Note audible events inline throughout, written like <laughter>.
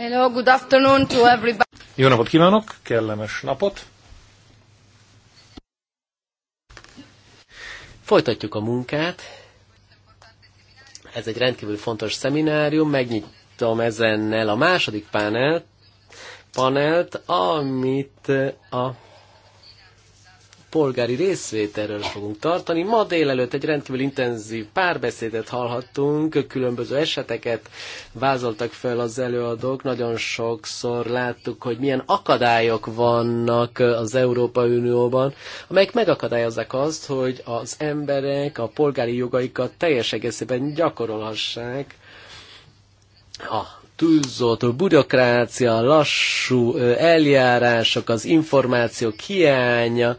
Hello, good afternoon to everybody. Jó napot kívánok, kellemes napot. Folytatjuk a munkát. Ez egy rendkívül fontos szeminárium, megnyitom ezennel a második panelt, panelt amit a polgári részvételről fogunk tartani. Ma délelőtt egy rendkívül intenzív párbeszédet hallhattunk, különböző eseteket vázoltak fel az előadók. Nagyon sokszor láttuk, hogy milyen akadályok vannak az Európa Unióban, amelyek megakadályozzák azt, hogy az emberek a polgári jogaikat teljes egészében gyakorolhassák a túlzott bürokrácia, lassú eljárások, az információk hiánya,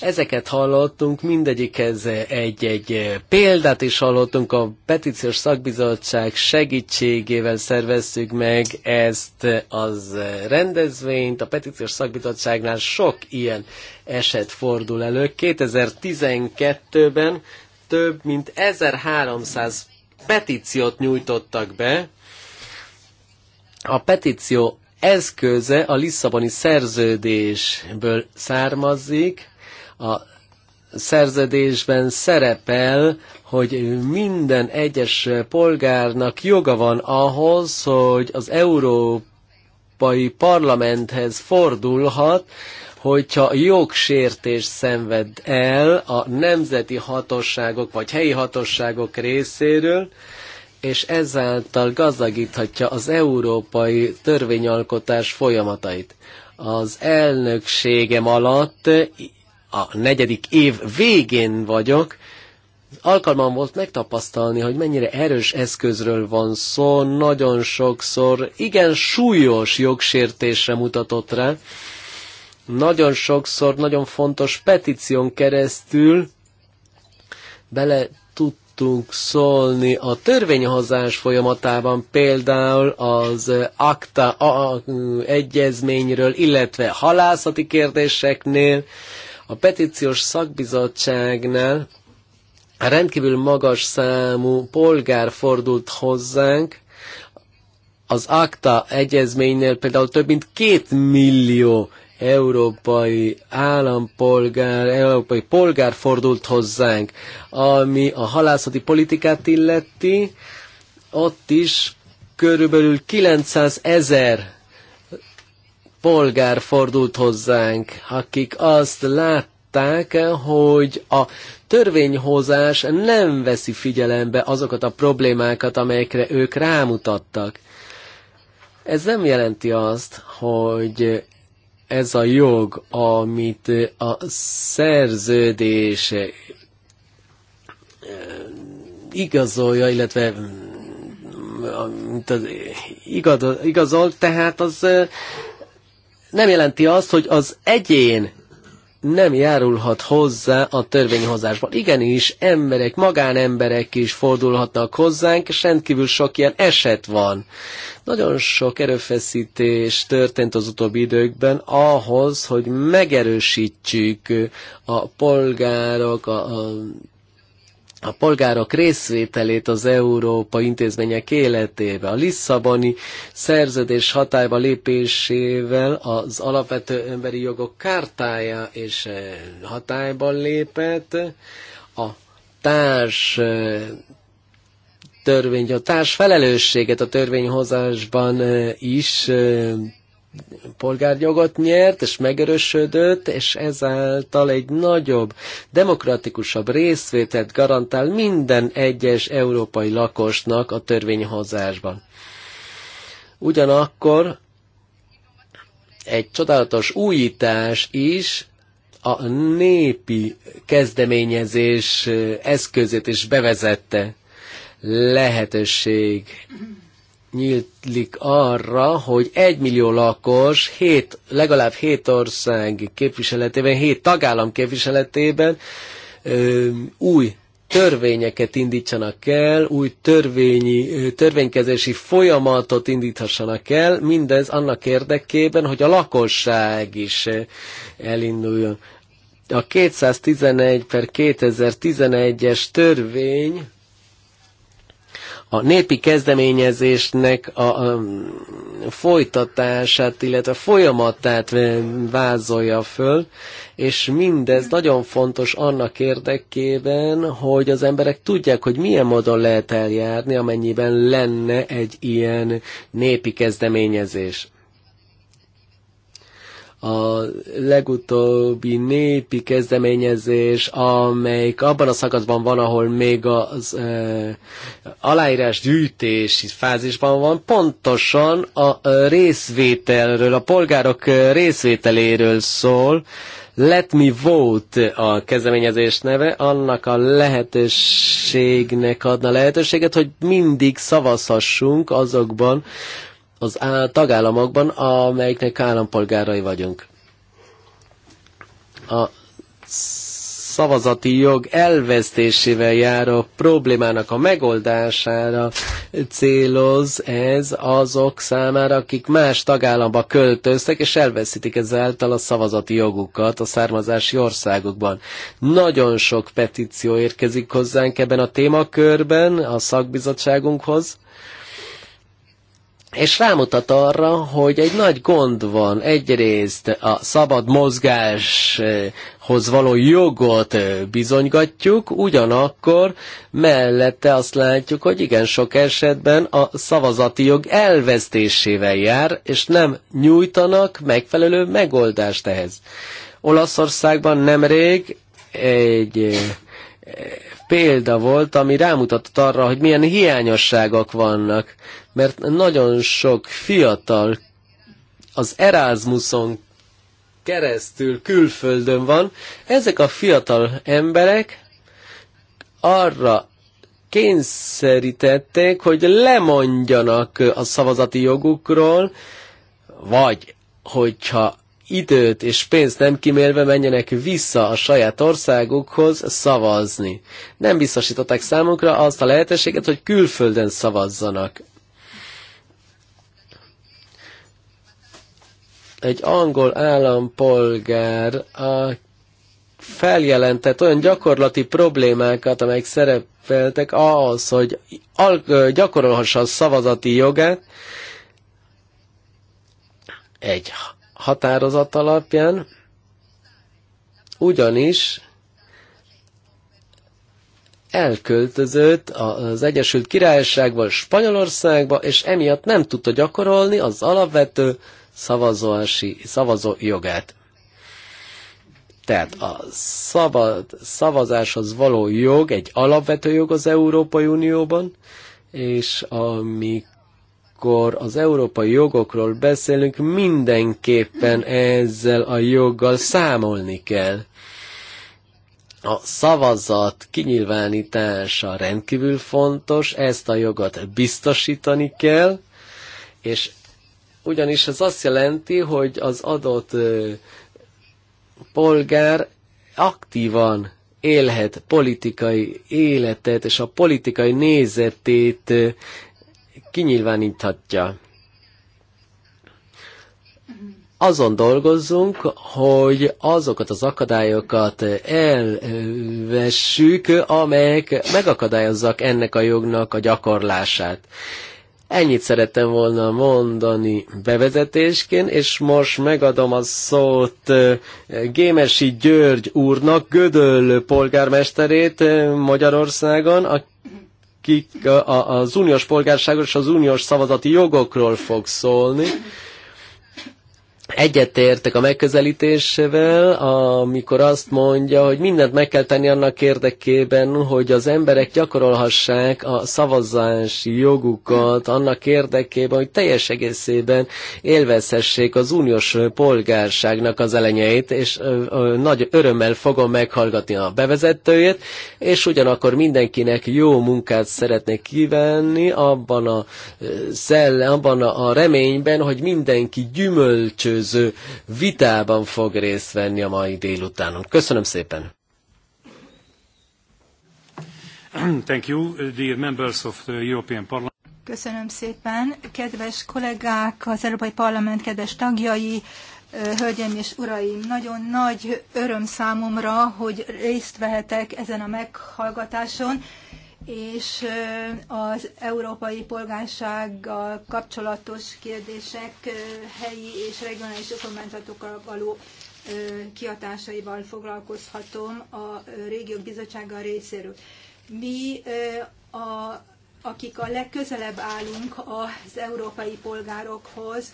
Ezeket hallottunk, mindegyikhez egy-egy példát is hallottunk, a petíciós szakbizottság segítségével szerveztük meg ezt az rendezvényt. A petíciós szakbizottságnál sok ilyen eset fordul elő. 2012-ben több mint 1300 petíciót nyújtottak be. A petíció eszköze a Lisszaboni szerződésből származik, a szerződésben szerepel, hogy minden egyes polgárnak joga van ahhoz, hogy az Európai Parlamenthez fordulhat, hogyha jogsértés szenved el a nemzeti hatóságok vagy helyi hatóságok részéről, és ezáltal gazdagíthatja az európai törvényalkotás folyamatait. Az elnökségem alatt a negyedik év végén vagyok, alkalmam volt megtapasztalni, hogy mennyire erős eszközről van szó, nagyon sokszor igen súlyos jogsértésre mutatott rá, nagyon sokszor nagyon fontos petíción keresztül bele tudtunk szólni a törvényhozás folyamatában, például az akta a, a, egyezményről, illetve halászati kérdéseknél, a petíciós szakbizottságnál rendkívül magas számú polgár fordult hozzánk, az ACTA egyezménynél például több mint két millió európai állampolgár, európai polgár fordult hozzánk, ami a halászati politikát illeti, ott is körülbelül 900 ezer polgár fordult hozzánk, akik azt látták, hogy a törvényhozás nem veszi figyelembe azokat a problémákat, amelyekre ők rámutattak. Ez nem jelenti azt, hogy ez a jog, amit a szerződés igazolja, illetve igazol, tehát az nem jelenti azt, hogy az egyén nem járulhat hozzá a törvényhozásban. Igenis, emberek, magánemberek is fordulhatnak hozzánk, és rendkívül sok ilyen eset van. Nagyon sok erőfeszítés történt az utóbbi időkben ahhoz, hogy megerősítsük a polgárok, a, a a polgárok részvételét az Európa intézmények életébe. A Lisszaboni szerződés hatályba lépésével az alapvető emberi jogok kártája és eh, hatályba lépett. A társ eh, törvény, a társ felelősséget a törvényhozásban eh, is polgárjogot nyert, és megerősödött, és ezáltal egy nagyobb, demokratikusabb részvételt garantál minden egyes európai lakosnak a törvényhozásban. Ugyanakkor egy csodálatos újítás is a népi kezdeményezés eh, eszközét is bevezette lehetőség nyílik arra, hogy egy millió lakos hét, legalább hét ország képviseletében, hét tagállam képviseletében ö, új törvényeket indítsanak el, új törvényi, törvénykezési folyamatot indíthassanak el, mindez annak érdekében, hogy a lakosság is elinduljon. A 211 per 2011-es törvény a népi kezdeményezésnek a, a folytatását, illetve folyamatát vázolja föl, és mindez nagyon fontos annak érdekében, hogy az emberek tudják, hogy milyen módon lehet eljárni, amennyiben lenne egy ilyen népi kezdeményezés a legutóbbi népi kezdeményezés, amelyik abban a szakaszban van, ahol még az e, aláírás gyűjtési fázisban van, pontosan a részvételről, a polgárok részvételéről szól. Let Me Vote a kezdeményezés neve, annak a lehetőségnek adna lehetőséget, hogy mindig szavazhassunk azokban az tagállamokban, amelyiknek állampolgárai vagyunk. A szavazati jog elvesztésével járó problémának a megoldására céloz ez azok számára, akik más tagállamba költöztek, és elveszítik ezáltal a szavazati jogukat a származási országokban. Nagyon sok petíció érkezik hozzánk ebben a témakörben a szakbizottságunkhoz és rámutat arra, hogy egy nagy gond van egyrészt a szabad mozgáshoz való jogot bizonygatjuk, ugyanakkor mellette azt látjuk, hogy igen sok esetben a szavazati jog elvesztésével jár, és nem nyújtanak megfelelő megoldást ehhez. Olaszországban nemrég egy példa volt, ami rámutatott arra, hogy milyen hiányosságok vannak mert nagyon sok fiatal az Erasmuson keresztül külföldön van, ezek a fiatal emberek arra kényszerítették, hogy lemondjanak a szavazati jogukról, vagy hogyha időt és pénzt nem kimélve menjenek vissza a saját országukhoz szavazni. Nem biztosították számunkra azt a lehetőséget, hogy külföldön szavazzanak. egy angol állampolgár a feljelentett olyan gyakorlati problémákat, amelyek szerepeltek ahhoz, hogy gyakorolhassa a szavazati jogát egy határozat alapján, ugyanis elköltözött az Egyesült Királyságba, Spanyolországba, és emiatt nem tudta gyakorolni az alapvető szavazási, szavazó jogát. Tehát a szabad, szavazáshoz való jog egy alapvető jog az Európai Unióban, és amikor az európai jogokról beszélünk, mindenképpen ezzel a joggal számolni kell. A szavazat kinyilvánítása rendkívül fontos, ezt a jogot biztosítani kell, és ugyanis ez azt jelenti, hogy az adott polgár aktívan élhet politikai életet, és a politikai nézetét kinyilváníthatja. Azon dolgozzunk, hogy azokat az akadályokat elvessük, amelyek megakadályozzak ennek a jognak a gyakorlását. Ennyit szerettem volna mondani bevezetésként, és most megadom a szót Gémesi György úrnak, Gödöl polgármesterét Magyarországon, aki az uniós polgárságos és az uniós szavazati jogokról fog szólni. Egyetértek a megközelítésével, amikor azt mondja, hogy mindent meg kell tenni annak érdekében, hogy az emberek gyakorolhassák a szavazási jogukat annak érdekében, hogy teljes egészében élvezhessék az uniós polgárságnak az elenyeit, és nagy örömmel fogom meghallgatni a bevezetőjét, és ugyanakkor mindenkinek jó munkát szeretnék kívánni abban a, szelle, abban a reményben, hogy mindenki gyümölcsöz előző vitában fog részt venni a mai délutánon. Köszönöm szépen! Thank you, dear members of the European Parliament. Köszönöm szépen. Kedves kollégák, az Európai Parlament kedves tagjai, Hölgyeim és Uraim, nagyon nagy öröm számomra, hogy részt vehetek ezen a meghallgatáson, és az európai polgársággal kapcsolatos kérdések helyi és regionális önkormányzatokkal való kiatásaival foglalkozhatom a régiók bizottsága részéről. Mi, a, akik a legközelebb állunk az európai polgárokhoz,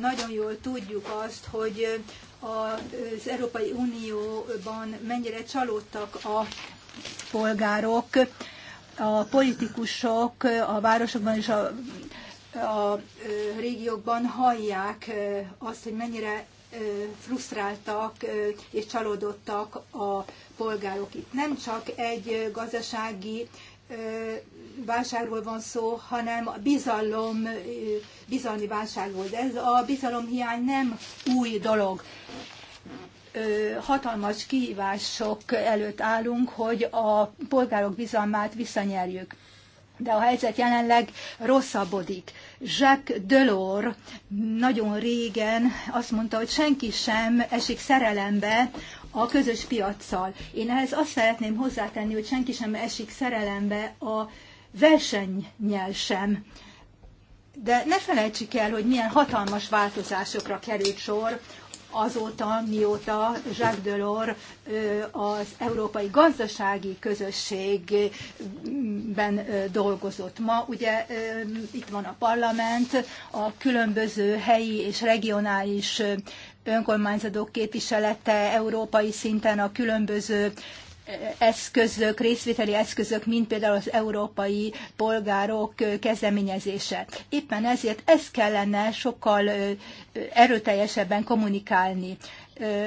nagyon jól tudjuk azt, hogy az Európai Unióban mennyire csalódtak a polgárok, a politikusok a városokban és a, a régiókban hallják azt, hogy mennyire frusztráltak és csalódottak a polgárok itt. Nem csak egy gazdasági válságról van szó, hanem a bizalom, bizalmi válságról. De ez a bizalomhiány nem új dolog hatalmas kihívások előtt állunk, hogy a polgárok bizalmát visszanyerjük. De a helyzet jelenleg rosszabbodik. Jacques Delors nagyon régen azt mondta, hogy senki sem esik szerelembe a közös piaccal. Én ehhez azt szeretném hozzátenni, hogy senki sem esik szerelembe a versennyel sem. De ne felejtsük el, hogy milyen hatalmas változásokra került sor azóta, mióta Jacques Delors az Európai Gazdasági Közösségben dolgozott. Ma ugye itt van a parlament, a különböző helyi és regionális önkormányzatok képviselete európai szinten a különböző eszközök, részvételi eszközök, mint például az európai polgárok kezdeményezése. Éppen ezért ezt kellene sokkal erőteljesebben kommunikálni.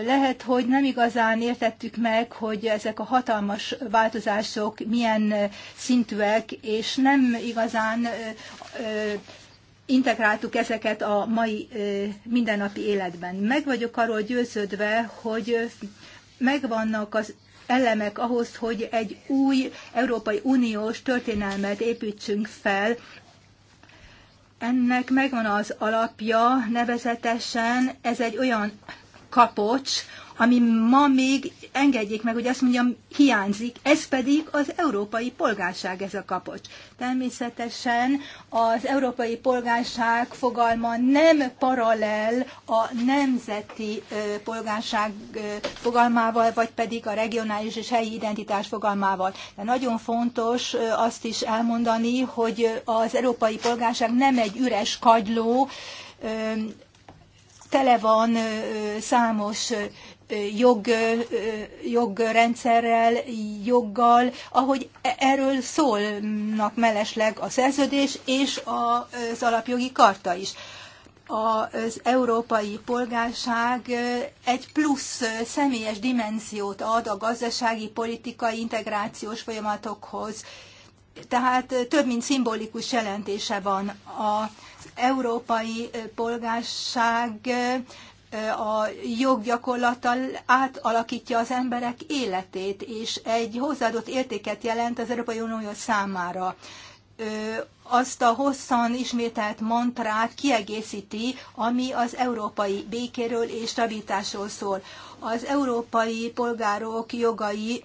Lehet, hogy nem igazán értettük meg, hogy ezek a hatalmas változások milyen szintűek, és nem igazán integráltuk ezeket a mai mindennapi életben. Meg vagyok arról győződve, hogy megvannak az elemek ahhoz, hogy egy új Európai Uniós történelmet építsünk fel. Ennek megvan az alapja, nevezetesen ez egy olyan kapocs, ami ma még engedjék meg, hogy azt mondjam, hiányzik, ez pedig az európai polgárság ez a kapocs. Természetesen az európai polgárság fogalma nem paralel a nemzeti polgárság fogalmával, vagy pedig a regionális és helyi identitás fogalmával. De nagyon fontos azt is elmondani, hogy az európai polgárság nem egy üres kagyló, tele van számos jog, jogrendszerrel, joggal, ahogy erről szólnak mellesleg a szerződés és az alapjogi karta is. Az európai polgárság egy plusz személyes dimenziót ad a gazdasági, politikai, integrációs folyamatokhoz. Tehát több mint szimbolikus jelentése van az európai polgárság a joggyakorlattal átalakítja az emberek életét, és egy hozzáadott értéket jelent az Európai Unió számára. Azt a hosszan ismételt mantrát kiegészíti, ami az európai békéről és stabilitásról szól. Az európai polgárok jogai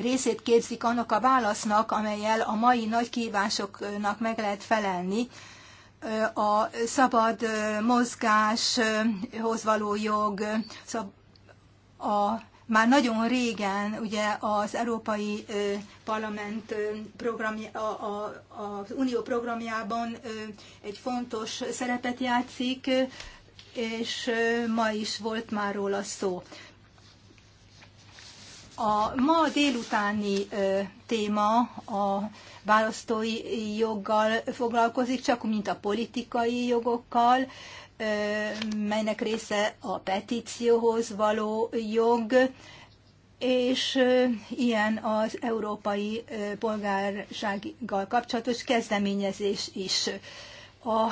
részét képzik annak a válasznak, amelyel a mai nagy kívásoknak meg lehet felelni, a szabad mozgáshoz való jog, a, már nagyon régen ugye az Európai Parlament programja, a, a, az Unió programjában egy fontos szerepet játszik, és ma is volt már róla szó. A ma délutáni téma a választói joggal foglalkozik, csak mint a politikai jogokkal, melynek része a petícióhoz való jog, és ilyen az európai polgársággal kapcsolatos kezdeményezés is. A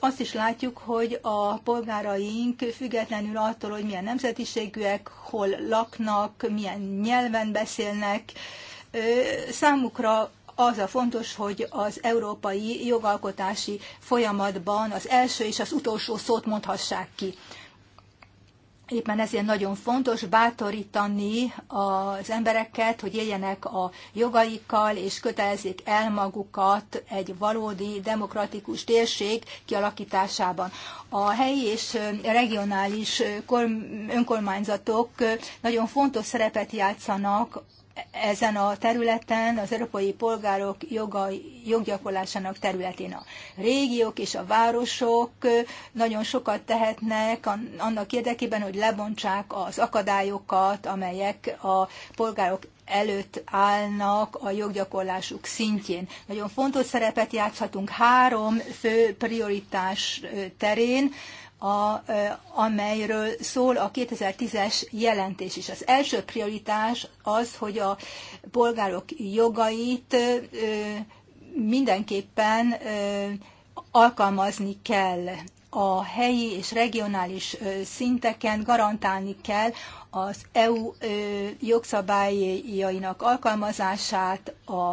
azt is látjuk, hogy a polgáraink függetlenül attól, hogy milyen nemzetiségűek, hol laknak, milyen nyelven beszélnek, számukra az a fontos, hogy az európai jogalkotási folyamatban az első és az utolsó szót mondhassák ki. Éppen ezért nagyon fontos bátorítani az embereket, hogy éljenek a jogaikkal, és kötelezzék el magukat egy valódi demokratikus térség kialakításában. A helyi és regionális önkormányzatok nagyon fontos szerepet játszanak ezen a területen, az európai polgárok joga, joggyakorlásának területén a régiók és a városok nagyon sokat tehetnek annak érdekében, hogy lebontsák az akadályokat, amelyek a polgárok előtt állnak a joggyakorlásuk szintjén. Nagyon fontos szerepet játszhatunk három fő prioritás terén a, amelyről szól a 2010-es jelentés is. Az első prioritás az, hogy a polgárok jogait mindenképpen alkalmazni kell a helyi és regionális szinteken garantálni kell az EU jogszabályainak alkalmazását, a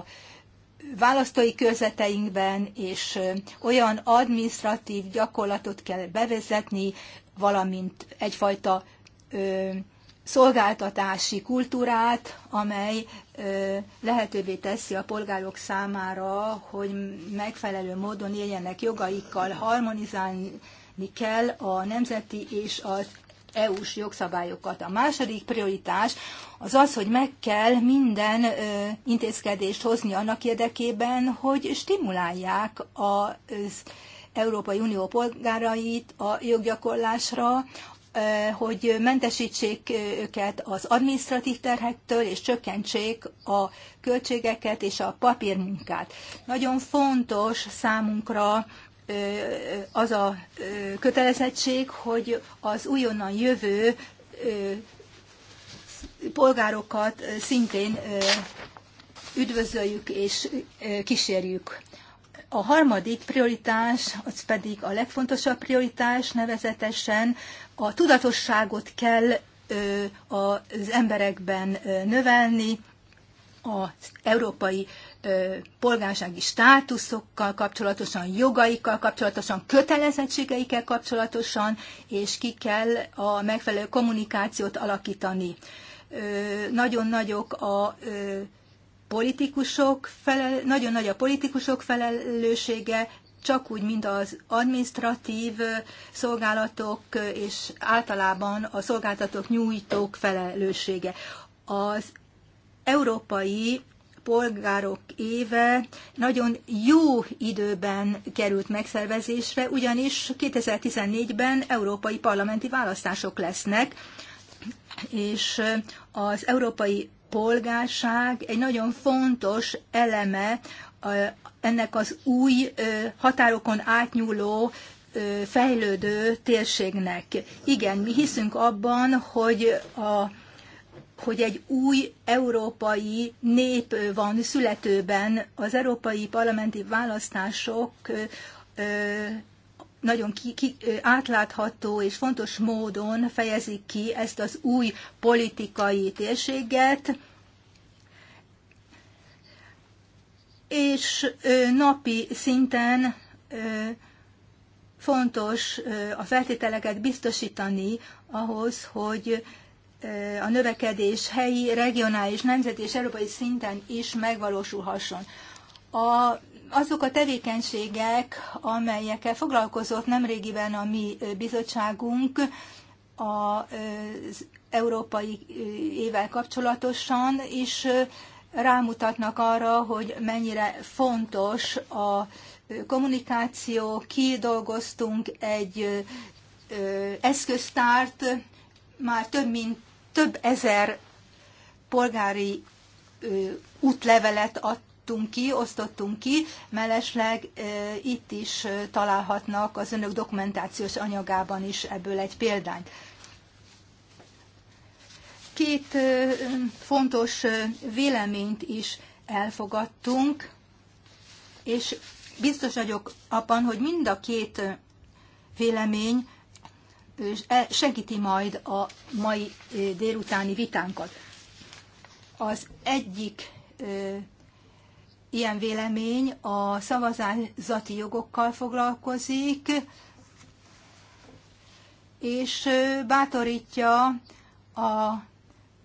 választói körzeteinkben, és olyan administratív gyakorlatot kell bevezetni, valamint egyfajta ö, szolgáltatási kultúrát, amely ö, lehetővé teszi a polgárok számára, hogy megfelelő módon éljenek jogaikkal, harmonizálni kell a nemzeti és az EU-s jogszabályokat. A második prioritás az az, hogy meg kell minden intézkedést hozni annak érdekében, hogy stimulálják az Európai Unió polgárait a joggyakorlásra, hogy mentesítsék őket az administratív terhektől, és csökkentsék a költségeket és a papírmunkát. Nagyon fontos számunkra az a kötelezettség, hogy az újonnan jövő polgárokat szintén üdvözöljük és kísérjük. A harmadik prioritás, az pedig a legfontosabb prioritás, nevezetesen a tudatosságot kell az emberekben növelni az európai polgársági státuszokkal kapcsolatosan, jogaikkal kapcsolatosan, kötelezettségeikkel kapcsolatosan, és ki kell a megfelelő kommunikációt alakítani. Nagyon nagyok a politikusok felel, nagyon nagy a politikusok felelőssége, csak úgy, mint az administratív szolgálatok és általában a szolgáltatók nyújtók felelőssége. Az európai polgárok éve nagyon jó időben került megszervezésre, ugyanis 2014-ben európai parlamenti választások lesznek, és az európai polgárság egy nagyon fontos eleme ennek az új határokon átnyúló fejlődő térségnek. Igen, mi hiszünk abban, hogy a hogy egy új európai nép van születőben. Az európai parlamenti választások nagyon ki, ki, átlátható és fontos módon fejezik ki ezt az új politikai térséget, és napi szinten fontos a feltételeket biztosítani ahhoz, hogy a növekedés helyi, regionális, nemzeti és európai szinten is megvalósulhasson. A, azok a tevékenységek, amelyekkel foglalkozott nemrégiben a mi bizottságunk az európai évvel kapcsolatosan, is rámutatnak arra, hogy mennyire fontos a kommunikáció, kidolgoztunk egy eszköztárt, már több mint több ezer polgári útlevelet adtunk ki, osztottunk ki, mellesleg itt is találhatnak az önök dokumentációs anyagában is ebből egy példányt. Két fontos véleményt is elfogadtunk, és biztos vagyok abban, hogy mind a két vélemény E, segíti majd a mai e, délutáni vitánkat. Az egyik e, ilyen vélemény a szavazázati jogokkal foglalkozik, és bátorítja a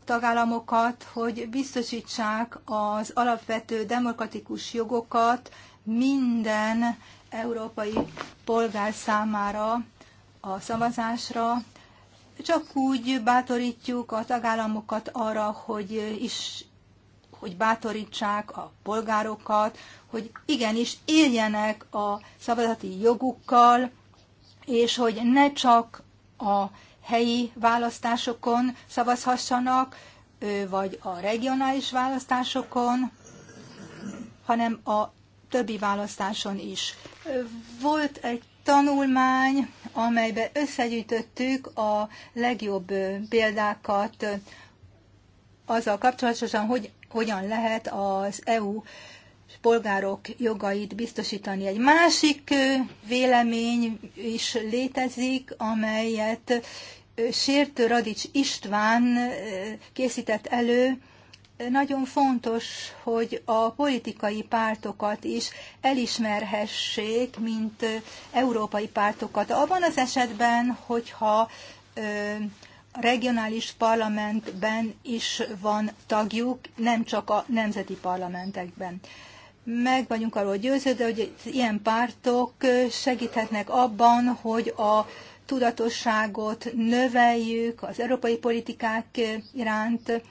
tagállamokat, hogy biztosítsák az alapvető demokratikus jogokat minden európai polgár számára a szavazásra. Csak úgy bátorítjuk a tagállamokat arra, hogy is hogy bátorítsák a polgárokat, hogy igenis éljenek a szavazati jogukkal, és hogy ne csak a helyi választásokon szavazhassanak, vagy a regionális választásokon, hanem a többi választáson is. Volt egy tanulmány, amelybe összegyűjtöttük a legjobb példákat azzal kapcsolatosan, hogy hogyan lehet az EU polgárok jogait biztosítani. Egy másik vélemény is létezik, amelyet Sértő Radics István készített elő, nagyon fontos, hogy a politikai pártokat is elismerhessék, mint európai pártokat. Abban az esetben, hogyha a regionális parlamentben is van tagjuk, nem csak a nemzeti parlamentekben. Meg vagyunk arról győződve, hogy ilyen pártok segíthetnek abban, hogy a tudatosságot növeljük az európai politikák iránt,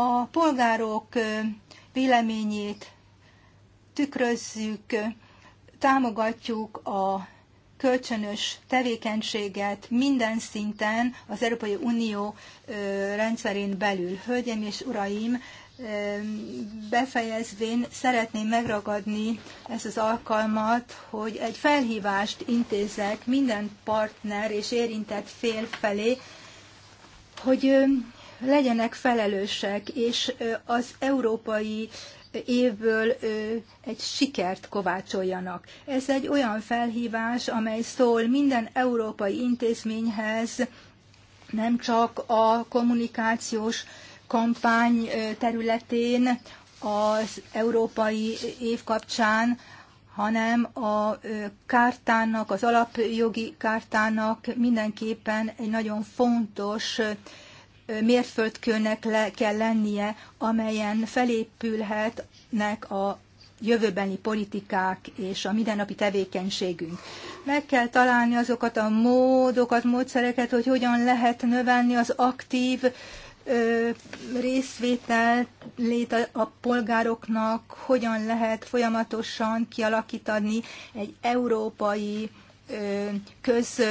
a polgárok véleményét tükrözzük, támogatjuk a kölcsönös tevékenységet minden szinten az Európai Unió rendszerén belül. Hölgyeim és uraim, befejezvén szeretném megragadni ezt az alkalmat, hogy egy felhívást intézek minden partner és érintett fél felé, hogy legyenek felelősek, és az európai évből egy sikert kovácsoljanak. Ez egy olyan felhívás, amely szól minden európai intézményhez, nem csak a kommunikációs kampány területén, az európai év kapcsán, hanem a kártának, az alapjogi kártának mindenképpen egy nagyon fontos mérföldkőnek le kell lennie, amelyen felépülhetnek a jövőbeni politikák és a mindennapi tevékenységünk. Meg kell találni azokat a módokat, módszereket, hogy hogyan lehet növelni az aktív ö, részvételét a, a polgároknak, hogyan lehet folyamatosan kialakítani egy európai ö, köz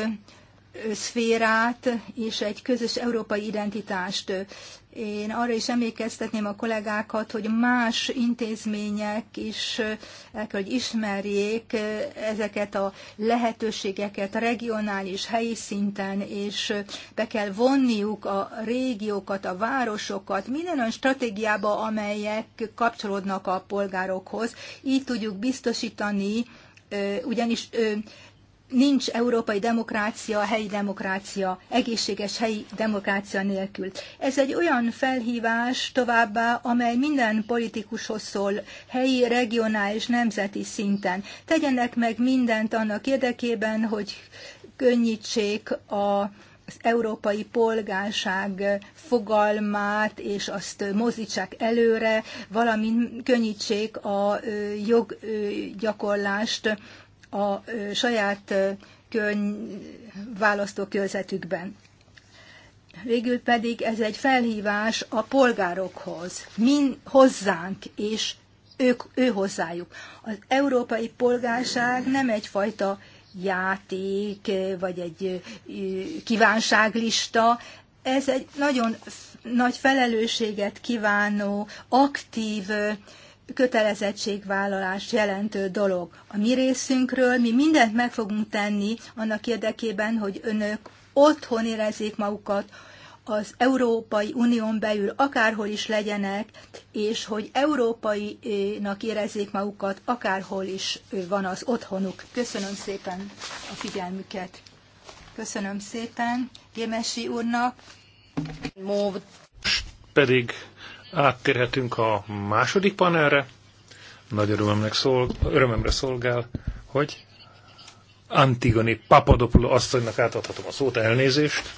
szférát és egy közös európai identitást. Én arra is emlékeztetném a kollégákat, hogy más intézmények is el kell, hogy ismerjék ezeket a lehetőségeket a regionális, helyi szinten, és be kell vonniuk a régiókat, a városokat, minden olyan stratégiába, amelyek kapcsolódnak a polgárokhoz. Így tudjuk biztosítani, ugyanis nincs európai demokrácia, helyi demokrácia, egészséges helyi demokrácia nélkül. Ez egy olyan felhívás továbbá, amely minden politikushoz szól, helyi, regionális, nemzeti szinten. Tegyenek meg mindent annak érdekében, hogy könnyítsék a az európai polgárság fogalmát, és azt mozítsák előre, valamint könnyítsék a joggyakorlást a saját választókörzetükben. Végül pedig ez egy felhívás a polgárokhoz, min hozzánk és ők, ő hozzájuk. Az európai polgárság nem egyfajta játék, vagy egy kívánságlista, ez egy nagyon nagy felelősséget kívánó, aktív kötelezettségvállalás jelentő dolog. A mi részünkről mi mindent meg fogunk tenni annak érdekében, hogy önök otthon érezzék magukat, az Európai Unión belül akárhol is legyenek, és hogy európainak érezzék magukat, akárhol is van az otthonuk. Köszönöm szépen a figyelmüket. Köszönöm szépen Gémesi úrnak. Most pedig Áttérhetünk a második panelre. Nagy örömemnek szól, örömemre szolgál, hogy Antigoni Papadopoulou asszonynak átadhatom a szót, elnézést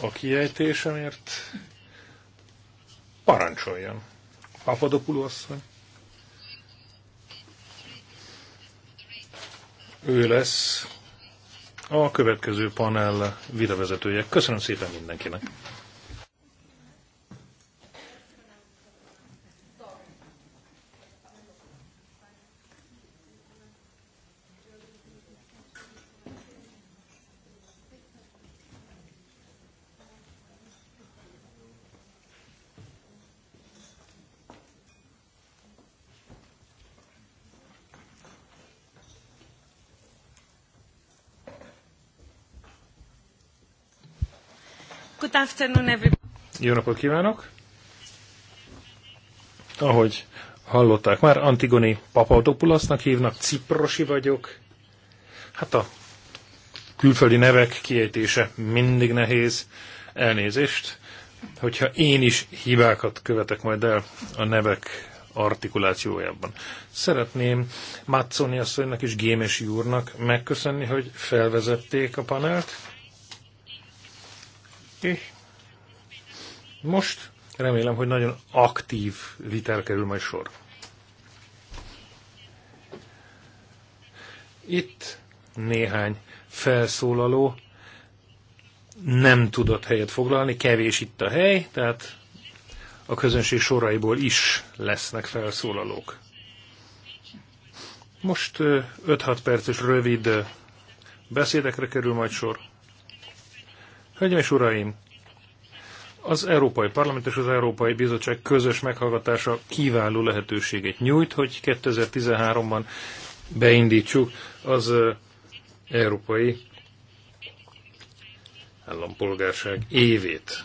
a kiejtésemért. Parancsoljon, Papadopoulou asszony. Ő lesz a következő panel videvezetője. Köszönöm szépen mindenkinek! Good afternoon, everybody. Jó napot kívánok! Ahogy hallották már, Antigoni Papadopulasznak hívnak, ciprosi vagyok. Hát a külföldi nevek kiejtése mindig nehéz. Elnézést, hogyha én is hibákat követek majd el a nevek artikulációjában. Szeretném Mácconi asszonynak és Gémesi úrnak megköszönni, hogy felvezették a panelt és most remélem, hogy nagyon aktív vitel kerül majd sor. Itt néhány felszólaló nem tudott helyet foglalni, kevés itt a hely, tehát a közönség soraiból is lesznek felszólalók. Most 5-6 perces rövid beszédekre kerül majd sor. Hölgyeim és Uraim! Az Európai Parlament és az Európai Bizottság közös meghallgatása kiváló lehetőséget nyújt, hogy 2013-ban beindítsuk az Európai Állampolgárság évét.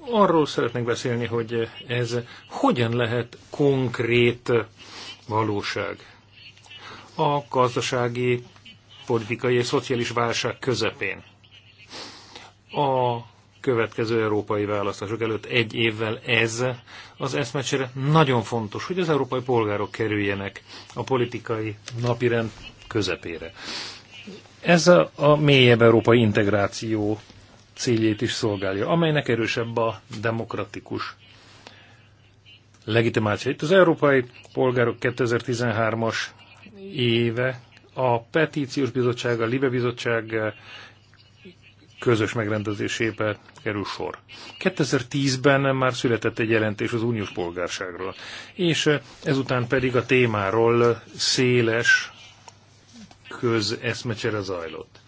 Arról szeretnék beszélni, hogy ez hogyan lehet konkrét valóság. A gazdasági, politikai és szociális válság közepén a következő európai választások előtt egy évvel ez az eszmecsere nagyon fontos, hogy az európai polgárok kerüljenek a politikai napirend közepére. Ez a, a mélyebb európai integráció céljét is szolgálja, amelynek erősebb a demokratikus legitimáció. Itt az európai polgárok 2013-as éve a petíciós bizottság, a Libe bizottság közös megrendezésébe kerül sor. 2010-ben már született egy jelentés az uniós polgárságról, és ezután pedig a témáról széles közeszmecsere zajlott.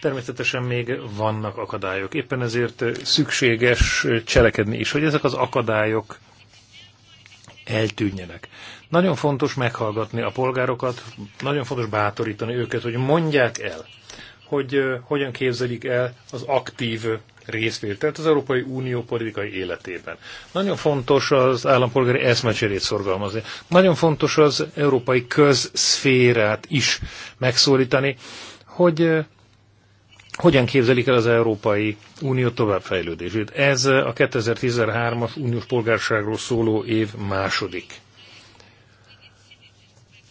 Természetesen még vannak akadályok, éppen ezért szükséges cselekedni is, hogy ezek az akadályok eltűnjenek. Nagyon fontos meghallgatni a polgárokat, nagyon fontos bátorítani őket, hogy mondják el, hogy hogyan képzelik el az aktív részvételt az Európai Unió politikai életében. Nagyon fontos az állampolgári eszmecserét szorgalmazni. Nagyon fontos az európai közszférát is megszólítani, hogy hogyan képzelik el az Európai Unió továbbfejlődését. Ez a 2013-as uniós polgárságról szóló év második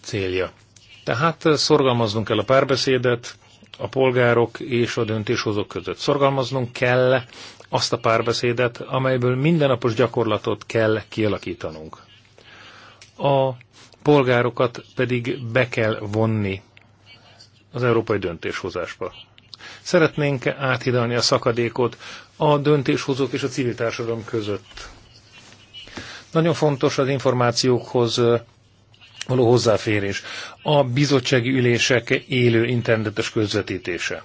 célja. Tehát szorgalmazzunk el a párbeszédet, a polgárok és a döntéshozók között. Szorgalmaznunk kell azt a párbeszédet, amelyből mindennapos gyakorlatot kell kialakítanunk. A polgárokat pedig be kell vonni az európai döntéshozásba. Szeretnénk áthidalni a szakadékot a döntéshozók és a civil társadalom között. Nagyon fontos az információkhoz való hozzáférés, a bizottsági ülések élő internetes közvetítése.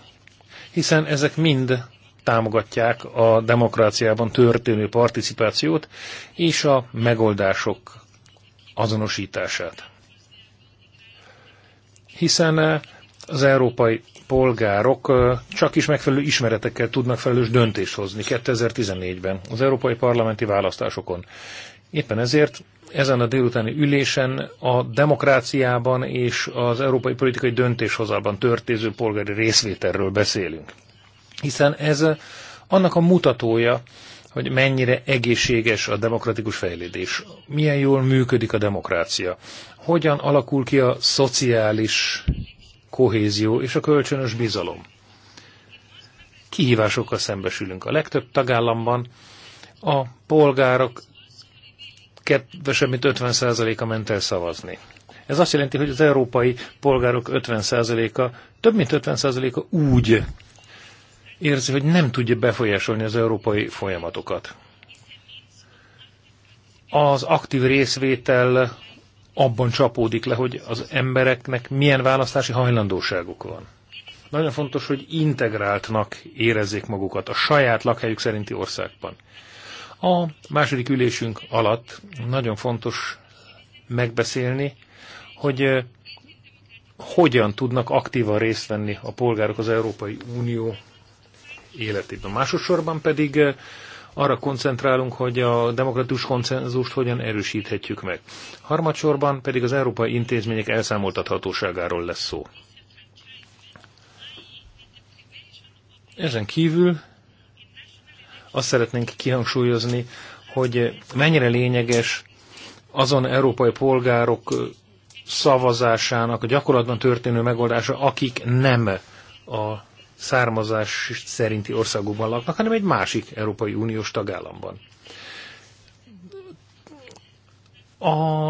Hiszen ezek mind támogatják a demokráciában történő participációt és a megoldások azonosítását. Hiszen az európai polgárok csak is megfelelő ismeretekkel tudnak felelős döntést hozni 2014-ben az európai parlamenti választásokon. Éppen ezért ezen a délutáni ülésen a demokráciában és az európai politikai döntéshozalban történő polgári részvételről beszélünk. Hiszen ez annak a mutatója, hogy mennyire egészséges a demokratikus fejlődés, milyen jól működik a demokrácia, hogyan alakul ki a szociális kohézió és a kölcsönös bizalom. Kihívásokkal szembesülünk. A legtöbb tagállamban a polgárok kevesebb mint 50%-a ment el szavazni. Ez azt jelenti, hogy az európai polgárok 50%-a, több mint 50%-a úgy érzi, hogy nem tudja befolyásolni az európai folyamatokat. Az aktív részvétel abban csapódik le, hogy az embereknek milyen választási hajlandóságuk van. Nagyon fontos, hogy integráltnak érezzék magukat a saját lakhelyük szerinti országban. A második ülésünk alatt nagyon fontos megbeszélni, hogy eh, hogyan tudnak aktívan részt venni a polgárok az Európai Unió életében. Másodszorban pedig eh, arra koncentrálunk, hogy a demokratikus konszenzust hogyan erősíthetjük meg. Harmadsorban pedig az európai intézmények elszámoltathatóságáról lesz szó. Ezen kívül azt szeretnénk kihangsúlyozni, hogy mennyire lényeges azon európai polgárok szavazásának a gyakorlatban történő megoldása, akik nem a származás szerinti országokban laknak, hanem egy másik Európai Uniós tagállamban. A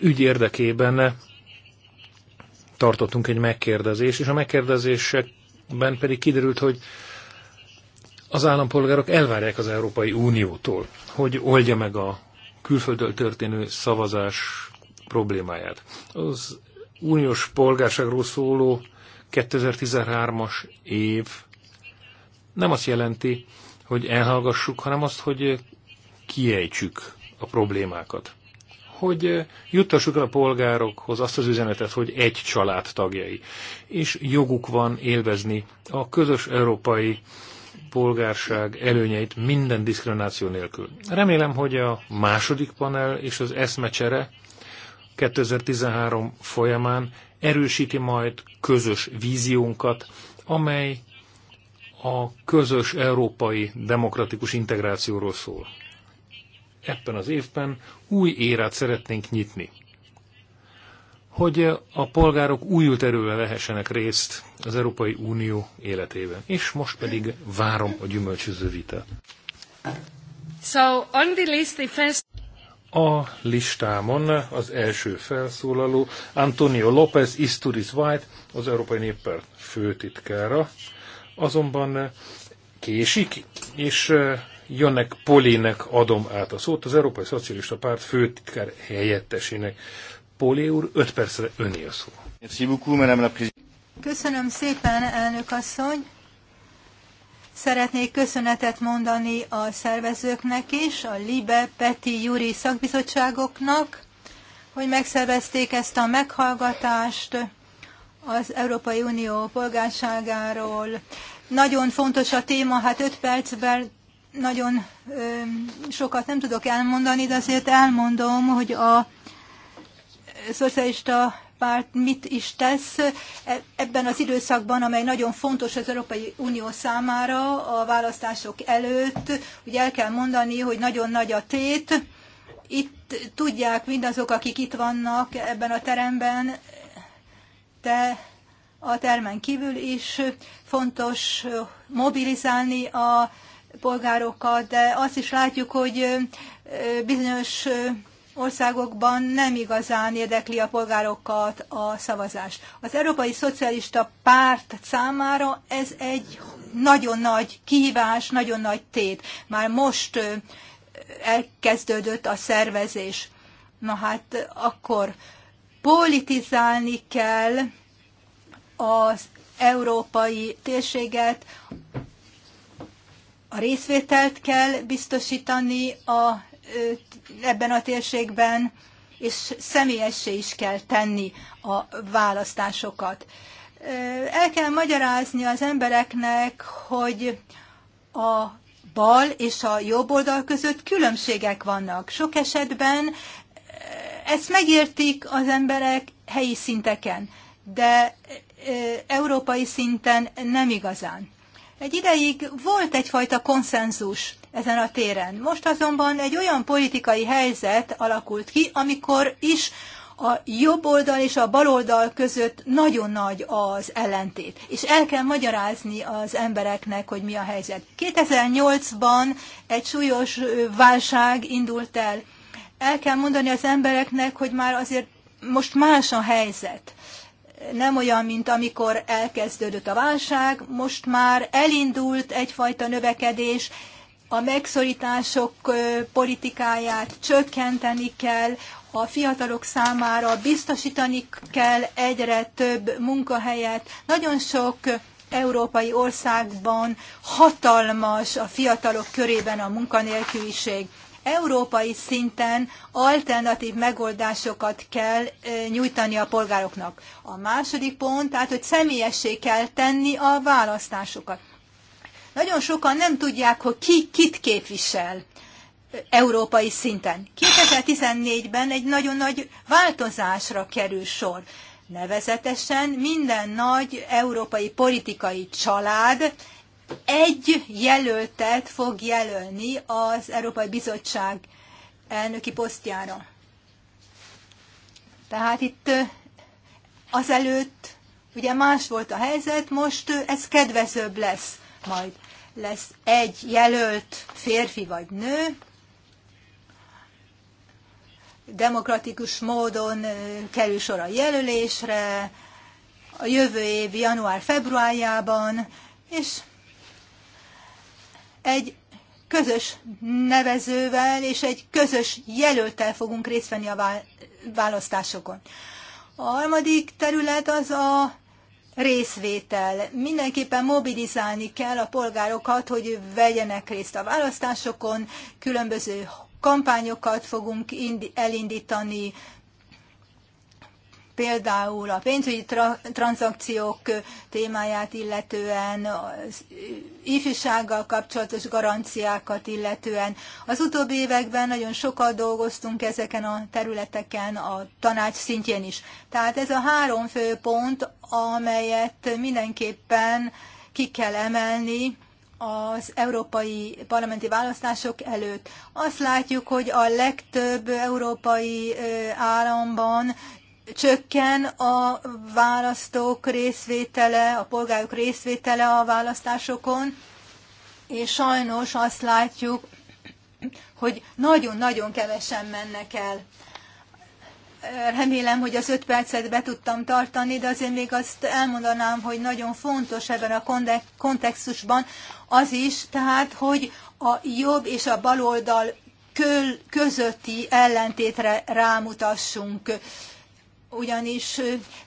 ügy érdekében tartottunk egy megkérdezést, és a megkérdezésekben pedig kiderült, hogy az állampolgárok elvárják az Európai Uniótól, hogy oldja meg a külföldön történő szavazás problémáját. Az uniós polgárságról szóló 2013-as év nem azt jelenti, hogy elhallgassuk, hanem azt, hogy kiejtsük a problémákat. Hogy juttassuk el a polgárokhoz azt az üzenetet, hogy egy család tagjai, és joguk van élvezni a közös európai polgárság előnyeit minden diszkrimináció nélkül. Remélem, hogy a második panel és az eszmecsere 2013 folyamán erősíti majd közös víziónkat, amely a közös európai demokratikus integrációról szól. Ebben az évben új érát szeretnénk nyitni hogy a polgárok újult erővel vehessenek részt az Európai Unió életében. És most pedig várom a gyümölcsöző vitát. So, on the list, the first... A listámon az első felszólaló Antonio López Isturiz White, az Európai Néppárt főtitkára, azonban késik, és eh, jönnek Polinek adom át a szót, az Európai Szocialista Párt főtitkár helyettesének úr, 5 percre öné a szó. Köszönöm szépen, elnök asszony. Szeretnék köszönetet mondani a szervezőknek is, a LIBE, PETI, Juri szakbizottságoknak, hogy megszervezték ezt a meghallgatást az Európai Unió polgárságáról. Nagyon fontos a téma, hát 5 percben nagyon ö, sokat nem tudok elmondani, de azért elmondom, hogy a szocialista párt mit is tesz e, ebben az időszakban, amely nagyon fontos az Európai Unió számára a választások előtt. Ugye el kell mondani, hogy nagyon nagy a tét. Itt tudják mindazok, akik itt vannak ebben a teremben, de a termen kívül is fontos mobilizálni a polgárokat, de azt is látjuk, hogy bizonyos országokban nem igazán érdekli a polgárokat a szavazás. Az Európai Szocialista Párt számára ez egy nagyon nagy kihívás, nagyon nagy tét. Már most elkezdődött a szervezés. Na hát akkor politizálni kell az európai térséget, a részvételt kell biztosítani a ebben a térségben, és személyessé is kell tenni a választásokat. El kell magyarázni az embereknek, hogy a bal és a jobb oldal között különbségek vannak. Sok esetben ezt megértik az emberek helyi szinteken, de európai szinten nem igazán. Egy ideig volt egyfajta konszenzus ezen a téren. Most azonban egy olyan politikai helyzet alakult ki, amikor is a jobb oldal és a bal oldal között nagyon nagy az ellentét, és el kell magyarázni az embereknek, hogy mi a helyzet. 2008-ban egy súlyos válság indult el. El kell mondani az embereknek, hogy már azért most más a helyzet nem olyan, mint amikor elkezdődött a válság, most már elindult egyfajta növekedés, a megszorítások politikáját csökkenteni kell, a fiatalok számára biztosítani kell egyre több munkahelyet. Nagyon sok európai országban hatalmas a fiatalok körében a munkanélküliség európai szinten alternatív megoldásokat kell nyújtani a polgároknak. A második pont, tehát, hogy személyessé kell tenni a választásokat. Nagyon sokan nem tudják, hogy ki kit képvisel európai szinten. 2014-ben egy nagyon nagy változásra kerül sor. Nevezetesen minden nagy európai politikai család egy jelöltet fog jelölni az Európai Bizottság elnöki posztjára. Tehát itt azelőtt ugye más volt a helyzet, most ez kedvezőbb lesz majd. Lesz egy jelölt férfi vagy nő, demokratikus módon kerül sor a jelölésre, a jövő év január-februárjában, és egy közös nevezővel és egy közös jelöltel fogunk részt venni a választásokon. A harmadik terület az a részvétel. Mindenképpen mobilizálni kell a polgárokat, hogy vegyenek részt a választásokon, különböző kampányokat fogunk elindítani, például a pénzügyi tra- tranzakciók témáját illetően, az ifjúsággal kapcsolatos garanciákat illetően. Az utóbbi években nagyon sokat dolgoztunk ezeken a területeken, a tanács szintjén is. Tehát ez a három fő pont, amelyet mindenképpen ki kell emelni, az európai parlamenti választások előtt. Azt látjuk, hogy a legtöbb európai államban csökken a választók részvétele, a polgárok részvétele a választásokon, és sajnos azt látjuk, hogy nagyon-nagyon kevesen mennek el. Remélem, hogy az öt percet be tudtam tartani, de azért még azt elmondanám, hogy nagyon fontos ebben a kontextusban az is, tehát, hogy a jobb és a baloldal közötti ellentétre rámutassunk ugyanis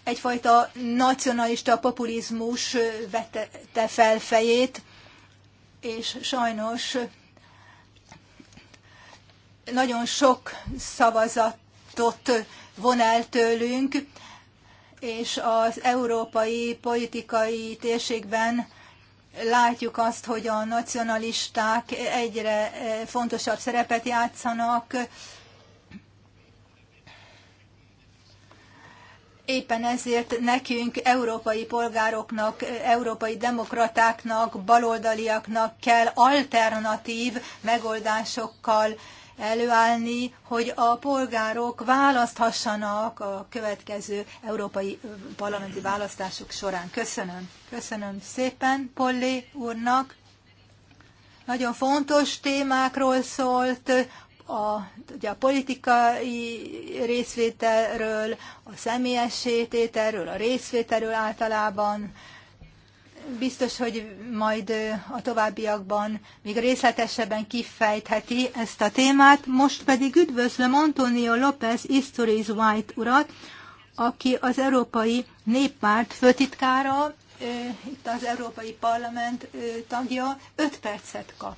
egyfajta nacionalista populizmus vette fel fejét, és sajnos nagyon sok szavazatot von el tőlünk, és az európai politikai térségben látjuk azt, hogy a nacionalisták egyre fontosabb szerepet játszanak, Éppen ezért nekünk, európai polgároknak, európai demokratáknak, baloldaliaknak kell alternatív megoldásokkal előállni, hogy a polgárok választhassanak a következő európai parlamenti választások során. Köszönöm. Köszönöm szépen Polli úrnak. Nagyon fontos témákról szólt, a, ugye a politikai részvételről, a sététerről, a részvételről általában. Biztos, hogy majd a továbbiakban még részletesebben kifejtheti ezt a témát. Most pedig üdvözlöm Antonio López Isturiz White urat, aki az Európai Néppárt főtitkára, itt az Európai Parlament tagja, Öt percet kap.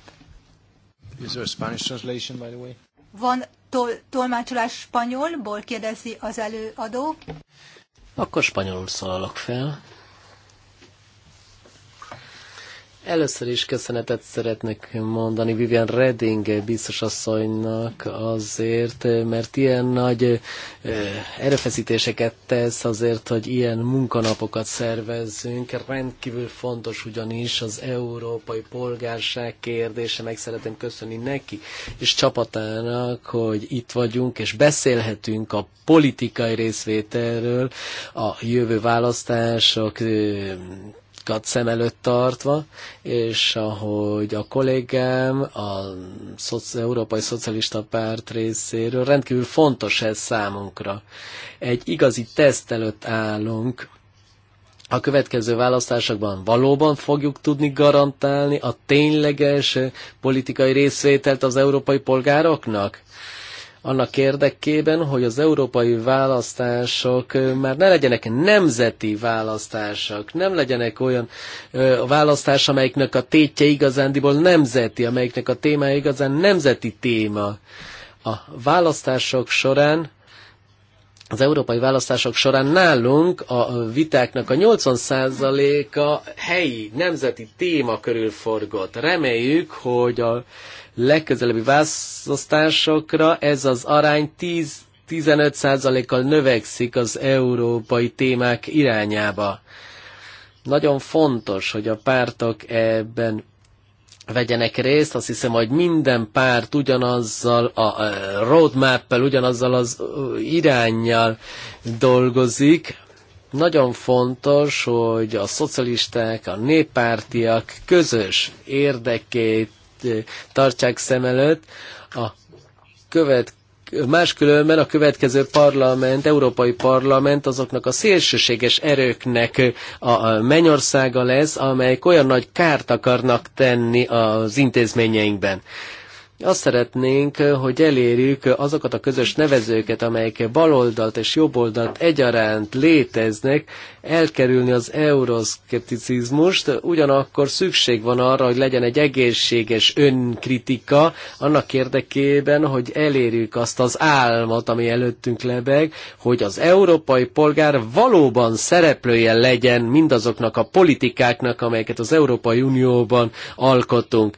Is there a Spanish translation, by the way? Van tol- tolmácsolás spanyolból? kérdezi az előadó. Akkor spanyolul szólalok fel. Először is köszönetet szeretnék mondani Vivian Redding biztosasszonynak azért, mert ilyen nagy erőfeszítéseket tesz azért, hogy ilyen munkanapokat szervezzünk. Rendkívül fontos ugyanis az európai polgárság kérdése, meg szeretném köszönni neki és csapatának, hogy itt vagyunk és beszélhetünk a politikai részvételről, a jövő választások szem előtt tartva, és ahogy a kollégám a Szoci- Európai Szocialista Párt részéről rendkívül fontos ez számunkra. Egy igazi teszt előtt állunk, a következő választásokban valóban fogjuk tudni garantálni a tényleges politikai részvételt az európai polgároknak? annak érdekében, hogy az európai választások már ne legyenek nemzeti választások, nem legyenek olyan ö, választás, amelyiknek a tétje igazándiból nemzeti, amelyiknek a témája igazán nemzeti téma. A választások során az európai választások során nálunk a vitáknak a 80%-a helyi, nemzeti téma körül forgott. Reméljük, hogy a legközelebbi választásokra ez az arány 10 15%-kal növekszik az európai témák irányába. Nagyon fontos, hogy a pártok ebben vegyenek részt. Azt hiszem, hogy minden párt ugyanazzal a roadmap-el, ugyanazzal az irányjal dolgozik. Nagyon fontos, hogy a szocialisták, a néppártiak közös érdekét tartsák szem előtt. A követ, máskülönben a következő parlament, európai parlament azoknak a szélsőséges erőknek a mennyországa lesz, amelyek olyan nagy kárt akarnak tenni az intézményeinkben azt szeretnénk, hogy elérjük azokat a közös nevezőket, amelyek baloldalt és jobboldalt egyaránt léteznek, elkerülni az euroszkepticizmust, ugyanakkor szükség van arra, hogy legyen egy egészséges önkritika annak érdekében, hogy elérjük azt az álmat, ami előttünk lebeg, hogy az európai polgár valóban szereplője legyen mindazoknak a politikáknak, amelyeket az Európai Unióban alkotunk.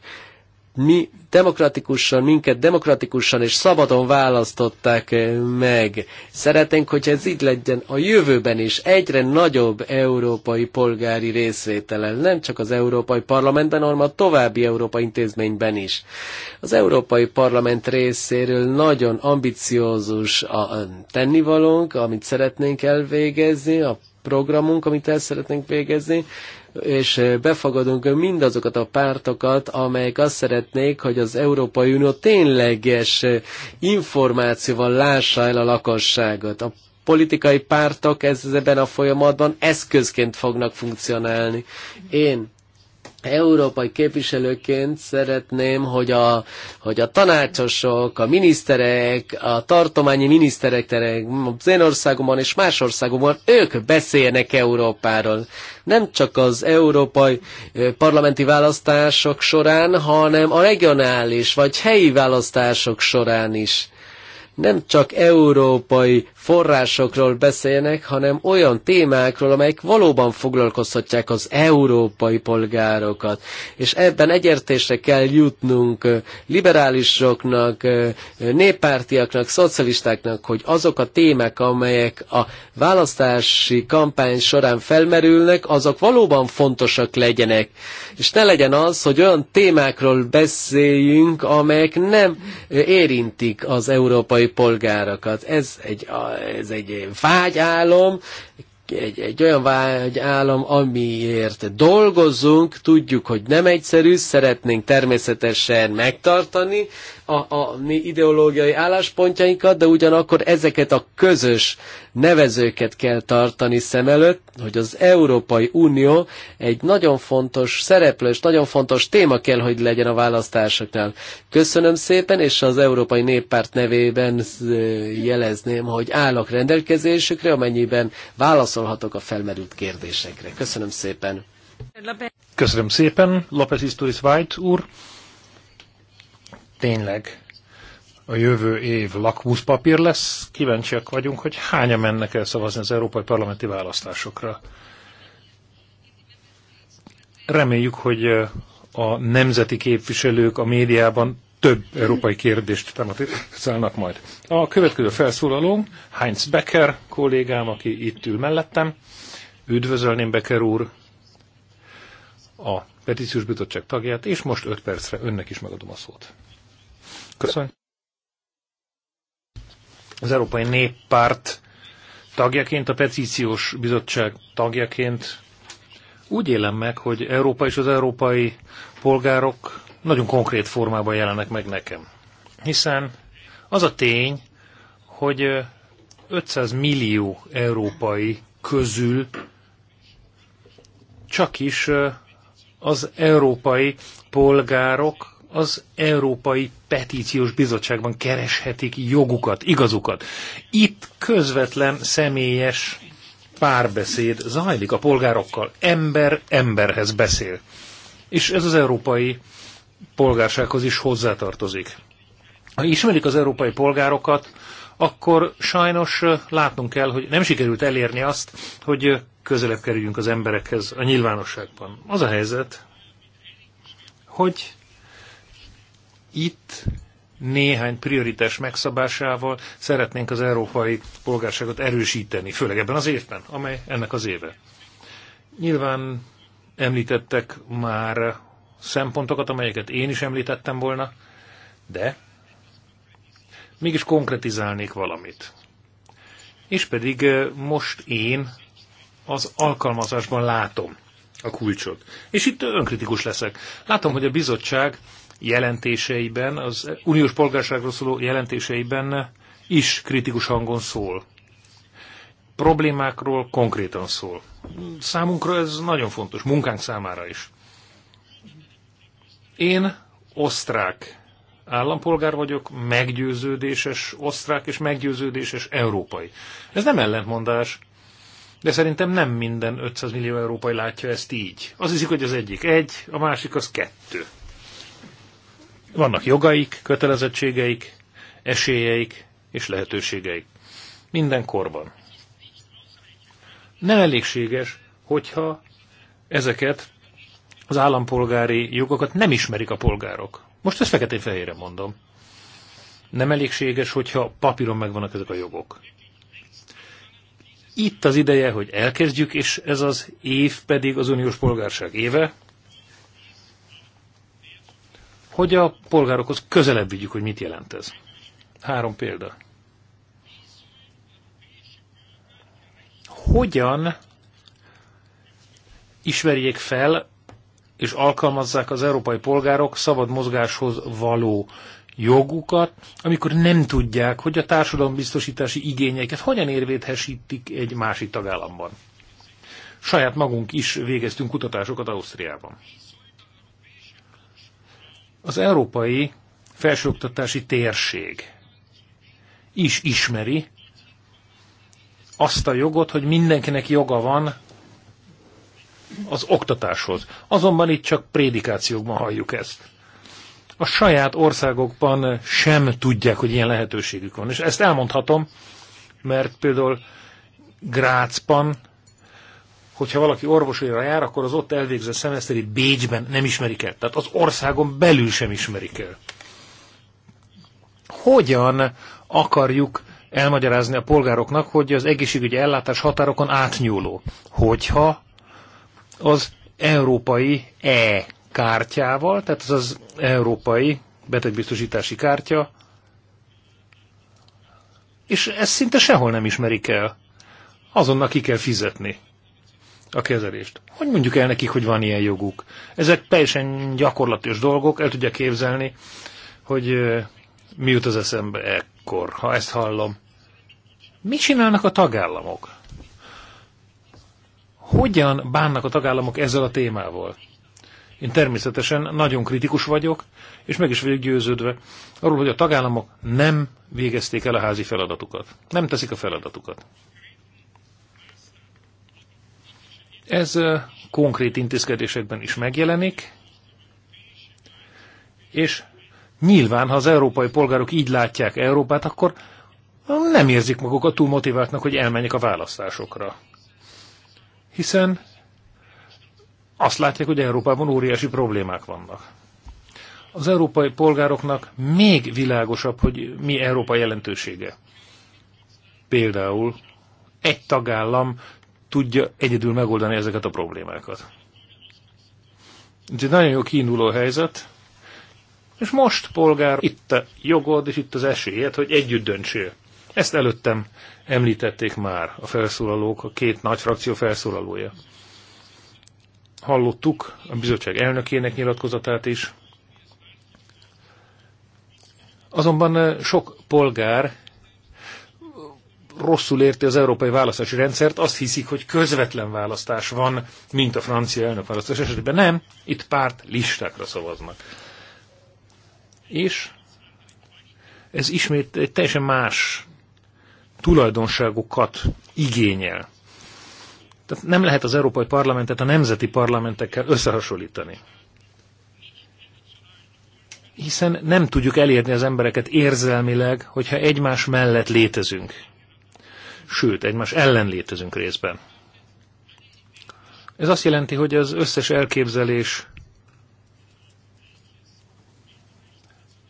Mi demokratikusan, minket demokratikusan és szabadon választották eh, meg. Szeretnénk, hogy ez így legyen a jövőben is, egyre nagyobb európai polgári részvételen, nem csak az Európai Parlamentben, hanem a további Európai Intézményben is. Az Európai Parlament részéről nagyon ambiciózus a tennivalónk, amit szeretnénk elvégezni, a programunk, amit el szeretnénk végezni, és eh, befogadunk mindazokat a pártokat, amelyek azt szeretnék, hogy az Európai Unió tényleges eh, információval lássa el a lakosságot. A politikai pártok ez, ebben a folyamatban eszközként fognak funkcionálni. Én Európai képviselőként szeretném, hogy a, hogy a tanácsosok, a miniszterek, a tartományi miniszterek az én országomban és más országomban, ők beszéljenek Európáról. Nem csak az európai parlamenti választások során, hanem a regionális vagy helyi választások során is nem csak európai forrásokról beszélnek, hanem olyan témákról, amelyek valóban foglalkoztatják az európai polgárokat. És ebben egyértésre kell jutnunk liberálisoknak, néppártiaknak, szocialistáknak, hogy azok a témák, amelyek a választási kampány során felmerülnek, azok valóban fontosak legyenek. És ne legyen az, hogy olyan témákról beszéljünk, amelyek nem érintik az európai polgárokat. Ez egy a ez egy vágyálom, egy, egy olyan vágyálom, amiért dolgozunk, tudjuk, hogy nem egyszerű, szeretnénk természetesen megtartani, a, a mi ideológiai álláspontjainkat, de ugyanakkor ezeket a közös nevezőket kell tartani szem előtt, hogy az Európai Unió egy nagyon fontos szereplő és nagyon fontos téma kell, hogy legyen a választásoknál. Köszönöm szépen, és az Európai Néppárt nevében eh, jelezném, hogy állok rendelkezésükre, amennyiben válaszolhatok a felmerült kérdésekre. Köszönöm szépen! Köszönöm szépen, López Isturiz White úr! tényleg a jövő év lakmuszpapír lesz. Kíváncsiak vagyunk, hogy hányan mennek el szavazni az európai parlamenti választásokra. Reméljük, hogy a nemzeti képviselők a médiában több európai kérdést tematizálnak majd. A következő felszólalónk Heinz Becker kollégám, aki itt ül mellettem. Üdvözölném Becker úr a petíciós bizottság tagját, és most 5 percre önnek is megadom a szót. Köszönöm. Az Európai Néppárt tagjaként, a petíciós bizottság tagjaként úgy élem meg, hogy Európa és az európai polgárok nagyon konkrét formában jelennek meg nekem. Hiszen az a tény, hogy 500 millió európai közül csak is az európai polgárok az Európai Petíciós Bizottságban kereshetik jogukat, igazukat. Itt közvetlen személyes párbeszéd zajlik a polgárokkal. Ember emberhez beszél. És ez az európai polgársághoz is hozzátartozik. Ha ismerik az európai polgárokat, akkor sajnos látnunk kell, hogy nem sikerült elérni azt, hogy közelebb kerüljünk az emberekhez a nyilvánosságban. Az a helyzet, hogy itt néhány prioritás megszabásával szeretnénk az európai polgárságot erősíteni, főleg ebben az évben, amely ennek az éve. Nyilván említettek már szempontokat, amelyeket én is említettem volna, de mégis konkretizálnék valamit. És pedig most én az alkalmazásban látom a kulcsot. És itt önkritikus leszek. Látom, hogy a bizottság jelentéseiben, az uniós polgárságról szóló jelentéseiben is kritikus hangon szól. Problémákról konkrétan szól. Számunkra ez nagyon fontos, munkánk számára is. Én osztrák állampolgár vagyok, meggyőződéses osztrák és meggyőződéses európai. Ez nem ellentmondás, de szerintem nem minden 500 millió európai látja ezt így. Az hiszik, hogy az egyik egy, a másik az kettő. Vannak jogaik, kötelezettségeik, esélyeik és lehetőségeik. Minden korban. Nem elégséges, hogyha ezeket az állampolgári jogokat nem ismerik a polgárok. Most ezt feketén-fehére mondom. Nem elégséges, hogyha papíron megvannak ezek a jogok. Itt az ideje, hogy elkezdjük, és ez az év pedig az uniós polgárság éve, hogy a polgárokhoz közelebb vigyük, hogy mit jelent ez. Három példa. Hogyan ismerjék fel és alkalmazzák az európai polgárok szabad mozgáshoz való jogukat, amikor nem tudják, hogy a társadalombiztosítási igényeket hogyan érvéthesítik egy másik tagállamban. Saját magunk is végeztünk kutatásokat Ausztriában. Az európai felsőoktatási térség is ismeri azt a jogot, hogy mindenkinek joga van az oktatáshoz. Azonban itt csak prédikációkban halljuk ezt. A saját országokban sem tudják, hogy ilyen lehetőségük van. És ezt elmondhatom, mert például Grácsban hogyha valaki orvosira jár, akkor az ott elvégzett szemeszterét Bécsben nem ismerik el. Tehát az országon belül sem ismerik el. Hogyan akarjuk elmagyarázni a polgároknak, hogy az egészségügyi ellátás határokon átnyúló, hogyha az európai E kártyával, tehát az az európai betegbiztosítási kártya, és ezt szinte sehol nem ismerik el. Azonnal ki kell fizetni a kezelést. Hogy mondjuk el nekik, hogy van ilyen joguk? Ezek teljesen gyakorlatos dolgok, el tudja képzelni, hogy mi jut az eszembe ekkor, ha ezt hallom. Mit csinálnak a tagállamok? Hogyan bánnak a tagállamok ezzel a témával? Én természetesen nagyon kritikus vagyok, és meg is vagyok győződve arról, hogy a tagállamok nem végezték el a házi feladatukat. Nem teszik a feladatukat. Ez konkrét intézkedésekben is megjelenik, és nyilván, ha az európai polgárok így látják Európát, akkor nem érzik magukat túl motiváltnak, hogy elmenjek a választásokra. Hiszen azt látják, hogy Európában óriási problémák vannak. Az európai polgároknak még világosabb, hogy mi Európa jelentősége. Például egy tagállam tudja egyedül megoldani ezeket a problémákat. Ez egy nagyon jó kiinduló helyzet, és most, polgár, itt a jogod és itt az esélyed, hogy együtt döntsél. Ezt előttem említették már a felszólalók, a két nagy frakció felszólalója. Hallottuk a bizottság elnökének nyilatkozatát is. Azonban sok polgár rosszul érti az európai választási rendszert, azt hiszik, hogy közvetlen választás van, mint a francia elnökválasztás esetében. Nem, itt párt listákra szavaznak. És ez ismét egy teljesen más tulajdonságokat igényel. Tehát nem lehet az Európai Parlamentet a nemzeti parlamentekkel összehasonlítani. Hiszen nem tudjuk elérni az embereket érzelmileg, hogyha egymás mellett létezünk sőt, egymás ellen létezünk részben. Ez azt jelenti, hogy az összes elképzelés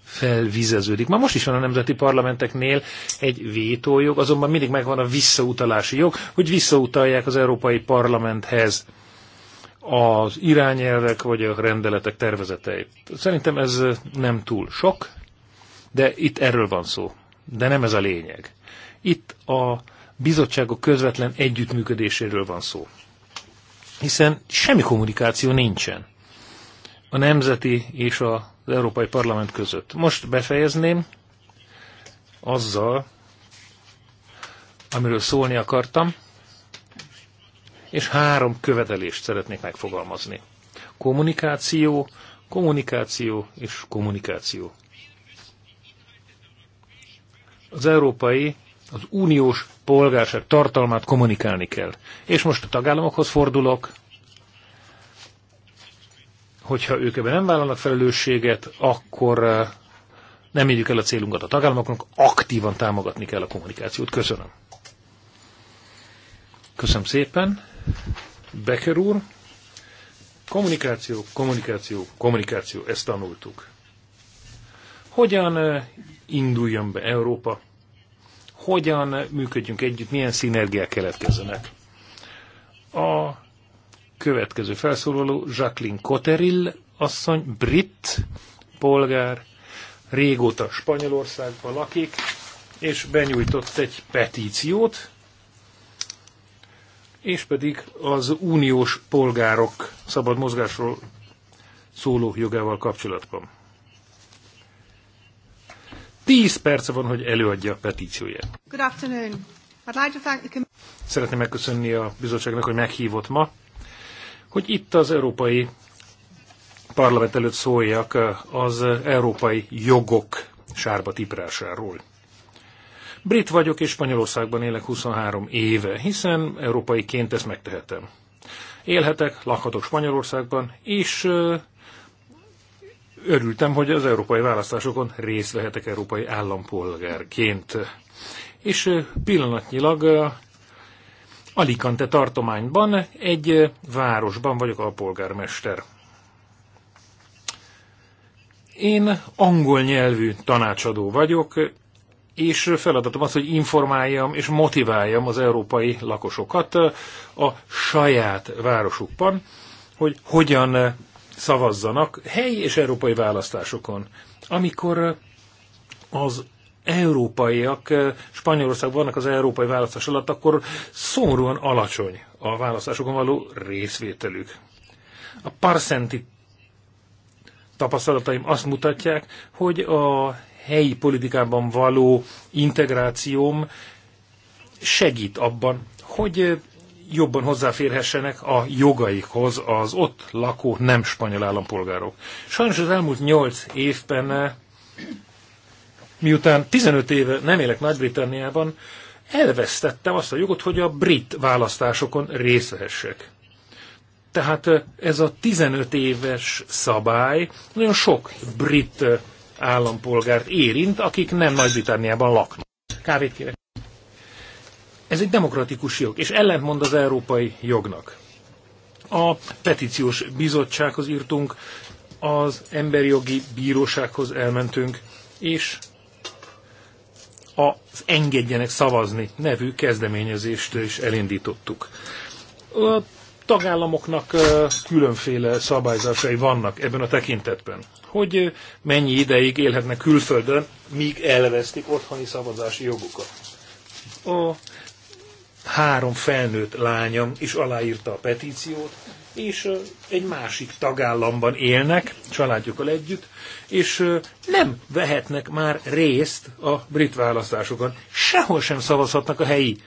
felvizeződik. Már most is van a nemzeti parlamenteknél egy vétójog, azonban mindig megvan a visszautalási jog, hogy visszautalják az Európai Parlamenthez az irányelvek vagy a rendeletek tervezeteit. Szerintem ez nem túl sok, de itt erről van szó. De nem ez a lényeg. Itt a bizottságok közvetlen együttműködéséről van szó. Hiszen semmi kommunikáció nincsen a nemzeti és az Európai Parlament között. Most befejezném azzal, amiről szólni akartam, és három követelést szeretnék megfogalmazni. Kommunikáció, kommunikáció és kommunikáció. Az európai az uniós polgárság tartalmát kommunikálni kell. És most a tagállamokhoz fordulok, hogyha ők ebben nem vállalnak felelősséget, akkor eh, nem érjük el a célunkat a tagállamoknak, aktívan támogatni kell a kommunikációt. Köszönöm. Köszönöm szépen. Becker úr, kommunikáció, kommunikáció, kommunikáció, ezt tanultuk. Hogyan eh, induljon be Európa? hogyan működjünk együtt, milyen szinergiák keletkezzenek. A következő felszólaló Jacqueline Coterill asszony, brit polgár, régóta Spanyolországban lakik, és benyújtott egy petíciót, és pedig az uniós polgárok szabad mozgásról szóló jogával kapcsolatban. 10 perce van, hogy előadja a petícióját. Good afternoon. I'd like to thank the... Szeretném megköszönni a bizottságnak, hogy meghívott ma, hogy itt az Európai Parlament előtt szóljak az európai jogok sárba tiprásáról. Brit vagyok, és Spanyolországban élek 23 éve, hiszen európaiként ezt megtehetem. Élhetek, lakhatok Spanyolországban, és örültem, hogy az európai választásokon részt vehetek európai állampolgárként. És pillanatnyilag Alicante tartományban, egy városban vagyok a polgármester. Én angol nyelvű tanácsadó vagyok, és feladatom az, hogy informáljam és motiváljam az európai lakosokat a saját városukban, hogy hogyan szavazzanak helyi és európai választásokon. Amikor az európaiak Spanyolországban vannak az európai választás alatt, akkor szomorúan alacsony a választásokon való részvételük. A parszenti tapasztalataim azt mutatják, hogy a helyi politikában való integrációm segít abban, hogy jobban hozzáférhessenek a jogaikhoz az ott lakó nem spanyol állampolgárok. Sajnos az elmúlt 8 évben, miután 15 éve nem élek Nagy-Britanniában, elvesztettem azt a jogot, hogy a brit választásokon részt vehessek. Tehát ez a 15 éves szabály nagyon sok brit állampolgárt érint, akik nem Nagy-Britanniában laknak. Kávét kérek. Ez egy demokratikus jog, és ellentmond az európai jognak. A petíciós bizottsághoz írtunk, az emberi jogi bírósághoz elmentünk, és az Engedjenek szavazni nevű kezdeményezést is elindítottuk. A tagállamoknak különféle szabályzásai vannak ebben a tekintetben, hogy mennyi ideig élhetnek külföldön, míg elvesztik otthoni szavazási jogukat. A három felnőtt lányom is aláírta a petíciót, és egy másik tagállamban élnek, családjukkal együtt, és nem vehetnek már részt a brit választásokon. Sehol sem szavazhatnak a helyi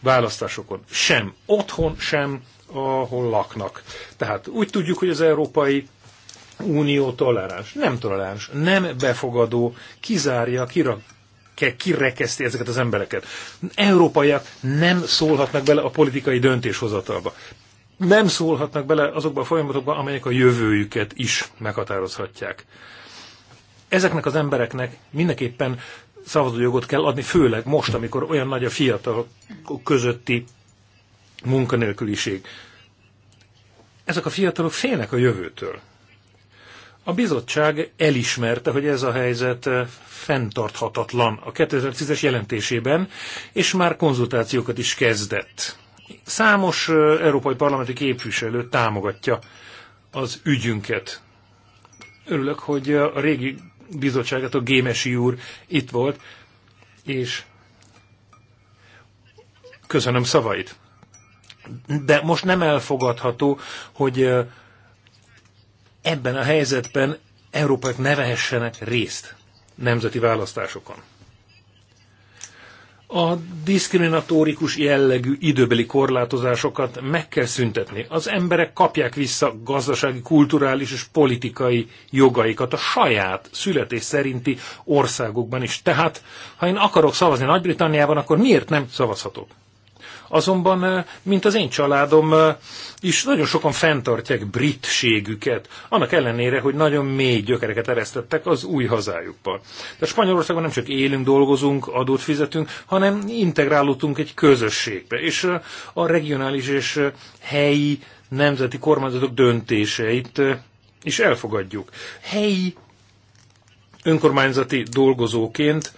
választásokon. Sem otthon, sem ahol laknak. Tehát úgy tudjuk, hogy az Európai Unió toleráns. Nem toleráns, nem befogadó, kizárja, kirak, kirekeszti ezeket az embereket. Európaiak nem szólhatnak bele a politikai döntéshozatalba. Nem szólhatnak bele azokba a folyamatokba, amelyek a jövőjüket is meghatározhatják. Ezeknek az embereknek mindenképpen szavazójogot kell adni, főleg most, amikor olyan nagy a fiatalok közötti munkanélküliség. Ezek a fiatalok félnek a jövőtől. A bizottság elismerte, hogy ez a helyzet eh, fenntarthatatlan a 2010-es jelentésében, és már konzultációkat is kezdett. Számos eh, európai parlamenti képviselő támogatja az ügyünket. Örülök, hogy eh, a régi bizottságát, a Gémesi úr itt volt, és köszönöm szavait. De most nem elfogadható, hogy ebben a helyzetben európaiak ne vehessenek részt nemzeti választásokon. A diszkriminatórikus jellegű időbeli korlátozásokat meg kell szüntetni. Az emberek kapják vissza gazdasági, kulturális és politikai jogaikat a saját születés szerinti országokban is. Tehát, ha én akarok szavazni Nagy-Britanniában, akkor miért nem szavazhatok? Azonban, mint az én családom is, nagyon sokan fenntartják britségüket, annak ellenére, hogy nagyon mély gyökereket eresztettek az új hazájukba. De Spanyolországban nem csak élünk, dolgozunk, adót fizetünk, hanem integrálódtunk egy közösségbe, és a regionális és helyi nemzeti kormányzatok döntéseit is elfogadjuk. Helyi önkormányzati dolgozóként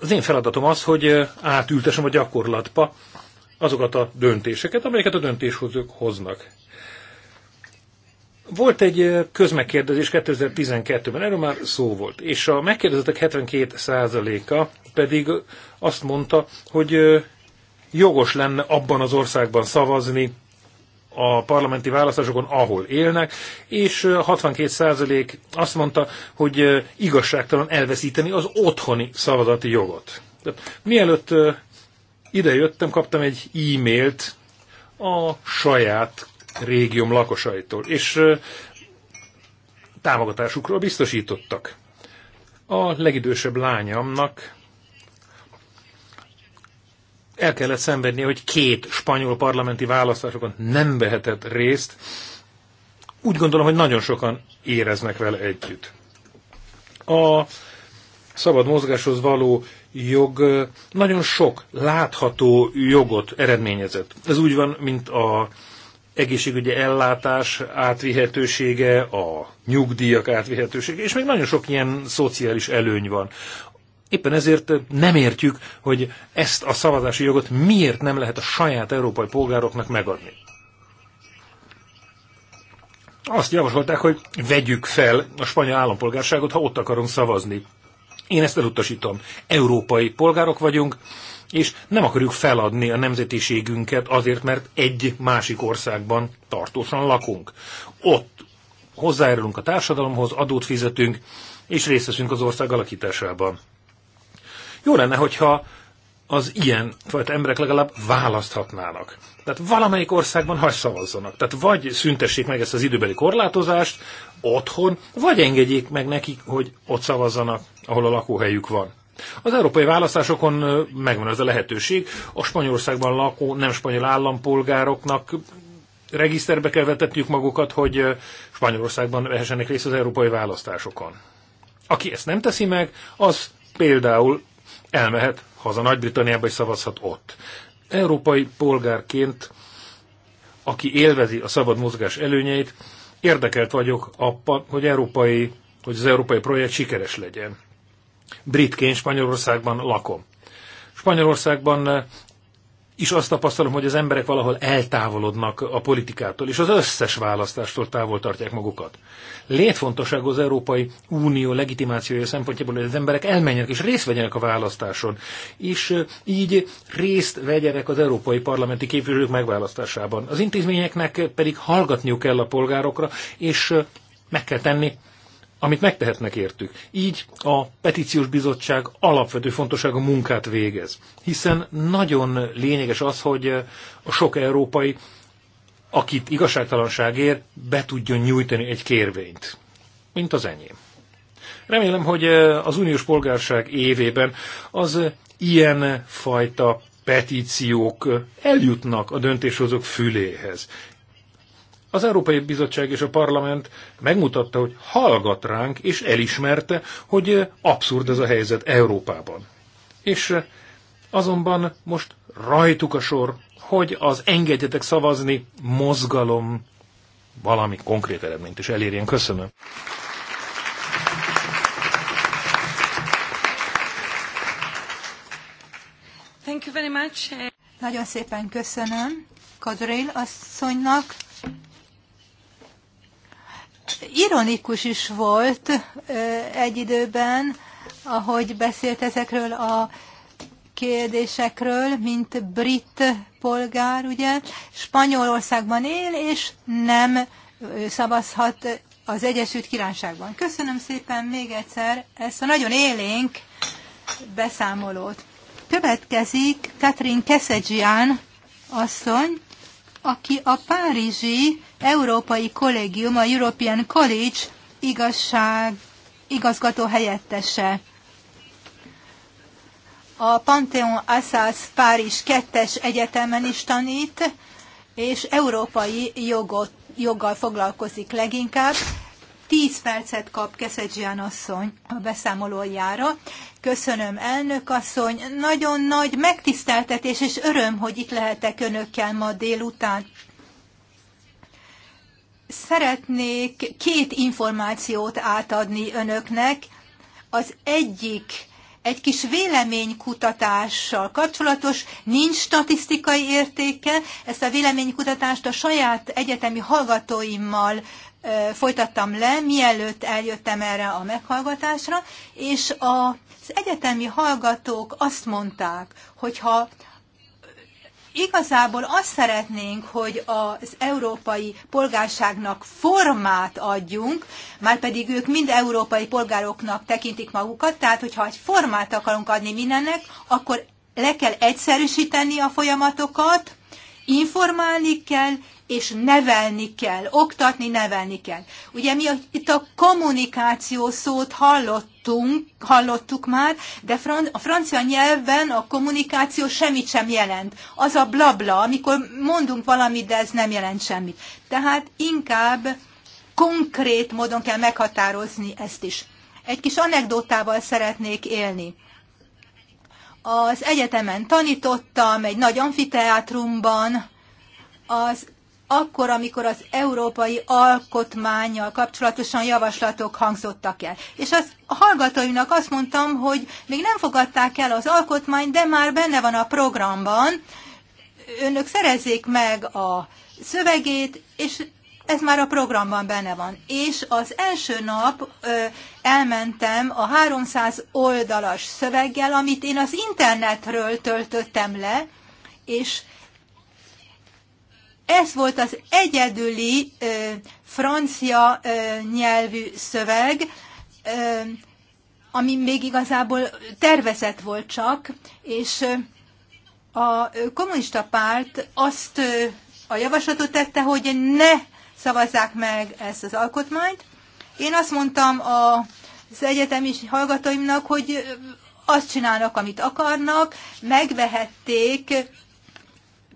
az én feladatom az, hogy átültessem a gyakorlatba azokat a döntéseket, amelyeket a döntéshozók hoznak. Volt egy közmegkérdezés 2012-ben, erről már szó volt, és a megkérdezettek 72%-a pedig azt mondta, hogy jogos lenne abban az országban szavazni, a parlamenti választásokon, ahol élnek, és 62% azt mondta, hogy igazságtalan elveszíteni az otthoni szavazati jogot. Tehát, mielőtt idejöttem, kaptam egy e-mailt a saját régium lakosaitól, és támogatásukról biztosítottak. A legidősebb lányamnak el kellett szenvedni, hogy két spanyol parlamenti választásokon nem vehetett részt. Úgy gondolom, hogy nagyon sokan éreznek vele együtt. A szabad mozgáshoz való jog nagyon sok látható jogot eredményezett. Ez úgy van, mint a egészségügyi ellátás átvihetősége, a nyugdíjak átvihetősége, és még nagyon sok ilyen szociális előny van. Éppen ezért nem értjük, hogy ezt a szavazási jogot miért nem lehet a saját európai polgároknak megadni. Azt javasolták, hogy vegyük fel a spanyol állampolgárságot, ha ott akarunk szavazni. Én ezt elutasítom. Európai polgárok vagyunk, és nem akarjuk feladni a nemzetiségünket azért, mert egy másik országban tartósan lakunk. Ott hozzájárulunk a társadalomhoz, adót fizetünk, és részt veszünk az ország alakításában. Jó lenne, hogyha az ilyen fajta emberek legalább választhatnának. Tehát valamelyik országban hagy szavazzanak. Tehát vagy szüntessék meg ezt az időbeli korlátozást otthon, vagy engedjék meg nekik, hogy ott szavazzanak, ahol a lakóhelyük van. Az európai választásokon megvan ez a lehetőség. A Spanyolországban lakó nem spanyol állampolgároknak regiszterbe kell vetetniük magukat, hogy Spanyolországban vehessenek részt az európai választásokon. Aki ezt nem teszi meg, az például elmehet haza Nagy-Britanniába és szavazhat ott. Európai polgárként, aki élvezi a szabad mozgás előnyeit, érdekelt vagyok abban, hogy, európai, hogy az európai projekt sikeres legyen. Britként Spanyolországban lakom. Spanyolországban is azt tapasztalom, hogy az emberek valahol eltávolodnak a politikától, és az összes választástól távol tartják magukat. Létfontosság az Európai Unió legitimációja szempontjából, hogy az emberek elmenjenek és részt vegyenek a választáson, és így részt vegyenek az európai parlamenti képviselők megválasztásában. Az intézményeknek pedig hallgatniuk kell a polgárokra, és meg kell tenni amit megtehetnek értük. Így a petíciós bizottság alapvető fontosága munkát végez, hiszen nagyon lényeges az, hogy a sok európai, akit igazságtalanságért be tudjon nyújtani egy kérvényt, mint az enyém. Remélem, hogy az uniós polgárság évében az ilyen fajta petíciók eljutnak a döntéshozók füléhez, az Európai Bizottság és a Parlament megmutatta, hogy hallgat ránk, és elismerte, hogy eh, abszurd ez a helyzet Európában. És eh, azonban most rajtuk a sor, hogy az engedjetek szavazni mozgalom valami konkrét eredményt is elérjen. Köszönöm. Thank you very much. Nagyon szépen köszönöm Kadril asszonynak ironikus is volt egy időben, ahogy beszélt ezekről a kérdésekről, mint brit polgár, ugye, Spanyolországban él, és nem szavazhat az Egyesült Királyságban. Köszönöm szépen még egyszer ezt a nagyon élénk beszámolót. Következik Katrin Keszegyán asszony, aki a Párizsi Európai Kollégium, a European College igazság, igazgató helyettese. A Pantheon Assas Párizs 2-es egyetemen is tanít, és európai jogot, joggal foglalkozik leginkább. 10 percet kap Keszedzsián asszony a beszámolójára. Köszönöm, elnök asszony. Nagyon nagy megtiszteltetés és öröm, hogy itt lehetek önökkel ma délután. Szeretnék két információt átadni önöknek. Az egyik egy kis véleménykutatással kapcsolatos, nincs statisztikai értéke. Ezt a véleménykutatást a saját egyetemi hallgatóimmal folytattam le, mielőtt eljöttem erre a meghallgatásra, és az egyetemi hallgatók azt mondták, hogy ha igazából azt szeretnénk, hogy az európai polgárságnak formát adjunk, már pedig ők mind európai polgároknak tekintik magukat, tehát hogyha egy formát akarunk adni mindennek, akkor le kell egyszerűsíteni a folyamatokat, informálni kell, és nevelni kell, oktatni, nevelni kell. Ugye mi itt a kommunikáció szót hallottunk, hallottuk már, de a francia nyelven a kommunikáció semmit sem jelent. Az a blabla, amikor mondunk valamit, de ez nem jelent semmit. Tehát inkább konkrét módon kell meghatározni ezt is. Egy kis anekdotával szeretnék élni az egyetemen tanítottam, egy nagy amfiteátrumban, az akkor, amikor az európai alkotmányjal kapcsolatosan javaslatok hangzottak el. És az a hallgatóimnak azt mondtam, hogy még nem fogadták el az alkotmányt, de már benne van a programban. Önök szerezzék meg a szövegét, és ez már a programban benne van. És az első nap ö, elmentem a 300 oldalas szöveggel, amit én az internetről töltöttem le, és ez volt az egyedüli ö, francia ö, nyelvű szöveg, ö, ami még igazából tervezett volt csak, és a kommunista párt azt a javaslatot tette, hogy ne szavazzák meg ezt az alkotmányt. Én azt mondtam a az egyetemi hallgatóimnak, hogy azt csinálnak, amit akarnak, megvehették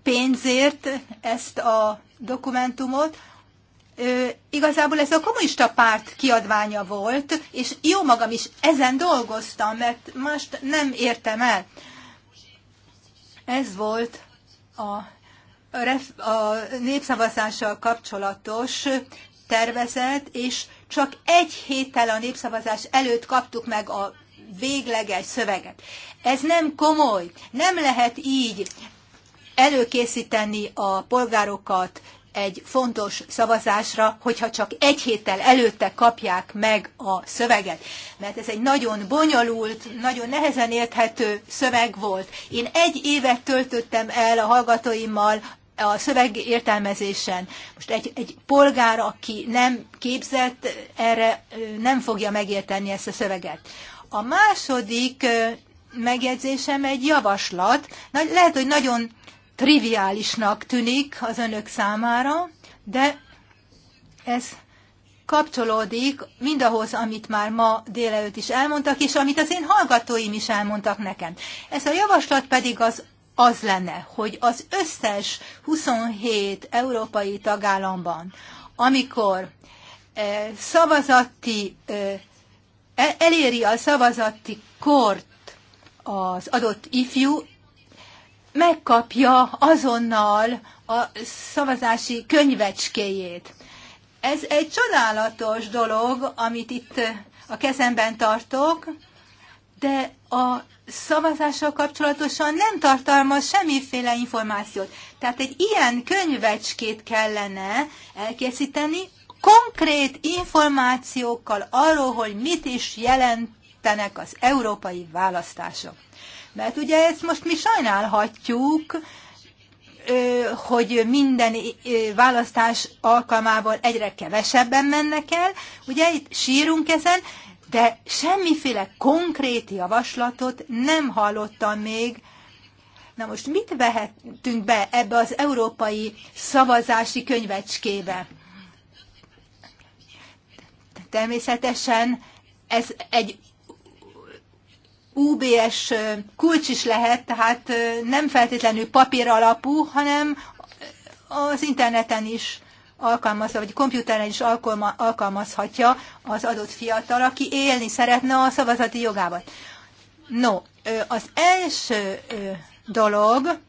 pénzért ezt a dokumentumot. Igazából ez a kommunista párt kiadványa volt, és jó magam is ezen dolgoztam, mert most nem értem el. Ez volt a, a népszavazással kapcsolatos tervezet, és csak egy héttel a népszavazás előtt kaptuk meg a végleges szöveget. Ez nem komoly, nem lehet így előkészíteni a polgárokat egy fontos szavazásra, hogyha csak egy héttel előtte kapják meg a szöveget. Mert ez egy nagyon bonyolult, nagyon nehezen érthető szöveg volt. Én egy évet töltöttem el a hallgatóimmal a szöveg értelmezésen. Most egy, egy polgár, aki nem képzett, erre nem fogja megérteni ezt a szöveget. A második megjegyzésem egy javaslat. Lehet, hogy nagyon triviálisnak tűnik az önök számára, de ez kapcsolódik mindahhoz, amit már ma délelőtt is elmondtak, és amit az én hallgatóim is elmondtak nekem. Ez a javaslat pedig az az lenne, hogy az összes 27 európai tagállamban, amikor e, szavazati, e, e, eléri a szavazati kort az adott ifjú, megkapja azonnal a szavazási könyvecskéjét. Ez egy csodálatos dolog, amit itt a kezemben tartok, de a szavazással kapcsolatosan nem tartalmaz semmiféle információt. Tehát egy ilyen könyvecskét kellene elkészíteni, konkrét információkkal arról, hogy mit is jelentenek az európai választások. Mert ugye ezt most mi sajnálhatjuk, hogy minden választás alkalmával egyre kevesebben mennek el, ugye itt sírunk ezen, de semmiféle konkrét javaslatot nem hallottam még. Na most mit vehetünk be ebbe az európai szavazási könyvecskébe? Természetesen ez egy UBS kulcs is lehet, tehát nem feltétlenül papír alapú, hanem az interneten is alkalmazza, vagy komputeren is alkalmazhatja az adott fiatal, aki élni szeretne a szavazati jogával. No, az első dolog,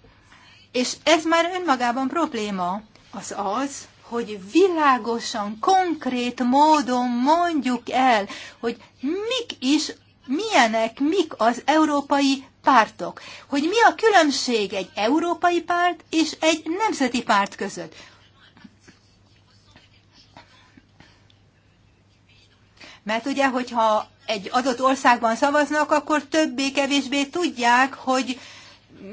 és ez már önmagában probléma, az az, hogy világosan, konkrét módon mondjuk el, hogy mik is milyenek, mik az európai pártok, hogy mi a különbség egy európai párt és egy nemzeti párt között. Mert ugye, hogyha egy adott országban szavaznak, akkor többé-kevésbé tudják, hogy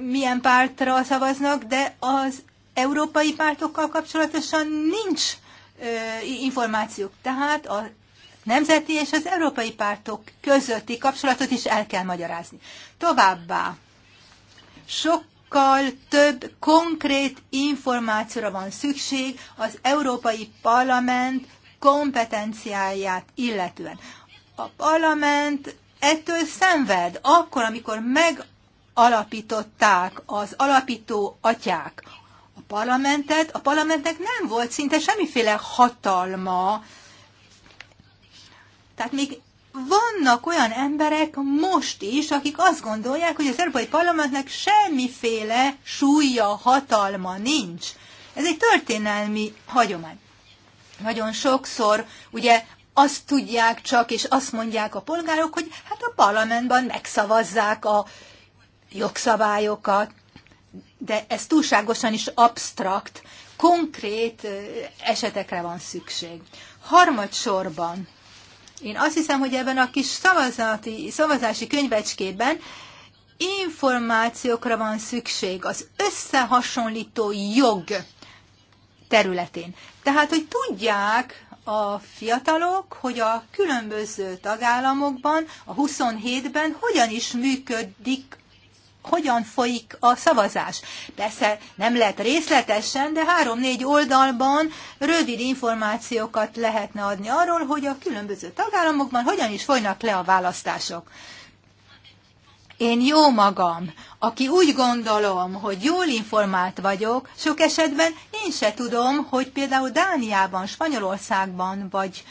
milyen pártra szavaznak, de az európai pártokkal kapcsolatosan nincs ö, információk. Tehát a nemzeti és az európai pártok közötti kapcsolatot is el kell magyarázni. Továbbá sokkal több konkrét információra van szükség az Európai Parlament kompetenciáját illetően. A parlament ettől szenved, akkor, amikor megalapították az alapító atyák a parlamentet, a parlamentnek nem volt szinte semmiféle hatalma tehát még vannak olyan emberek most is, akik azt gondolják, hogy az Európai Parlamentnek semmiféle súlya, hatalma nincs. Ez egy történelmi hagyomány. Nagyon sokszor ugye azt tudják csak, és azt mondják a polgárok, hogy hát a parlamentben megszavazzák a jogszabályokat, de ez túlságosan is absztrakt, konkrét esetekre van szükség. Harmadsorban én azt hiszem, hogy ebben a kis szavazati, szavazási könyvecskében információkra van szükség az összehasonlító jog területén. Tehát, hogy tudják a fiatalok, hogy a különböző tagállamokban, a 27-ben hogyan is működik hogyan folyik a szavazás. Persze nem lehet részletesen, de három-négy oldalban rövid információkat lehetne adni arról, hogy a különböző tagállamokban hogyan is folynak le a választások. Én jó magam, aki úgy gondolom, hogy jól informált vagyok, sok esetben én se tudom, hogy például Dániában, Spanyolországban vagy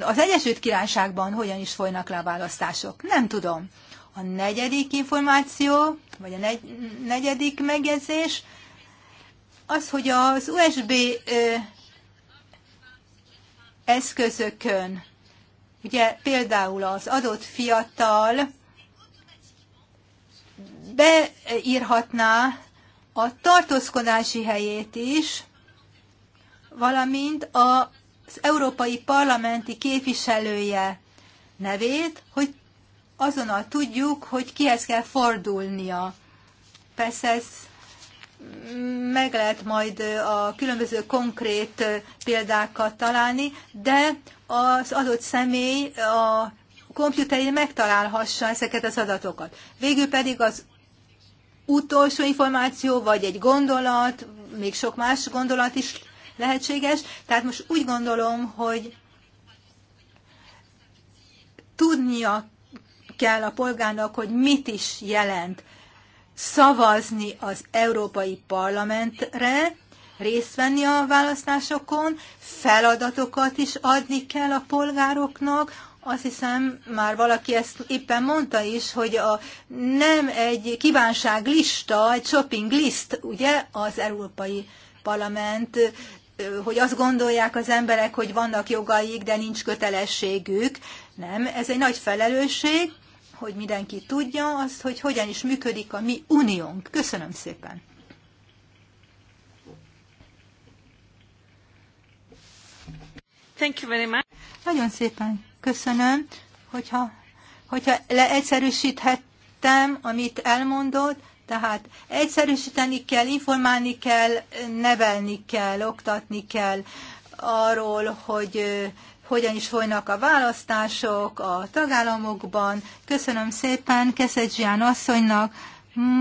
az Egyesült Királyságban hogyan is folynak le a választások. Nem tudom. A negyedik információ, vagy a negyedik megjegyzés, az, hogy az USB eszközökön, ugye például az adott fiatal beírhatná a tartózkodási helyét is, valamint az európai parlamenti képviselője nevét, hogy azonnal tudjuk, hogy kihez kell fordulnia. Persze ez meg lehet majd a különböző konkrét példákat találni, de az adott személy a kompjúterén megtalálhassa ezeket az adatokat. Végül pedig az utolsó információ, vagy egy gondolat, még sok más gondolat is lehetséges. Tehát most úgy gondolom, hogy tudnia kell a polgárnak, hogy mit is jelent szavazni az Európai Parlamentre, részt venni a választásokon, feladatokat is adni kell a polgároknak, azt hiszem, már valaki ezt éppen mondta is, hogy a, nem egy kívánságlista, egy shopping list, ugye, az Európai Parlament, hogy azt gondolják az emberek, hogy vannak jogaik, de nincs kötelességük. Nem, ez egy nagy felelősség, hogy mindenki tudja azt, hogy hogyan is működik a mi uniónk. Köszönöm szépen! Thank you very much. Nagyon szépen köszönöm, hogyha, hogyha leegyszerűsíthettem, amit elmondott, tehát egyszerűsíteni kell, informálni kell, nevelni kell, oktatni kell arról, hogy hogyan is folynak a választások a tagállamokban. Köszönöm szépen Keszedzsián asszonynak,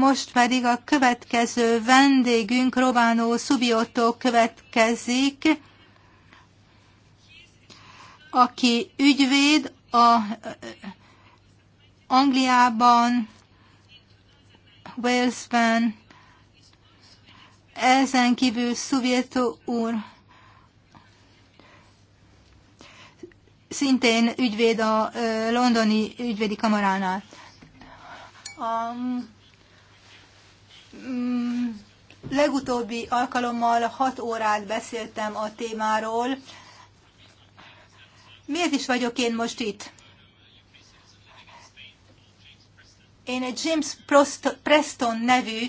most pedig a következő vendégünk Robánó Szubiotó következik, aki ügyvéd a eh, Angliában, Walesben, ezen kívül Szovjetó úr szintén ügyvéd a londoni ügyvédi kamaránál. A mm, legutóbbi alkalommal hat órát beszéltem a témáról. Miért is vagyok én most itt? Én egy James Preston nevű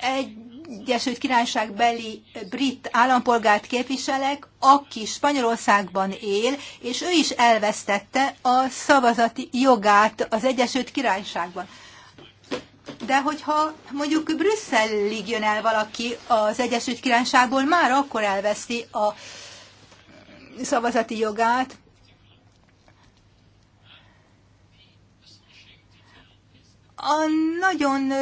egy Egyesült Királyság beli brit állampolgárt képviselek, aki Spanyolországban él, és ő is elvesztette a szavazati jogát az Egyesült Királyságban. De hogyha mondjuk Brüsszelig jön el valaki az Egyesült Királyságból, már akkor elveszti a szavazati jogát. A nagyon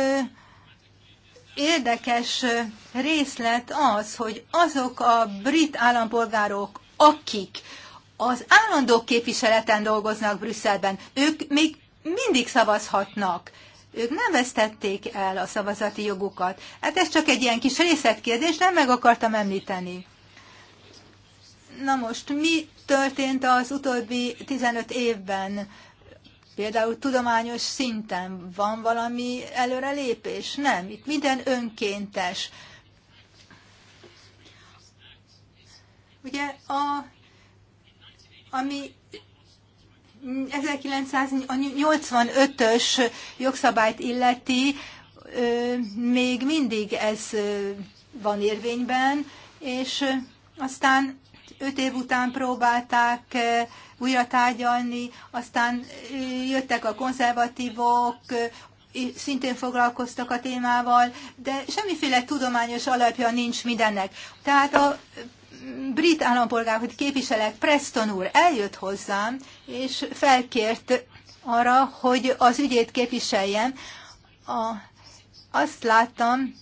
érdekes részlet az, hogy azok a brit állampolgárok, akik az állandó képviseleten dolgoznak Brüsszelben, ők még mindig szavazhatnak. Ők nem vesztették el a szavazati jogukat. Hát ez csak egy ilyen kis részletkérdés, nem meg akartam említeni. Na most, mi történt az utóbbi 15 évben? Például tudományos szinten van valami előrelépés? Nem. Itt minden önkéntes. Ugye a, ami 1985-ös jogszabályt illeti, még mindig ez van érvényben, és aztán öt év után próbálták eh, újra tárgyalni, aztán eh, jöttek a konzervatívok, eh, szintén foglalkoztak a témával, de semmiféle tudományos alapja nincs mindennek. Tehát a mm, brit állampolgár, hogy képviselek, Preston úr eljött hozzám, és felkért arra, hogy az ügyét képviseljen. A, azt láttam,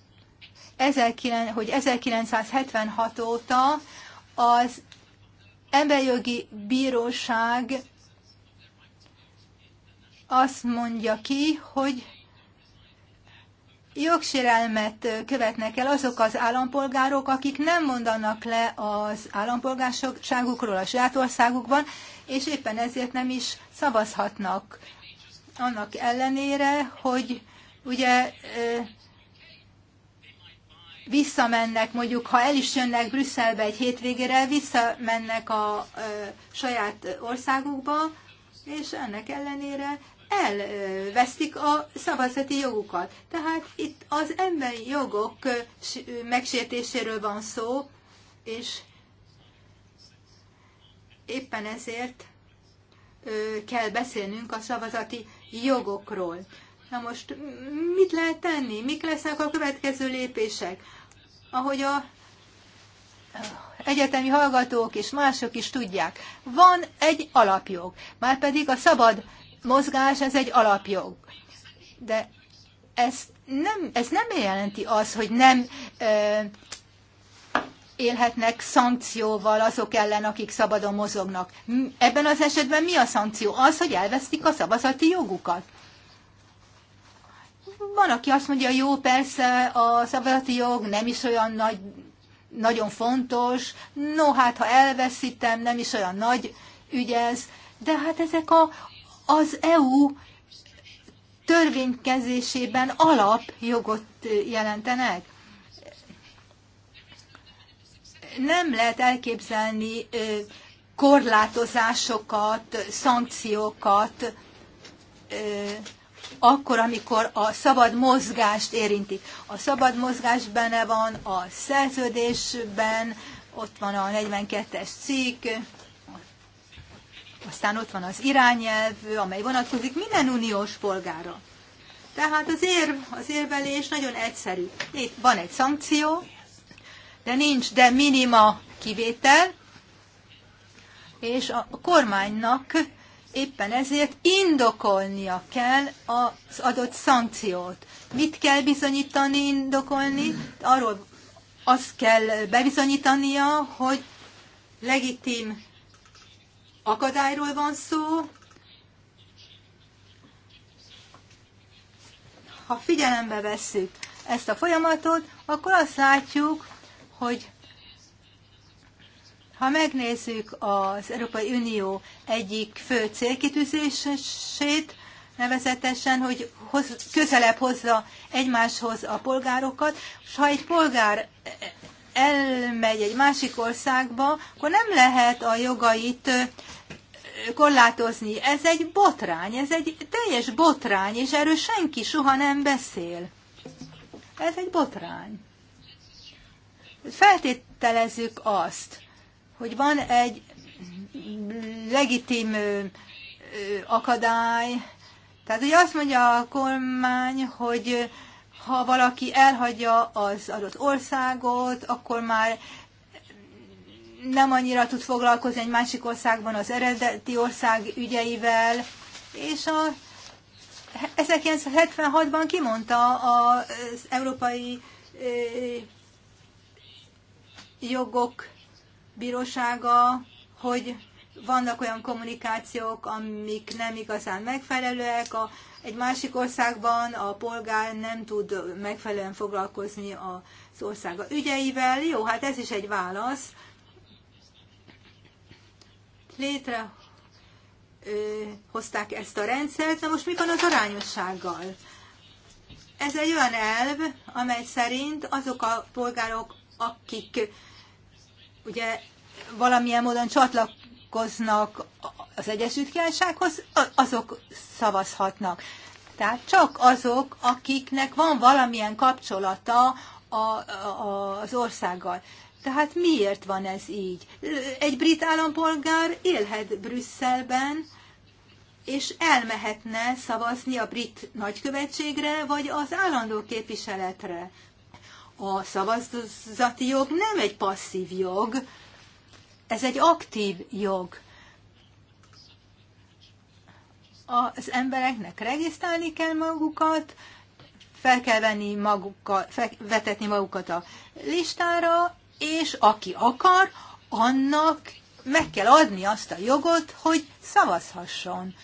19, hogy 1976 óta az emberjogi bíróság azt mondja ki, hogy jogsérelmet követnek el azok az állampolgárok, akik nem mondanak le az állampolgárságukról a saját országukban, és éppen ezért nem is szavazhatnak. Annak ellenére, hogy ugye visszamennek, mondjuk ha el is jönnek Brüsszelbe egy hétvégére, visszamennek a ö, saját országukba, és ennek ellenére elvesztik a szavazati jogukat. Tehát itt az emberi jogok megsértéséről van szó, és éppen ezért kell beszélnünk a szavazati jogokról. Na most mit lehet tenni? Mik lesznek a következő lépések? Ahogy a egyetemi hallgatók és mások is tudják, van egy alapjog, márpedig a szabad mozgás ez egy alapjog. De ez nem, ez nem jelenti az, hogy nem ö, élhetnek szankcióval azok ellen, akik szabadon mozognak. Ebben az esetben mi a szankció? Az, hogy elvesztik a szavazati jogukat. Van, aki azt mondja, jó, persze, a szabadati jog nem is olyan nagy, nagyon fontos, no, hát ha elveszítem, nem is olyan nagy ügy ez, de hát ezek a, az EU törvénykezésében alapjogot jelentenek. Nem lehet elképzelni korlátozásokat, szankciókat, akkor, amikor a szabad mozgást érinti. A szabad mozgás benne van a szerződésben, ott van a 42-es cikk, aztán ott van az irányelv, amely vonatkozik minden uniós polgára. Tehát az, érv, az érvelés nagyon egyszerű. Itt van egy szankció, de nincs de minima kivétel, és a kormánynak Éppen ezért indokolnia kell az adott szankciót. Mit kell bizonyítani, indokolni? Arról azt kell bebizonyítania, hogy legitim akadályról van szó, ha figyelembe vesszük ezt a folyamatot, akkor azt látjuk, hogy ha megnézzük az Európai Unió egyik fő célkitűzését, nevezetesen, hogy hoz, közelebb hozza egymáshoz a polgárokat, és ha egy polgár elmegy egy másik országba, akkor nem lehet a jogait korlátozni. Ez egy botrány, ez egy teljes botrány, és erről senki soha nem beszél. Ez egy botrány. Feltételezzük azt, hogy van egy legitim akadály, tehát ugye azt mondja a kormány, hogy ha valaki elhagyja az adott országot, akkor már nem annyira tud foglalkozni egy másik országban az eredeti ország ügyeivel, és a 1976-ban kimondta az európai jogok bírósága, hogy vannak olyan kommunikációk, amik nem igazán megfelelőek, a, egy másik országban a polgár nem tud megfelelően foglalkozni az országa ügyeivel. Jó, hát ez is egy válasz. Létre ö, hozták ezt a rendszert, na most mi van az arányossággal? Ez egy olyan elv, amely szerint azok a polgárok, akik ugye valamilyen módon csatlakoznak az Egyesült Királysághoz, azok szavazhatnak. Tehát csak azok, akiknek van valamilyen kapcsolata a, a, az országgal. Tehát miért van ez így? Egy brit állampolgár élhet Brüsszelben, és elmehetne szavazni a brit nagykövetségre, vagy az állandó képviseletre. A szavazati jog nem egy passzív jog, ez egy aktív jog. Az embereknek regisztrálni kell magukat, fel kell venni magukkal, fel, vetetni magukat a listára, és aki akar, annak meg kell adni azt a jogot, hogy szavazhasson.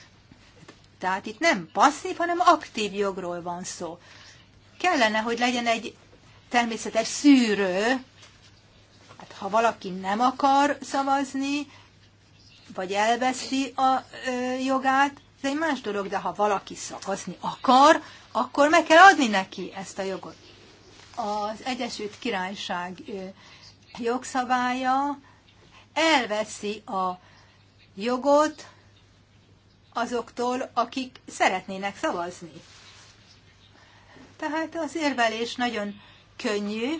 Tehát itt nem passzív, hanem aktív jogról van szó. Kellene, hogy legyen egy természetes szűrő, hát ha valaki nem akar szavazni, vagy elveszi a ö, jogát, ez egy más dolog, de ha valaki szavazni akar, akkor meg kell adni neki ezt a jogot. Az Egyesült Királyság ö, jogszabálya elveszi a jogot azoktól, akik szeretnének szavazni. Tehát az érvelés nagyon könnyű.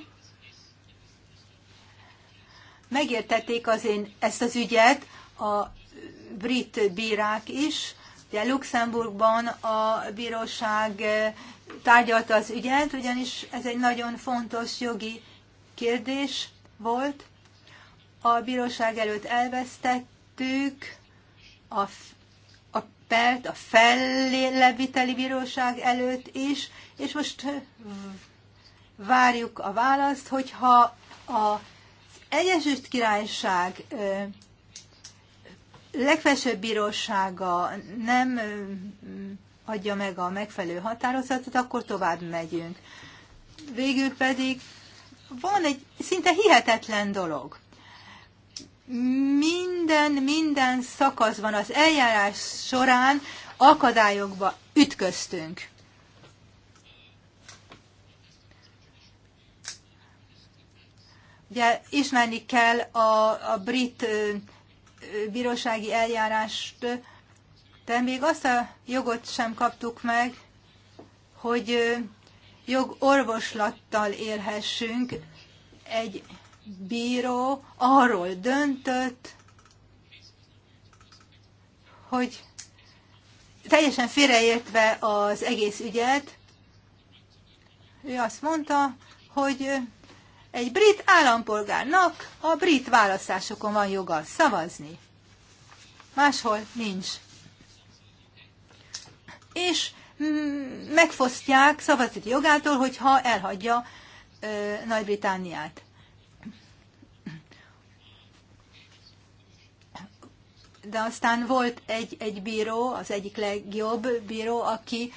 Megértették az én ezt az ügyet a brit bírák is. Ugye Luxemburgban a bíróság eh, tárgyalta az ügyet, ugyanis ez egy nagyon fontos jogi kérdés volt. A bíróság előtt elvesztettük a, a pert a felléleviteli bíróság előtt is, és most eh, várjuk a választ, hogyha az Egyesült Királyság legfelsőbb bírósága nem adja meg a megfelelő határozatot, akkor tovább megyünk. Végül pedig van egy szinte hihetetlen dolog. Minden, minden szakaszban az eljárás során akadályokba ütköztünk. Ugye ismerni kell a, a brit bírósági eljárást, de még azt a jogot sem kaptuk meg, hogy jogorvoslattal élhessünk. Egy bíró arról döntött, hogy teljesen félreértve az egész ügyet, ő azt mondta, hogy egy brit állampolgárnak a brit választásokon van joga szavazni. Máshol nincs. És mm, megfosztják szavazati jogától, hogyha elhagyja Nagy-Britániát. De aztán volt egy, egy bíró, az egyik legjobb bíró, aki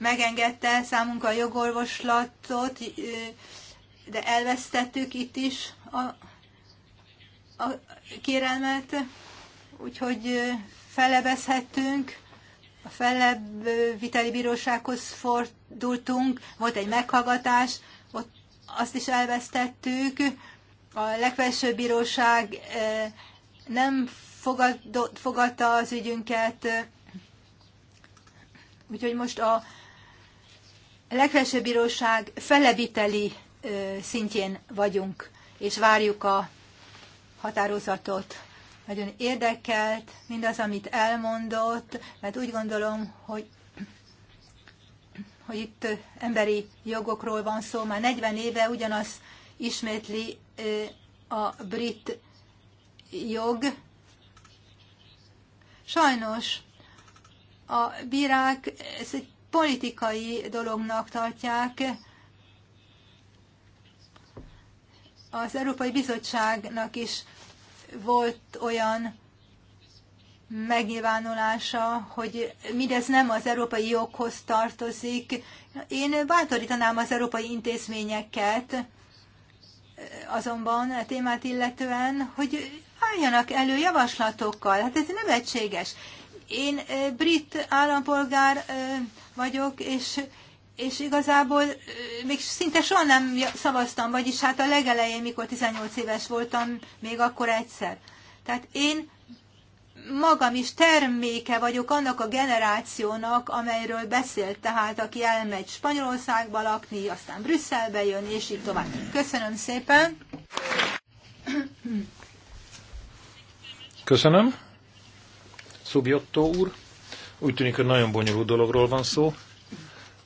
megengedte számunkra a jogorvoslatot, de elvesztettük itt is a, a kérelmet, úgyhogy felebezhettünk, a felebb viteli bírósághoz fordultunk, volt egy meghallgatás, ott azt is elvesztettük, a legfelsőbb bíróság nem fogadott, fogadta az ügyünket, úgyhogy most a legfelsőbb bíróság feleviteli szintjén vagyunk, és várjuk a határozatot. Nagyon érdekelt mindaz, amit elmondott, mert úgy gondolom, hogy hogy itt emberi jogokról van szó. Már 40 éve ugyanaz ismétli a brit jog. Sajnos a bírák ez. egy politikai dolognak tartják. Az Európai Bizottságnak is volt olyan megnyilvánulása, hogy mindez nem az európai joghoz tartozik. Én bátorítanám az európai intézményeket azonban a témát illetően, hogy álljanak elő javaslatokkal. Hát ez nem egységes. Én brit állampolgár vagyok, és, és igazából még szinte soha nem szavaztam, vagyis hát a legelején, mikor 18 éves voltam, még akkor egyszer. Tehát én magam is terméke vagyok annak a generációnak, amelyről beszélt, tehát aki elmegy Spanyolországba lakni, aztán Brüsszelbe jön, és így tovább. Köszönöm szépen! Köszönöm! Szubjottó úr. Úgy tűnik, hogy nagyon bonyolult dologról van szó,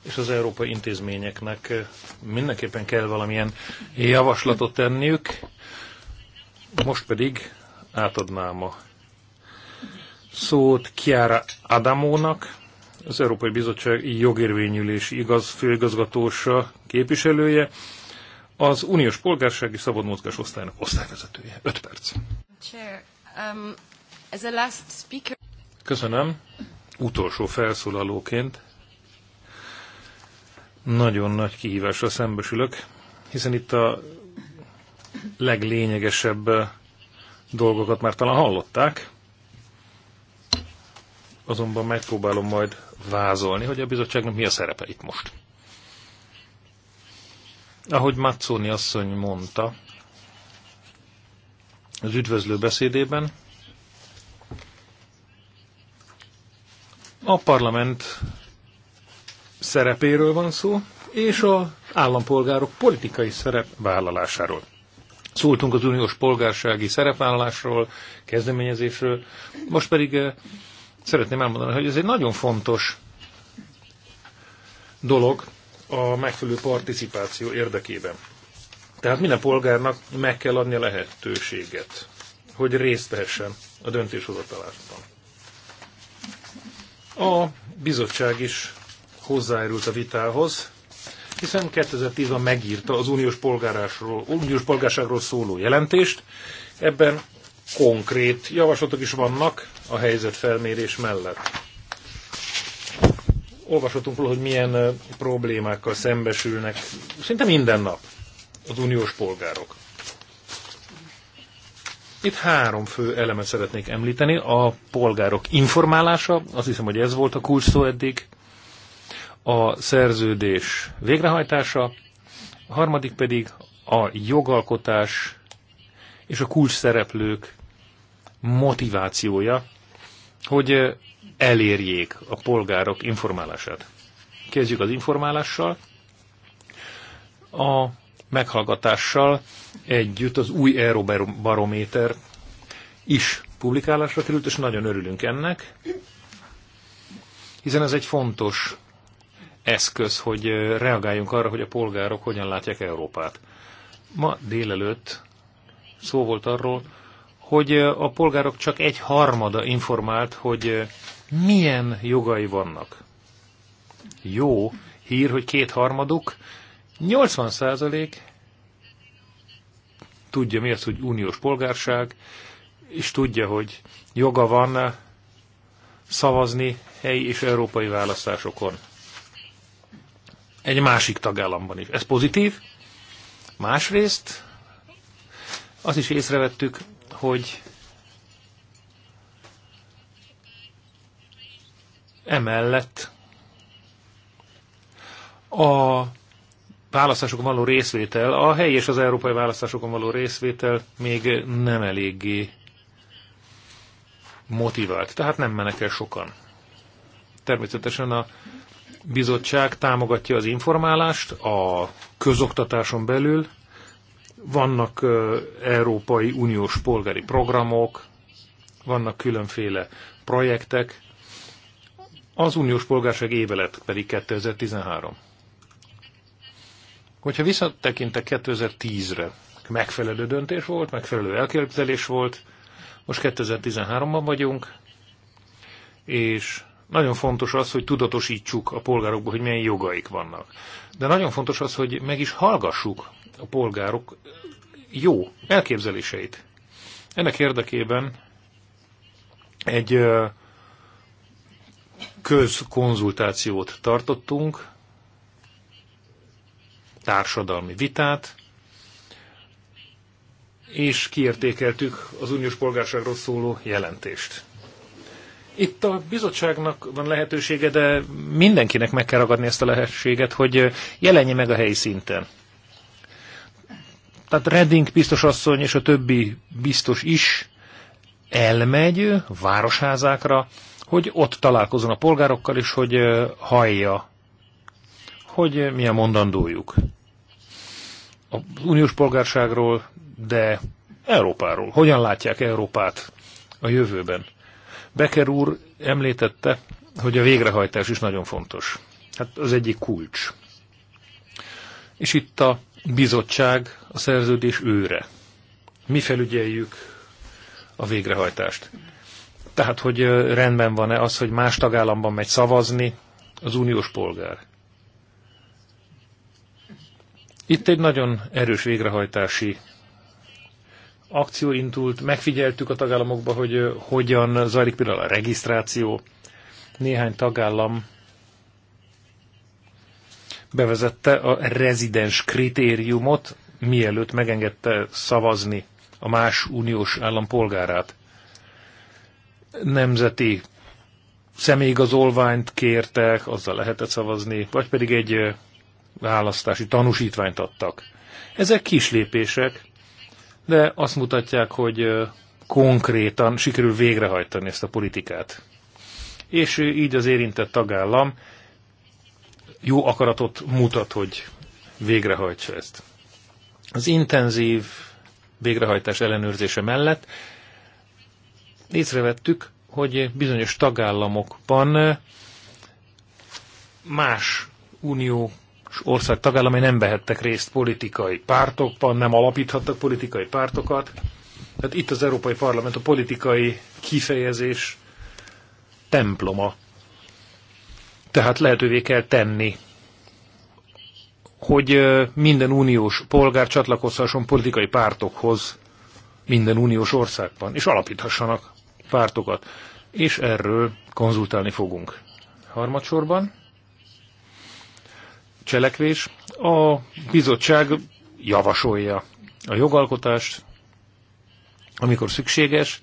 és az európai intézményeknek eh, mindenképpen kell valamilyen javaslatot tenniük. Most pedig átadnám a szót Kiára Adamónak, az Európai Bizottság jogérvényülési igaz, főigazgatósa képviselője, az uniós polgársági szabad mozgás osztálynak osztályvezetője. 5 perc. Chair, um, as a last speaker... Köszönöm. Utolsó felszólalóként nagyon nagy kihívásra szembesülök, hiszen itt a leglényegesebb dolgokat már talán hallották, azonban megpróbálom majd vázolni, hogy a bizottságnak mi a szerepe itt most. Ahogy Mazzoni asszony mondta, az üdvözlő beszédében, A parlament szerepéről van szó, és a állampolgárok politikai szerepvállalásáról. Szóltunk az uniós polgársági szerepvállalásról, kezdeményezésről, most pedig eh, szeretném elmondani, hogy ez egy nagyon fontos dolog a megfelelő participáció érdekében. Tehát minden polgárnak meg kell adni a lehetőséget, hogy részt vehessen a döntéshozatalásban. A bizottság is hozzájárult a vitához, hiszen 2010-ben megírta az uniós, polgárásról, uniós polgárságról szóló jelentést. Ebben konkrét javaslatok is vannak a felmérés mellett. Olvashatunk róla, hogy milyen problémákkal szembesülnek szinte minden nap az uniós polgárok. Itt három fő elemet szeretnék említeni. A polgárok informálása, azt hiszem, hogy ez volt a kulcs szó eddig, a szerződés végrehajtása, a harmadik pedig a jogalkotás és a kulcs szereplők motivációja, hogy elérjék a polgárok informálását. Kezdjük az informálással. A meghallgatással együtt az új Euróbarométer is publikálásra került, és nagyon örülünk ennek, hiszen ez egy fontos eszköz, hogy reagáljunk arra, hogy a polgárok hogyan látják Európát. Ma délelőtt szó volt arról, hogy a polgárok csak egy harmada informált, hogy milyen jogai vannak. Jó hír, hogy kétharmaduk 80% százalék tudja mi az, hogy uniós polgárság, és tudja, hogy joga van szavazni helyi és európai választásokon. Egy másik tagállamban is. Ez pozitív. Másrészt azt is észrevettük, hogy emellett a választásokon való részvétel, a helyi és az európai választásokon való részvétel még nem eléggé motivált, tehát nem mennek el sokan. Természetesen a bizottság támogatja az informálást a közoktatáson belül, vannak Európai Uniós polgári programok, vannak különféle projektek, az uniós polgárság éve lett pedig 2013. Hogyha visszatekintek 2010-re, megfelelő döntés volt, megfelelő elképzelés volt, most 2013-ban vagyunk, és nagyon fontos az, hogy tudatosítsuk a polgárokba, hogy milyen jogaik vannak. De nagyon fontos az, hogy meg is hallgassuk a polgárok jó elképzeléseit. Ennek érdekében egy közkonzultációt tartottunk, társadalmi vitát, és kiértékeltük az uniós polgárságról szóló jelentést. Itt a bizottságnak van lehetősége, de mindenkinek meg kell ragadni ezt a lehetőséget, hogy jelenje meg a helyi szinten. Tehát Redding biztos asszony és a többi biztos is elmegy városházákra, hogy ott találkozon a polgárokkal, és hogy hallja hogy mi a mondandójuk. Az uniós polgárságról, de Európáról. Hogyan látják Európát a jövőben? Becker úr említette, hogy a végrehajtás is nagyon fontos. Hát az egyik kulcs. És itt a bizottság a szerződés őre. Mi felügyeljük a végrehajtást. Tehát, hogy rendben van-e az, hogy más tagállamban megy szavazni az uniós polgár. Itt egy nagyon erős végrehajtási akció indult, megfigyeltük a tagállamokba, hogy hogyan zajlik például a regisztráció. Néhány tagállam bevezette a rezidens kritériumot, mielőtt megengedte szavazni a más uniós állampolgárát. Nemzeti személyigazolványt kértek, azzal lehetett szavazni, vagy pedig egy választási tanúsítványt adtak. Ezek kis lépések, de azt mutatják, hogy konkrétan sikerül végrehajtani ezt a politikát. És így az érintett tagállam jó akaratot mutat, hogy végrehajtsa ezt. Az intenzív végrehajtás ellenőrzése mellett észrevettük, hogy bizonyos tagállamokban más unió ország tagállamai nem vehettek részt politikai pártokban, nem alapíthattak politikai pártokat. Tehát itt az Európai Parlament a politikai kifejezés temploma. Tehát lehetővé kell tenni, hogy minden uniós polgár csatlakozhasson politikai pártokhoz minden uniós országban, és alapíthassanak pártokat. És erről konzultálni fogunk. Harmadsorban cselekvés. A bizottság javasolja a jogalkotást, amikor szükséges.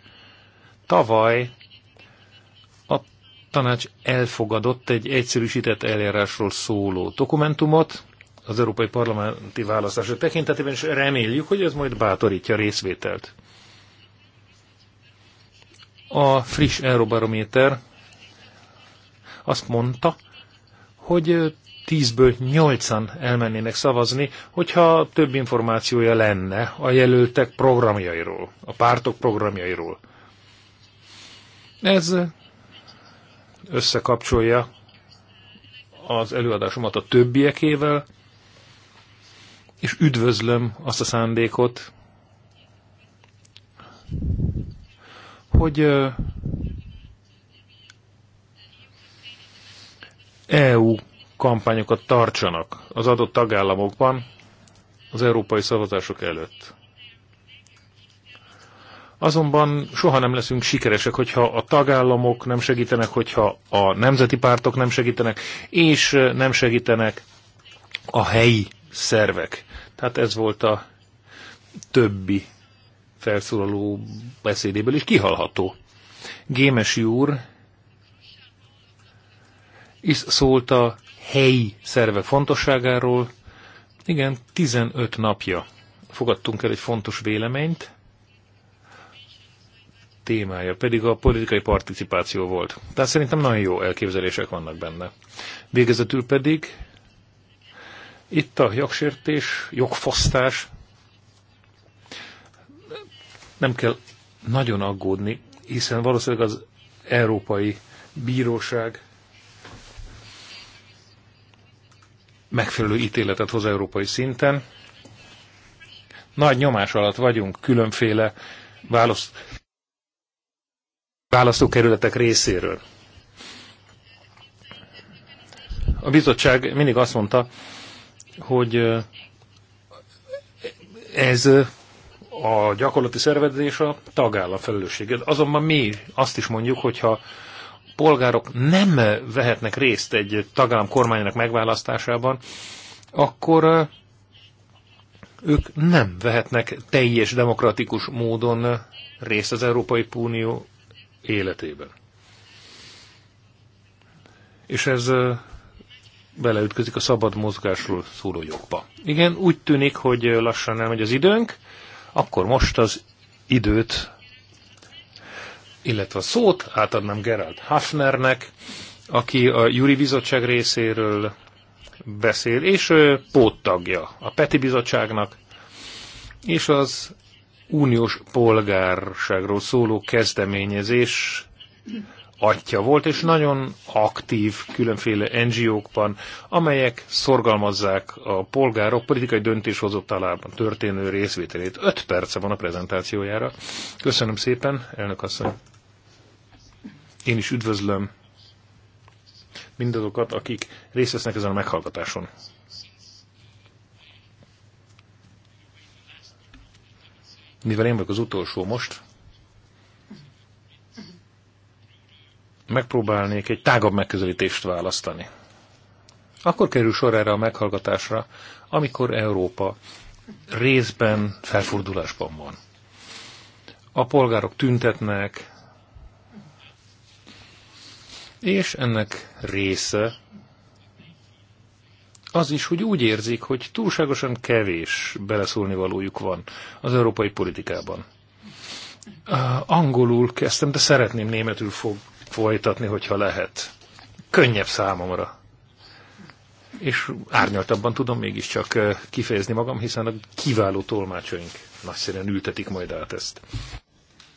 Tavaly a tanács elfogadott egy egyszerűsített eljárásról szóló dokumentumot az európai parlamenti választások tekintetében, és reméljük, hogy ez majd bátorítja a részvételt. A friss Euróbarométer azt mondta, hogy tízből nyolcan elmennének szavazni, hogyha több információja lenne a jelöltek programjairól, a pártok programjairól. Ez összekapcsolja az előadásomat a többiekével, és üdvözlöm azt a szándékot, hogy EU kampányokat tartsanak az adott tagállamokban az európai szavazások előtt. Azonban soha nem leszünk sikeresek, hogyha a tagállamok nem segítenek, hogyha a nemzeti pártok nem segítenek, és nem segítenek a helyi szervek. Tehát ez volt a többi felszólaló beszédéből is kihalható. Gémesi úr is szólt a helyi szervek fontosságáról. Igen, 15 napja fogadtunk el egy fontos véleményt, témája pedig a politikai participáció volt. Tehát szerintem nagyon jó elképzelések vannak benne. Végezetül pedig itt a jogsértés, jogfosztás. Nem kell nagyon aggódni, hiszen valószínűleg az Európai Bíróság megfelelő ítéletet hoz európai szinten. Nagy nyomás alatt vagyunk különféle választ, választókerületek részéről. A bizottság mindig azt mondta, hogy ez a gyakorlati szervezés a tagállam felelőssége. Azonban mi azt is mondjuk, hogyha polgárok nem vehetnek részt egy tagállam kormányának megválasztásában, akkor ők nem vehetnek teljes demokratikus módon részt az Európai Unió életében. És ez beleütközik a szabad mozgásról szóló jogba. Igen, úgy tűnik, hogy lassan elmegy az időnk, akkor most az időt illetve a szót átadnám Gerald Hafnernek, aki a Júri Bizottság részéről beszél, és póttagja a Peti Bizottságnak, és az uniós polgárságról szóló kezdeményezés atya volt, és nagyon aktív különféle NGO-kban, amelyek szorgalmazzák a polgárok politikai döntéshozatalában történő részvételét. Öt perce van a prezentációjára. Köszönöm szépen, elnök asszony! Én is üdvözlöm mindazokat, akik részt vesznek ezen a meghallgatáson. Mivel én vagyok az utolsó most, megpróbálnék egy tágabb megközelítést választani. Akkor kerül sor erre a meghallgatásra, amikor Európa részben felfordulásban van. A polgárok tüntetnek, és ennek része az is, hogy úgy érzik, hogy túlságosan kevés beleszólni valójuk van az európai politikában. Uh, angolul kezdtem, de szeretném németül fog folytatni, hogyha lehet. Könnyebb számomra. És árnyaltabban tudom mégiscsak kifejezni magam, hiszen a kiváló tolmácsaink nagyszerűen ültetik majd át ezt.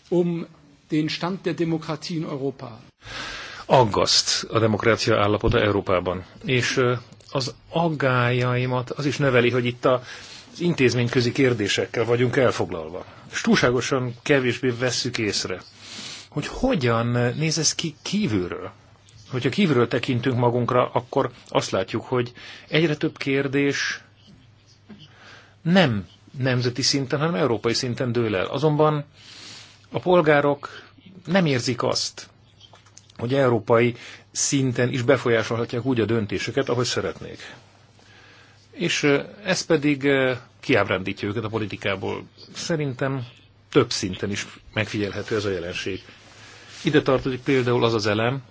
Um den Stand der Demokratie in Europa aggaszt a demokrácia állapota Európában. És az aggájaimat az is neveli, hogy itt a az intézményközi kérdésekkel vagyunk elfoglalva. És túlságosan kevésbé vesszük észre, hogy hogyan néz ez ki kívülről. Hogyha kívülről tekintünk magunkra, akkor azt látjuk, hogy egyre több kérdés nem nemzeti szinten, hanem európai szinten dől el. Azonban a polgárok nem érzik azt, hogy európai szinten is befolyásolhatják úgy a döntéseket, ahogy szeretnék. És ez pedig kiábrándítja őket a politikából. Szerintem több szinten is megfigyelhető ez a jelenség. Ide tartozik például az az elem,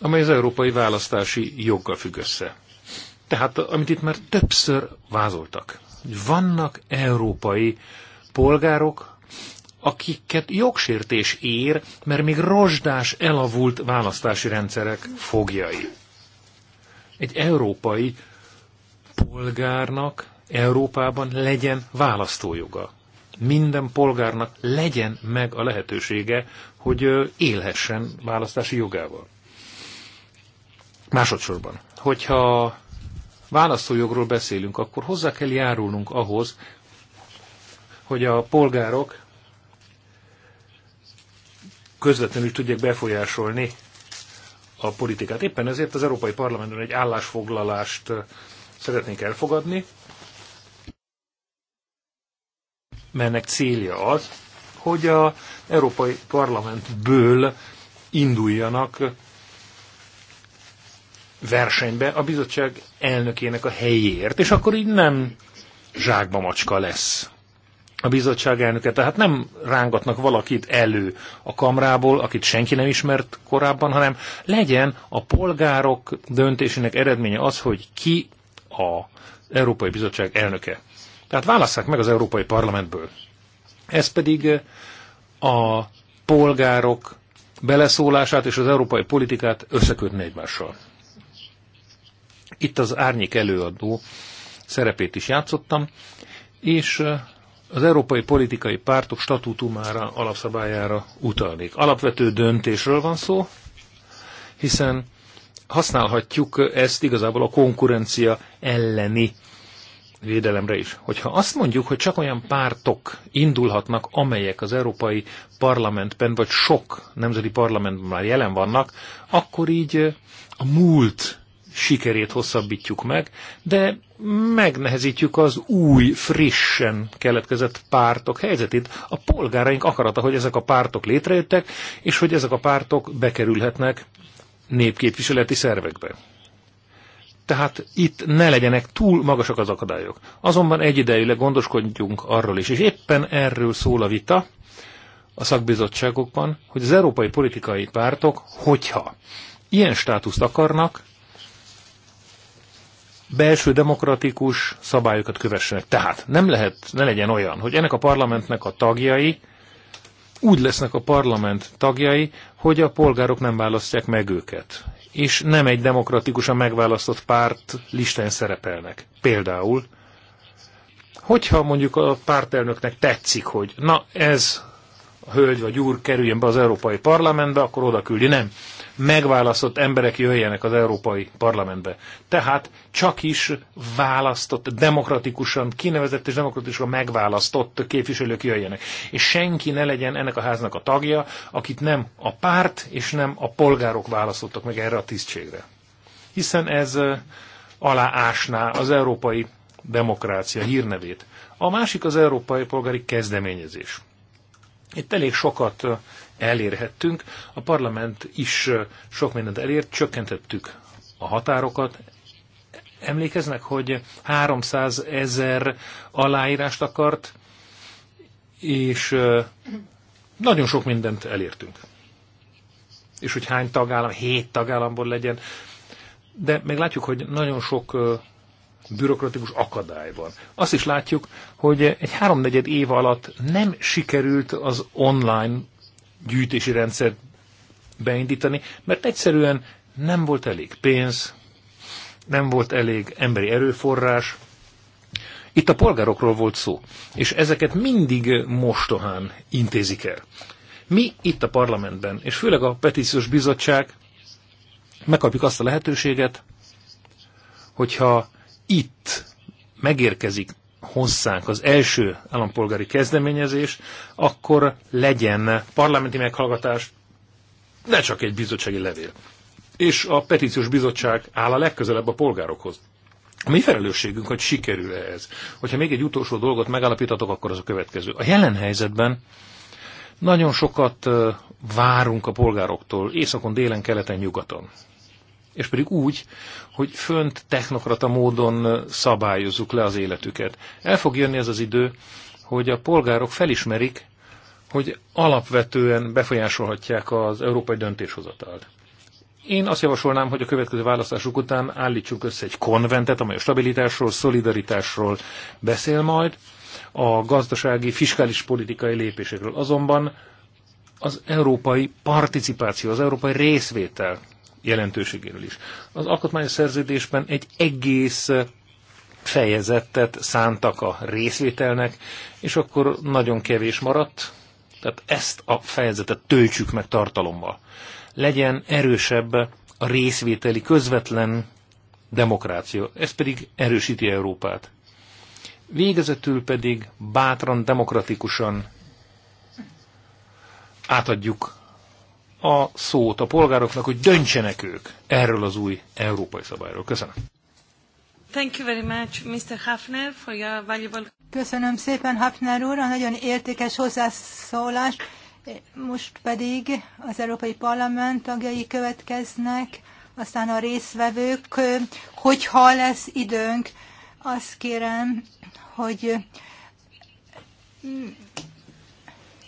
amely az európai választási joggal függ össze. Tehát, amit itt már többször vázoltak, hogy vannak európai polgárok, akiket jogsértés ér, mert még rozsdás, elavult választási rendszerek fogjai. Egy európai polgárnak Európában legyen választójoga. Minden polgárnak legyen meg a lehetősége, hogy élhessen választási jogával. Másodszorban, hogyha választójogról beszélünk, akkor hozzá kell járulnunk ahhoz, hogy a polgárok közvetlenül tudják befolyásolni a politikát. Éppen ezért az Európai Parlamentben egy állásfoglalást szeretnénk elfogadni, melynek célja az, hogy az Európai Parlamentből induljanak versenybe a bizottság elnökének a helyéért, és akkor így nem zsákba macska lesz a bizottság elnöke. Tehát nem rángatnak valakit elő a kamrából, akit senki nem ismert korábban, hanem legyen a polgárok döntésének eredménye az, hogy ki a Európai Bizottság elnöke. Tehát válasszák meg az Európai Parlamentből. Ez pedig a polgárok beleszólását és az európai politikát összekötni egymással. Itt az árnyék előadó szerepét is játszottam, és az európai politikai pártok statútumára, alapszabályára utalnék. Alapvető döntésről van szó, hiszen használhatjuk ezt igazából a konkurencia elleni védelemre is. Hogyha azt mondjuk, hogy csak olyan pártok indulhatnak, amelyek az Európai Parlamentben, vagy sok nemzeti parlamentben már jelen vannak, akkor így a múlt sikerét hosszabbítjuk meg, de megnehezítjük az új, frissen keletkezett pártok helyzetét. A polgáraink akarata, hogy ezek a pártok létrejöttek, és hogy ezek a pártok bekerülhetnek népképviseleti szervekbe. Tehát itt ne legyenek túl magasak az akadályok. Azonban egyidejűleg gondoskodjunk arról is, és éppen erről szól a vita a szakbizottságokban, hogy az európai politikai pártok, hogyha ilyen státuszt akarnak, belső demokratikus szabályokat kövessenek. Tehát nem lehet, ne legyen olyan, hogy ennek a parlamentnek a tagjai úgy lesznek a parlament tagjai, hogy a polgárok nem választják meg őket. És nem egy demokratikusan megválasztott párt listán szerepelnek. Például, hogyha mondjuk a pártelnöknek tetszik, hogy na ez a hölgy vagy úr kerüljön be az Európai Parlamentbe, akkor oda küldi. Nem megválasztott emberek jöjjenek az Európai Parlamentbe. Tehát csak is választott, demokratikusan, kinevezett és demokratikusan megválasztott képviselők jöjjenek. És senki ne legyen ennek a háznak a tagja, akit nem a párt és nem a polgárok választottak meg erre a tisztségre. Hiszen ez aláásná az európai demokrácia hírnevét. A másik az európai polgári kezdeményezés. Itt elég sokat elérhettünk. A parlament is sok mindent elért, csökkentettük a határokat. Emlékeznek, hogy 300 ezer aláírást akart, és nagyon sok mindent elértünk. És hogy hány tagállam, hét tagállamból legyen. De meg látjuk, hogy nagyon sok bürokratikus akadály van. Azt is látjuk, hogy egy háromnegyed év alatt nem sikerült az online gyűjtési rendszert beindítani, mert egyszerűen nem volt elég pénz, nem volt elég emberi erőforrás. Itt a polgárokról volt szó, és ezeket mindig mostohán intézik el. Mi itt a parlamentben, és főleg a petíciós bizottság megkapjuk azt a lehetőséget, hogyha itt megérkezik hozzánk az első állampolgári kezdeményezés, akkor legyen parlamenti meghallgatás, ne csak egy bizottsági levél. És a petíciós bizottság áll a legközelebb a polgárokhoz. A mi felelősségünk, hogy sikerül -e ez. Hogyha még egy utolsó dolgot megállapítatok, akkor az a következő. A jelen helyzetben nagyon sokat várunk a polgároktól, északon, délen, keleten, nyugaton és pedig úgy, hogy fönt technokrata módon szabályozzuk le az életüket. El fog jönni ez az idő, hogy a polgárok felismerik, hogy alapvetően befolyásolhatják az európai döntéshozatalt. Én azt javasolnám, hogy a következő választások után állítsunk össze egy konventet, amely a stabilitásról, szolidaritásról beszél majd, a gazdasági, fiskális politikai lépésekről. Azonban az európai participáció, az európai részvétel jelentőségéről is. Az alkotmányos szerződésben egy egész fejezetet szántak a részvételnek, és akkor nagyon kevés maradt, tehát ezt a fejezetet töltsük meg tartalommal. Legyen erősebb a részvételi közvetlen demokrácia, ez pedig erősíti Európát. Végezetül pedig bátran, demokratikusan átadjuk a szót a polgároknak, hogy döntsenek ők erről az új európai szabályról. Köszönöm. Thank you very much, Mr. Hafner, for your valuable... Köszönöm szépen, Hafner úr, a nagyon értékes hozzászólás. Most pedig az Európai Parlament tagjai következnek, aztán a részvevők. Hogyha lesz időnk, azt kérem, hogy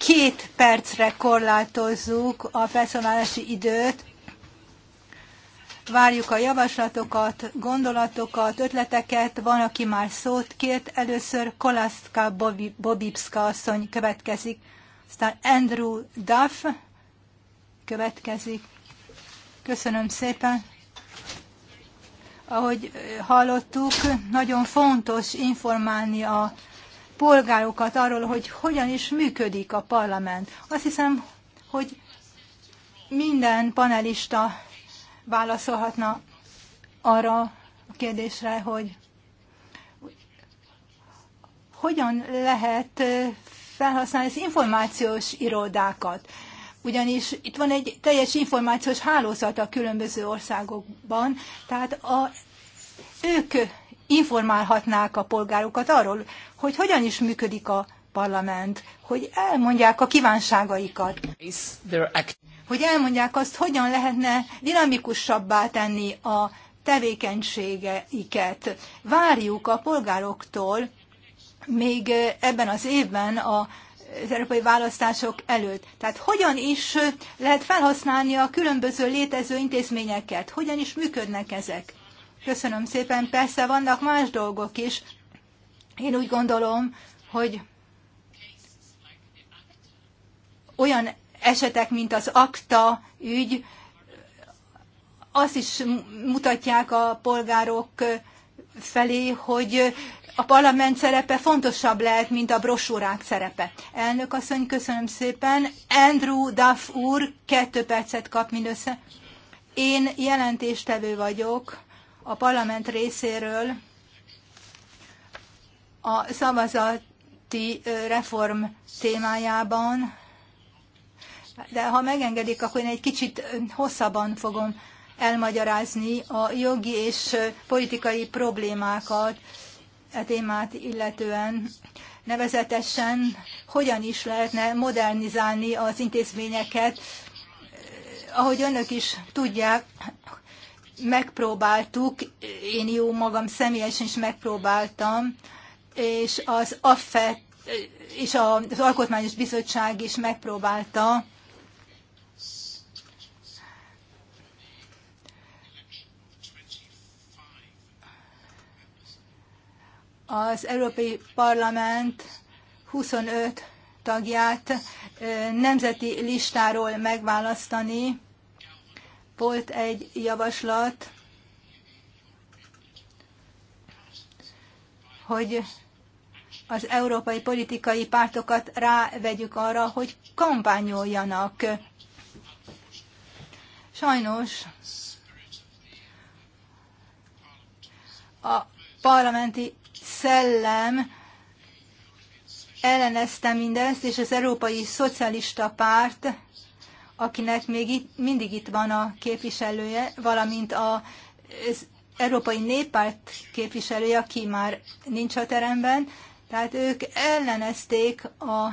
két percre korlátozzuk a felszólalási időt. Várjuk a javaslatokat, gondolatokat, ötleteket. Van, aki már szót kért. Először Kolaszka Bobibska asszony következik, aztán Andrew Duff következik. Köszönöm szépen. Ahogy hallottuk, nagyon fontos informálni a polgárokat arról, hogy hogyan is működik a parlament. Azt hiszem, hogy minden panelista válaszolhatna arra a kérdésre, hogy hogyan lehet felhasználni az információs irodákat. Ugyanis itt van egy teljes információs hálózat a különböző országokban, tehát a, ők informálhatnák a polgárokat arról, hogy hogyan is működik a parlament, hogy elmondják a kívánságaikat, hogy elmondják azt, hogyan lehetne dinamikusabbá tenni a tevékenységeiket. Várjuk a polgároktól még ebben az évben a az európai választások előtt. Tehát hogyan is lehet felhasználni a különböző létező intézményeket, hogyan is működnek ezek. Köszönöm szépen. Persze vannak más dolgok is. Én úgy gondolom, hogy olyan esetek, mint az akta ügy, azt is mutatják a polgárok felé, hogy a parlament szerepe fontosabb lehet, mint a brosúrák szerepe. Elnök asszony, köszönöm szépen. Andrew Duff úr, kettő percet kap mindössze. Én jelentéstevő vagyok a parlament részéről a szavazati reform témájában, de ha megengedik, akkor én egy kicsit hosszabban fogom elmagyarázni a jogi és politikai problémákat e témát illetően. Nevezetesen hogyan is lehetne modernizálni az intézményeket. Ahogy önök is tudják, megpróbáltuk, én jó magam személyesen is megpróbáltam, és az AFET és az Alkotmányos Bizottság is megpróbálta az Európai Parlament 25 tagját nemzeti listáról megválasztani, volt egy javaslat, hogy az európai politikai pártokat rávegyük arra, hogy kampányoljanak. Sajnos a parlamenti szellem ellenezte mindezt, és az Európai Szocialista Párt akinek még itt, mindig itt van a képviselője, valamint a, az Európai Néppárt képviselője, aki már nincs a teremben. Tehát ők ellenezték a,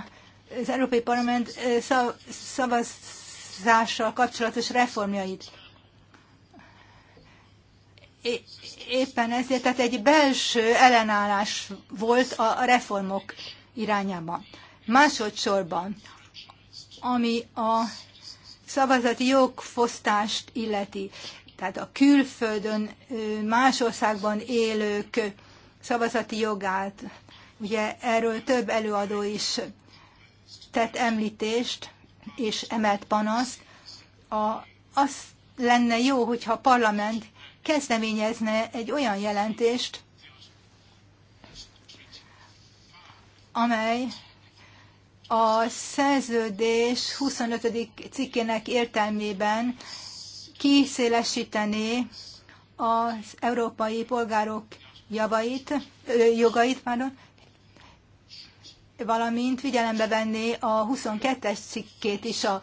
az Európai Parlament szav, szavazással kapcsolatos reformjait. éppen ezért, tehát egy belső ellenállás volt a reformok irányában. Másodszorban, ami a szavazati jogfosztást illeti. Tehát a külföldön, más országban élők szavazati jogát, ugye erről több előadó is tett említést és emelt panaszt, a, az lenne jó, hogyha a parlament kezdeményezne egy olyan jelentést, amely a szerződés 25. cikkének értelmében kiszélesítené az európai polgárok javait, jogait, pardon, valamint figyelembe venni a 22-es cikkét is az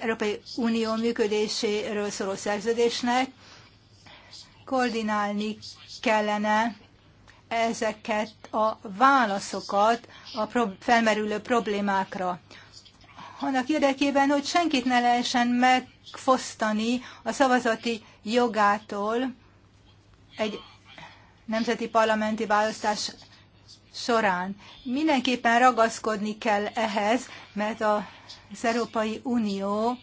Európai Unió működéséről szóló szerződésnek, koordinálni kellene ezeket a válaszokat a felmerülő problémákra. Annak érdekében, hogy senkit ne lehessen megfosztani a szavazati jogától egy nemzeti parlamenti választás során. Mindenképpen ragaszkodni kell ehhez, mert az Európai Unió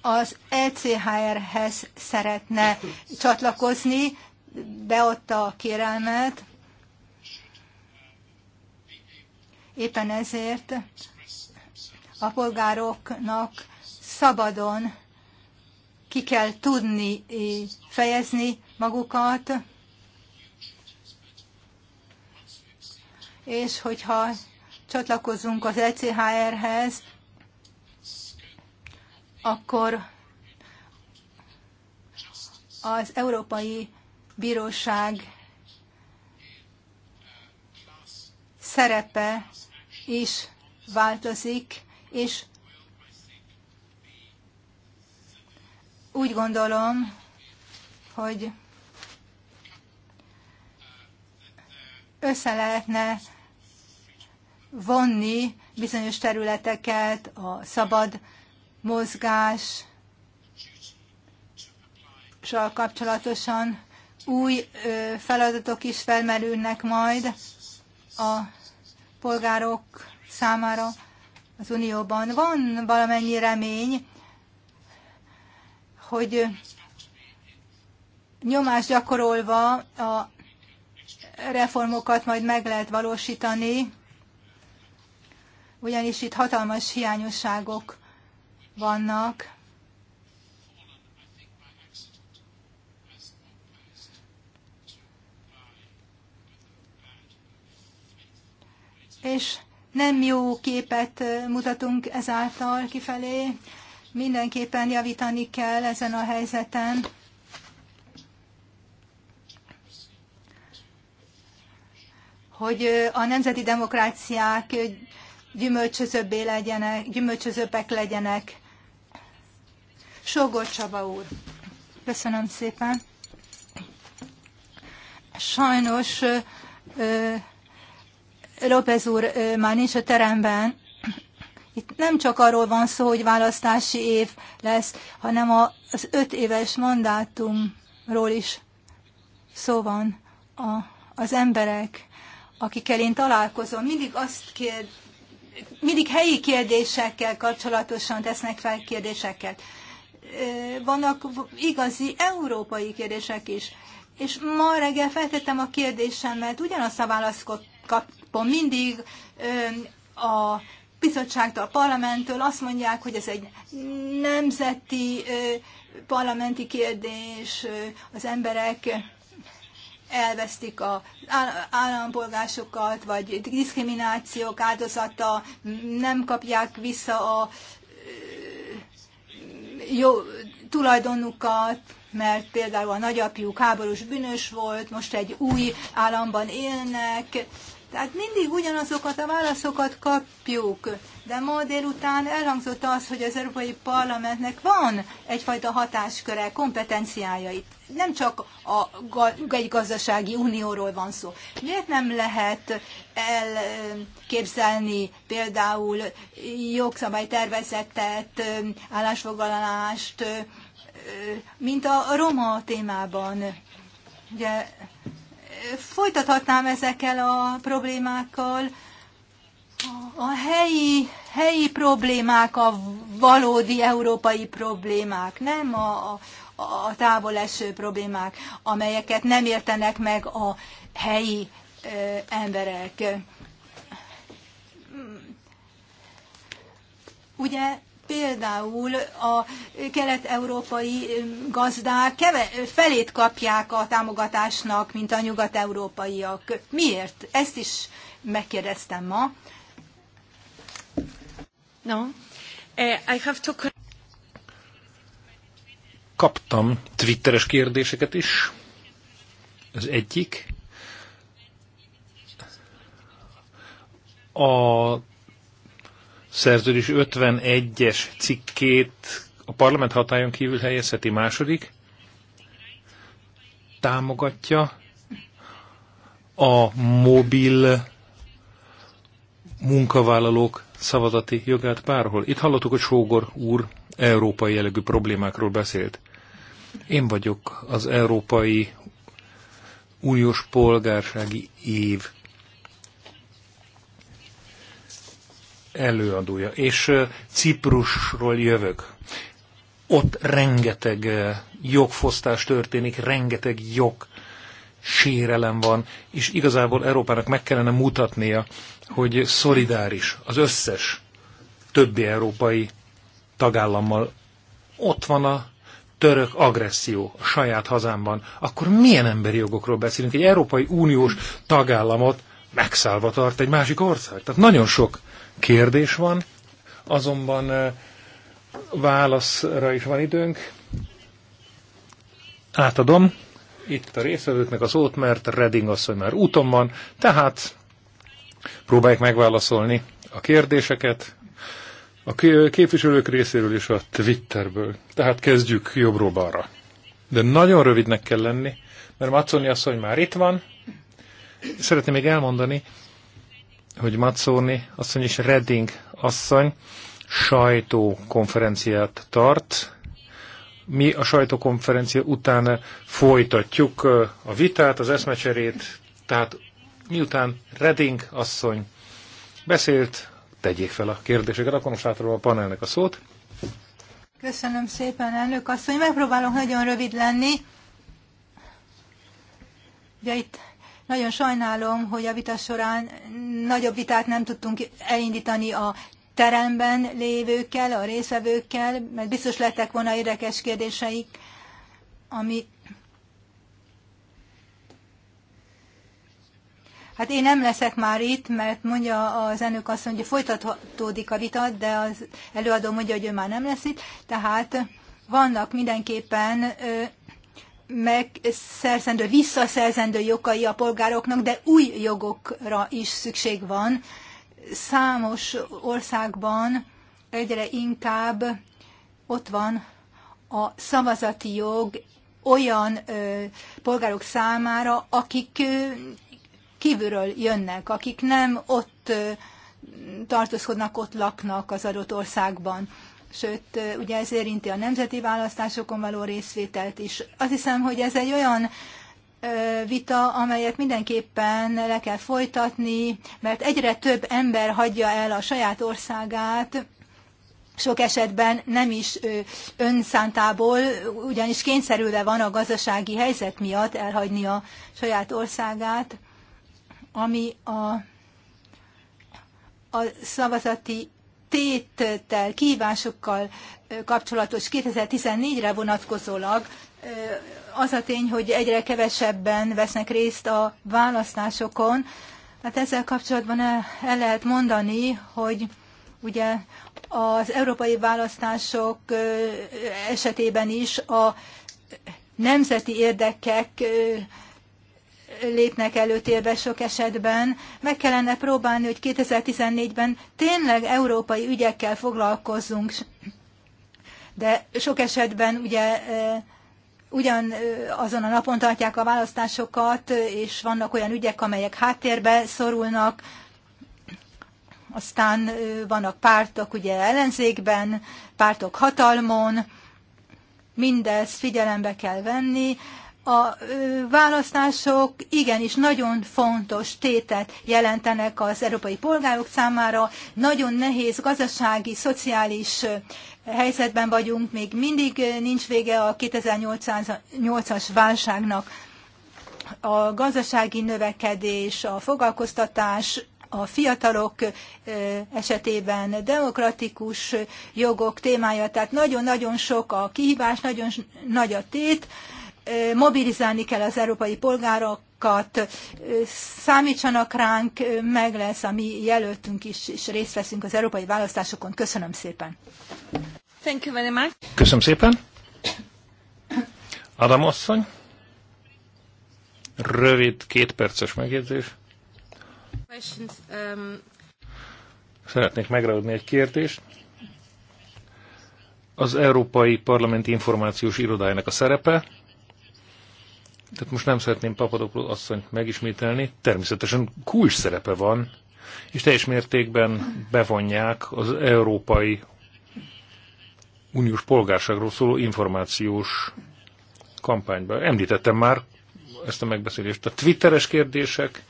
az ECHR-hez szeretne csatlakozni, beadta a kérelmet. Éppen ezért a polgároknak szabadon ki kell tudni fejezni magukat, és hogyha csatlakozunk az ECHR-hez, akkor az Európai Bíróság szerepe is változik, és úgy gondolom, hogy össze lehetne vonni bizonyos területeket, a szabad mozgás kapcsolatosan új feladatok is felmerülnek majd a polgárok számára az Unióban. Van valamennyi remény, hogy nyomás gyakorolva a reformokat majd meg lehet valósítani, ugyanis itt hatalmas hiányosságok vannak. És nem jó képet mutatunk ezáltal kifelé. Mindenképpen javítani kell ezen a helyzeten. hogy a nemzeti demokráciák gyümölcsözőbbé legyenek, gyümölcsözőbbek legyenek. Sógor Csaba úr. Köszönöm szépen. Sajnos López úr már nincs a teremben. Itt nem csak arról van szó, hogy választási év lesz, hanem az öt éves mandátumról is szó van a, az emberek, akikkel én találkozom. Mindig azt kérd, mindig helyi kérdésekkel kapcsolatosan tesznek fel kérdéseket vannak igazi európai kérdések is. És ma reggel feltettem a kérdésemet, ugyanazt a választ kapom mindig a bizottságtól, a parlamenttől, azt mondják, hogy ez egy nemzeti parlamenti kérdés, az emberek elvesztik az állampolgásokat, vagy diszkriminációk áldozata, nem kapják vissza a jó tulajdonukat, mert például a nagyapjuk háborús bűnös volt, most egy új államban élnek. Tehát mindig ugyanazokat a válaszokat kapjuk. De ma délután elhangzott az, hogy az Európai Parlamentnek van egyfajta hatásköre, kompetenciája itt nem csak a, egy gazdasági unióról van szó. Miért nem lehet elképzelni például jogszabálytervezetet, állásfoglalást, mint a roma témában? Ugye, folytathatnám ezekkel a problémákkal, a helyi, helyi problémák a valódi európai problémák, nem a, a, a távol eső problémák, amelyeket nem értenek meg a helyi emberek. Ugye például a kelet-európai gazdák felét kapják a támogatásnak, mint a nyugat-európaiak. Miért? Ezt is megkérdeztem ma. No. Eh, I have to... Kaptam twitteres kérdéseket is. Az egyik. A szerződés 51-es cikkét a parlament hatályon kívül helyezheti második, támogatja a mobil munkavállalók szavazati jogát bárhol. Itt hallottuk, hogy Sógor úr európai jellegű problémákról beszélt. Én vagyok az Európai Uniós Polgársági Év előadója, és Ciprusról jövök. Ott rengeteg jogfosztás történik, rengeteg jog sérelem van, és igazából Európának meg kellene mutatnia, hogy szolidáris az összes többi európai tagállammal. Ott van a török agresszió a saját hazámban, akkor milyen emberi jogokról beszélünk? Egy Európai Uniós tagállamot megszállva tart egy másik ország. Tehát nagyon sok kérdés van, azonban válaszra is van időnk. Átadom itt a részvevőknek az szót, mert Redding asszony már úton van, tehát próbáljuk megválaszolni a kérdéseket, a képviselők részéről és a Twitterből. Tehát kezdjük jobbról balra. De nagyon rövidnek kell lenni, mert Macóni asszony már itt van. Szeretném még elmondani, hogy Macóni asszony és Redding asszony sajtókonferenciát tart. Mi a sajtókonferencia után folytatjuk uh, a vitát, az eszmecserét, tehát miután Redding asszony beszélt tegyék fel a kérdéseket. Akkor most átadom a panelnek a szót. Köszönöm szépen, elnök asszony. Megpróbálok nagyon rövid lenni. Ugye itt nagyon sajnálom, hogy a vita során nagyobb vitát nem tudtunk elindítani a teremben lévőkkel, a részevőkkel, mert biztos lettek volna érdekes kérdéseik, ami Hát én nem leszek már itt, mert mondja az elnök azt mondja, hogy folytatódik a vita, de az előadó mondja, hogy ő már nem lesz itt. Tehát vannak mindenképpen megszerzendő, visszaszerzendő jogai a polgároknak, de új jogokra is szükség van. Számos országban egyre inkább ott van a szavazati jog olyan ö, polgárok számára, akik ö, kívülről jönnek, akik nem ott tartózkodnak, ott laknak az adott országban. Sőt, ugye ez érinti a nemzeti választásokon való részvételt is. Azt hiszem, hogy ez egy olyan vita, amelyet mindenképpen le kell folytatni, mert egyre több ember hagyja el a saját országát, sok esetben nem is önszántából, ugyanis kényszerülve van a gazdasági helyzet miatt elhagyni a saját országát ami a, a szavazati téttel, kívásokkal kapcsolatos 2014-re vonatkozólag az a tény, hogy egyre kevesebben vesznek részt a választásokon. Hát ezzel kapcsolatban el, el lehet mondani, hogy ugye az európai választások esetében is a nemzeti érdekek lépnek előtérbe sok esetben. Meg kellene próbálni, hogy 2014-ben tényleg európai ügyekkel foglalkozzunk, de sok esetben ugye e, ugyan e, azon a napon tartják a választásokat, és vannak olyan ügyek, amelyek háttérbe szorulnak, aztán e, vannak pártok ugye ellenzékben, pártok hatalmon, mindezt figyelembe kell venni, a választások igenis nagyon fontos tétet jelentenek az európai polgárok számára. Nagyon nehéz gazdasági, szociális helyzetben vagyunk, még mindig nincs vége a 2008-as válságnak. A gazdasági növekedés, a foglalkoztatás, a fiatalok esetében demokratikus jogok témája, tehát nagyon-nagyon sok a kihívás, nagyon nagy a tét, mobilizálni kell az európai polgárokat, számítsanak ránk, meg lesz a mi jelöltünk is, és részt veszünk az európai választásokon. Köszönöm szépen! Thank you very much. Köszönöm szépen! Adam asszony, rövid kétperces megjegyzés. Um, Szeretnék megragadni egy kérdést. Az Európai Parlament Információs Irodájának a szerepe, tehát most nem szeretném Papadopoulos asszonyt megismételni, természetesen kulcs szerepe van, és teljes mértékben bevonják az európai uniós polgárságról szóló információs kampányba. Említettem már ezt a megbeszélést. A twitteres kérdések,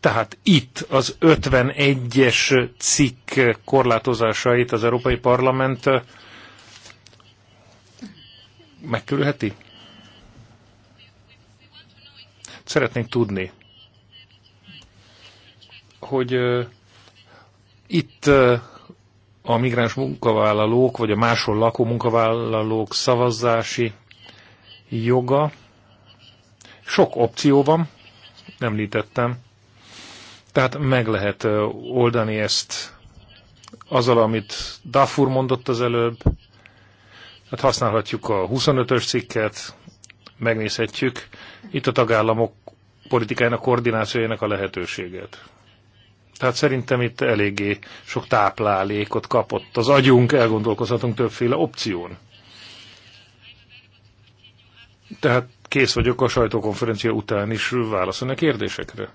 tehát itt az 51-es cikk korlátozásait az Európai Parlament megkerülheti? Szeretnénk tudni, hogy uh, itt uh, a migráns munkavállalók, vagy a máshol lakó munkavállalók szavazási joga. Sok opció van, említettem. Tehát meg lehet oldani ezt azzal, amit Dafur mondott az előbb, Hát használhatjuk a 25-ös cikket, megnézhetjük itt a tagállamok politikájának koordinációjának a lehetőséget. Tehát szerintem itt eléggé sok táplálékot kapott az agyunk, elgondolkozhatunk többféle opción. Tehát kész vagyok a sajtókonferencia után is válaszolni a kérdésekre.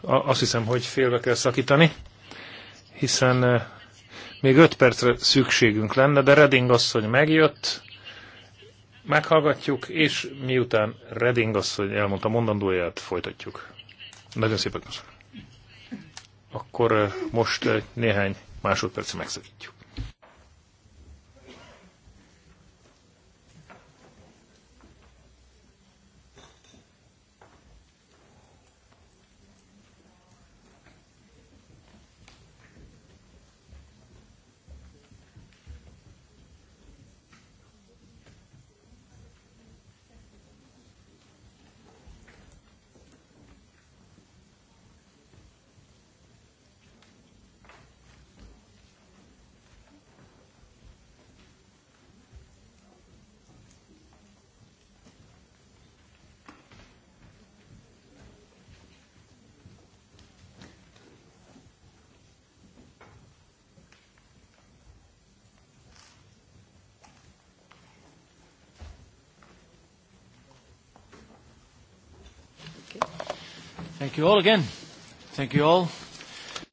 Azt hiszem, hogy félbe kell szakítani, hiszen eh, még öt percre szükségünk lenne, de Reding asszony megjött, meghallgatjuk, és miután Reding asszony elmondta mondandóját, folytatjuk. Nagyon szépen köszönöm. Akkor eh, most eh, néhány másodperc megszakítjuk. you all again. Thank you all.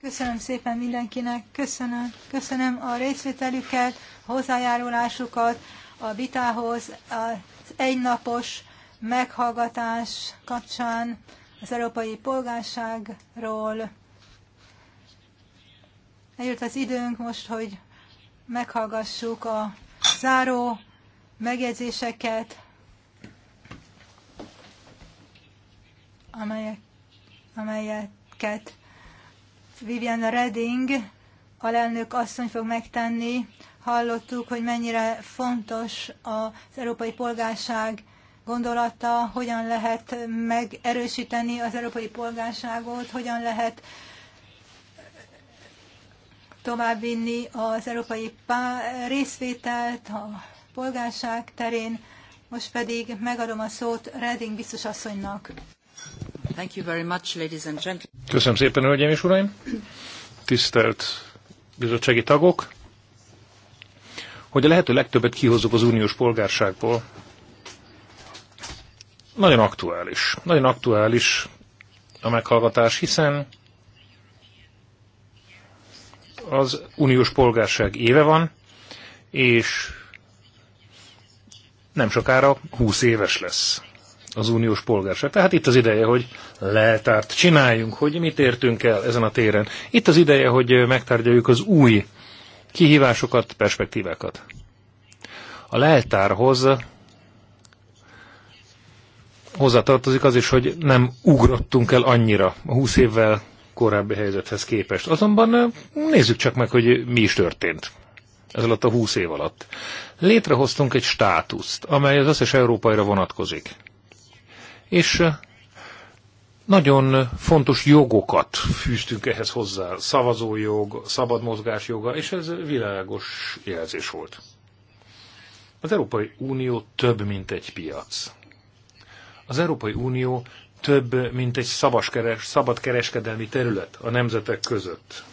Köszönöm szépen mindenkinek, köszönöm, köszönöm a részvételüket, a hozzájárulásukat, a vitához, az egynapos meghallgatás kapcsán az európai polgárságról. Eljött az időnk most, hogy meghallgassuk a záró megjegyzéseket, amelyek amelyeket Vivian Redding alelnök asszony fog megtenni. Hallottuk, hogy mennyire fontos az európai polgárság gondolata, hogyan lehet megerősíteni az európai polgárságot, hogyan lehet továbbvinni az európai részvételt a polgárság terén. Most pedig megadom a szót Reding biztos asszonynak. Thank you very much, ladies and gentlemen. Köszönöm szépen, hölgyeim és uraim! Tisztelt bizottsági tagok! Hogy a lehető legtöbbet kihozzuk az uniós polgárságból, nagyon aktuális. Nagyon aktuális a meghallgatás, hiszen az uniós polgárság éve van, és nem sokára 20 éves lesz az uniós polgárság. Tehát itt az ideje, hogy leltárt csináljunk, hogy mit értünk el ezen a téren. Itt az ideje, hogy megtárgyaljuk az új kihívásokat, perspektívákat. A leltárhoz hozzátartozik az is, hogy nem ugrottunk el annyira a 20 évvel korábbi helyzethez képest. Azonban nézzük csak meg, hogy mi is történt ez alatt a 20 év alatt. Létrehoztunk egy státuszt, amely az összes európaira vonatkozik és nagyon fontos jogokat fűztünk ehhez hozzá. Szavazójog, szabad mozgás joga, és ez világos jelzés volt. Az Európai Unió több, mint egy piac. Az Európai Unió több, mint egy szabaskeres, szabad kereskedelmi terület a nemzetek között.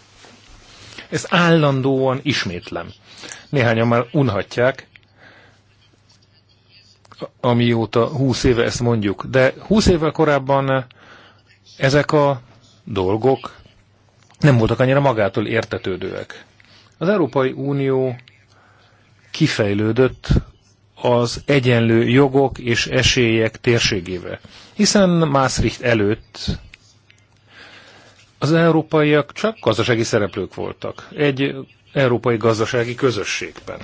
Ez állandóan ismétlem. Néhányan már unhatják, amióta 20 éve ezt mondjuk, de 20 évvel korábban ezek a dolgok nem voltak annyira magától értetődőek. Az Európai Unió kifejlődött az egyenlő jogok és esélyek térségével. Hiszen Maastricht előtt az európaiak csak gazdasági szereplők voltak, egy európai gazdasági közösségben.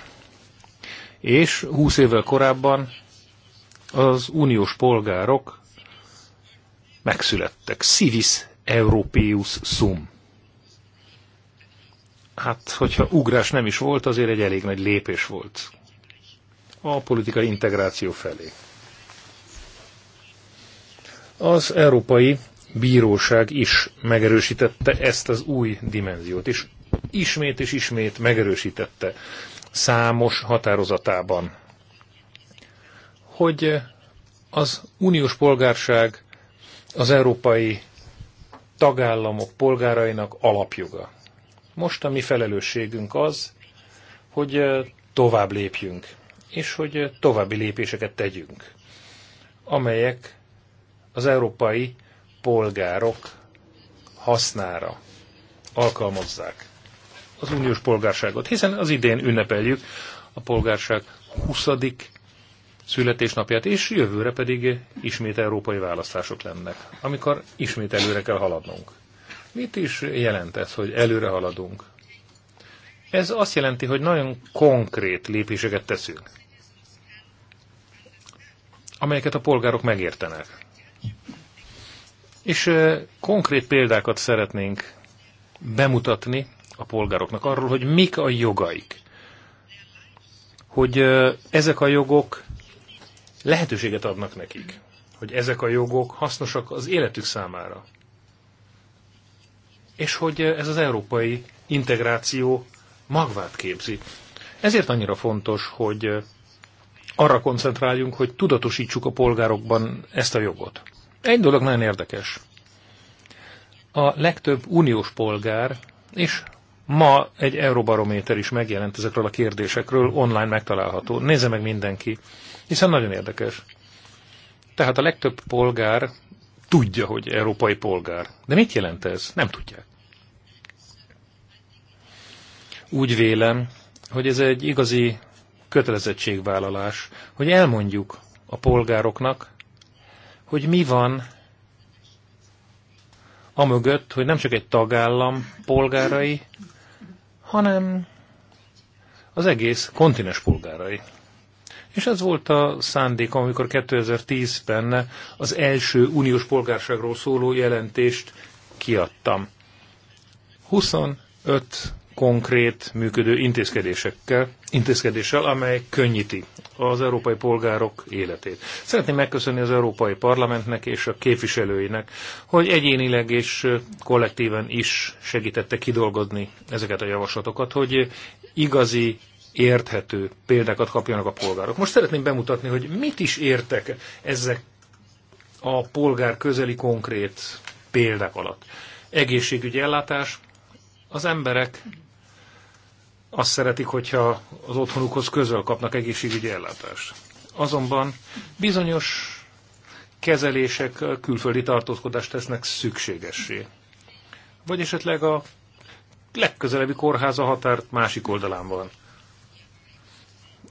És 20 évvel korábban az uniós polgárok megszülettek. Civis Europeus Sum. Hát, hogyha ugrás nem is volt, azért egy elég nagy lépés volt a politikai integráció felé. Az Európai Bíróság is megerősítette ezt az új dimenziót, és ismét és ismét megerősítette számos határozatában hogy az uniós polgárság az európai tagállamok polgárainak alapjoga. Most a mi felelősségünk az, hogy tovább lépjünk, és hogy további lépéseket tegyünk, amelyek az európai polgárok hasznára alkalmazzák az uniós polgárságot, hiszen az idén ünnepeljük a polgárság 20 születésnapját, és jövőre pedig ismét európai választások lennek, amikor ismét előre kell haladnunk. Mit is jelent ez, hogy előre haladunk? Ez azt jelenti, hogy nagyon konkrét lépéseket teszünk, amelyeket a polgárok megértenek. És konkrét példákat szeretnénk bemutatni a polgároknak arról, hogy mik a jogaik. Hogy ezek a jogok lehetőséget adnak nekik, hogy ezek a jogok hasznosak az életük számára. És hogy ez az európai integráció magvát képzi. Ezért annyira fontos, hogy arra koncentráljunk, hogy tudatosítsuk a polgárokban ezt a jogot. Egy dolog nagyon érdekes. A legtöbb uniós polgár és Ma egy Euróbarométer is megjelent ezekről a kérdésekről, online megtalálható. Nézze meg mindenki, hiszen nagyon érdekes. Tehát a legtöbb polgár tudja, hogy európai polgár. De mit jelent ez? Nem tudják. Úgy vélem, hogy ez egy igazi kötelezettségvállalás, hogy elmondjuk a polgároknak, hogy mi van amögött, hogy nem csak egy tagállam polgárai, hanem az egész kontinens polgárai. És ez volt a szándék, amikor 2010-ben az első uniós polgárságról szóló jelentést kiadtam. 25 konkrét működő intézkedésekkel, intézkedéssel, amely könnyíti az európai polgárok életét. Szeretném megköszönni az Európai Parlamentnek és a képviselőinek, hogy egyénileg és kollektíven is segítette kidolgozni ezeket a javaslatokat, hogy igazi érthető példákat kapjanak a polgárok. Most szeretném bemutatni, hogy mit is értek ezek a polgár közeli konkrét példák alatt. Egészségügyi ellátás, az emberek azt szeretik, hogyha az otthonukhoz közel kapnak egészségügyi ellátást. Azonban bizonyos kezelések külföldi tartózkodást tesznek szükségessé. Vagy esetleg a legközelebbi kórház a határt másik oldalán van.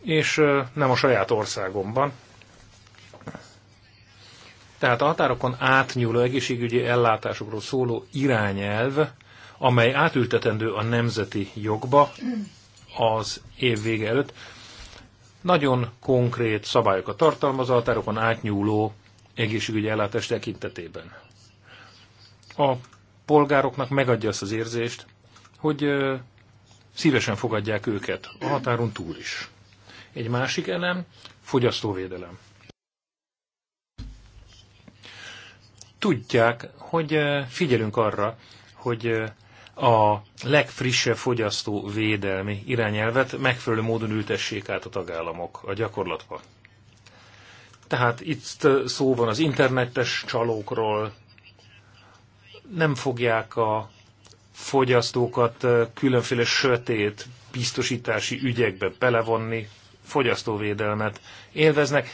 És nem a saját országomban. Tehát a határokon átnyúló egészségügyi ellátásokról szóló irányelv amely átültetendő a nemzeti jogba az év vége előtt, nagyon konkrét szabályokat tartalmaz a határokon átnyúló egészségügyi ellátás tekintetében. A polgároknak megadja azt az érzést, hogy szívesen fogadják őket a határon túl is. Egy másik elem fogyasztóvédelem. Tudják, hogy figyelünk arra, hogy a legfrissebb fogyasztóvédelmi irányelvet megfelelő módon ültessék át a tagállamok a gyakorlatba. Tehát itt szó van az internetes csalókról, nem fogják a fogyasztókat különféle sötét biztosítási ügyekbe belevonni, fogyasztóvédelmet élveznek.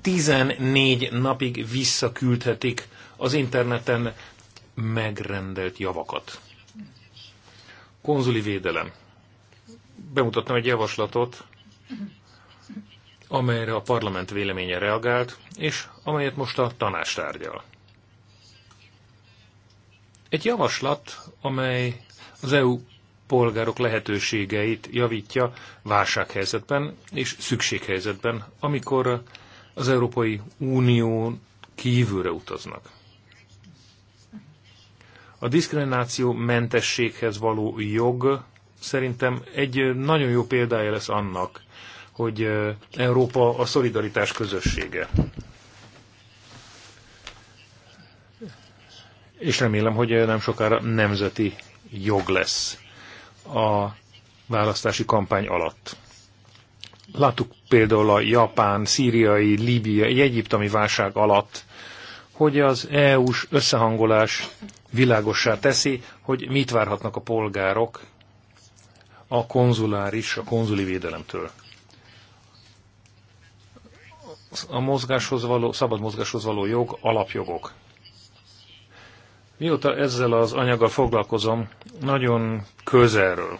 14 napig visszaküldhetik az interneten megrendelt javakat konzuli védelem. Bemutattam egy javaslatot, amelyre a parlament véleménye reagált, és amelyet most a tanács tárgyal. Egy javaslat, amely az EU polgárok lehetőségeit javítja válsághelyzetben és szükséghelyzetben, amikor az Európai Unión kívülre utaznak. A diszkrimináció mentességhez való jog szerintem egy nagyon jó példája lesz annak, hogy Európa a szolidaritás közössége. És remélem, hogy nem sokára nemzeti jog lesz a választási kampány alatt. Láttuk például a japán, szíriai, líbiai, egyiptomi válság alatt, hogy az EU-s összehangolás világossá teszi, hogy mit várhatnak a polgárok a konzuláris, a konzuli védelemtől. A mozgáshoz való, szabad mozgáshoz való jog, alapjogok. Mióta ezzel az anyaggal foglalkozom, nagyon közelről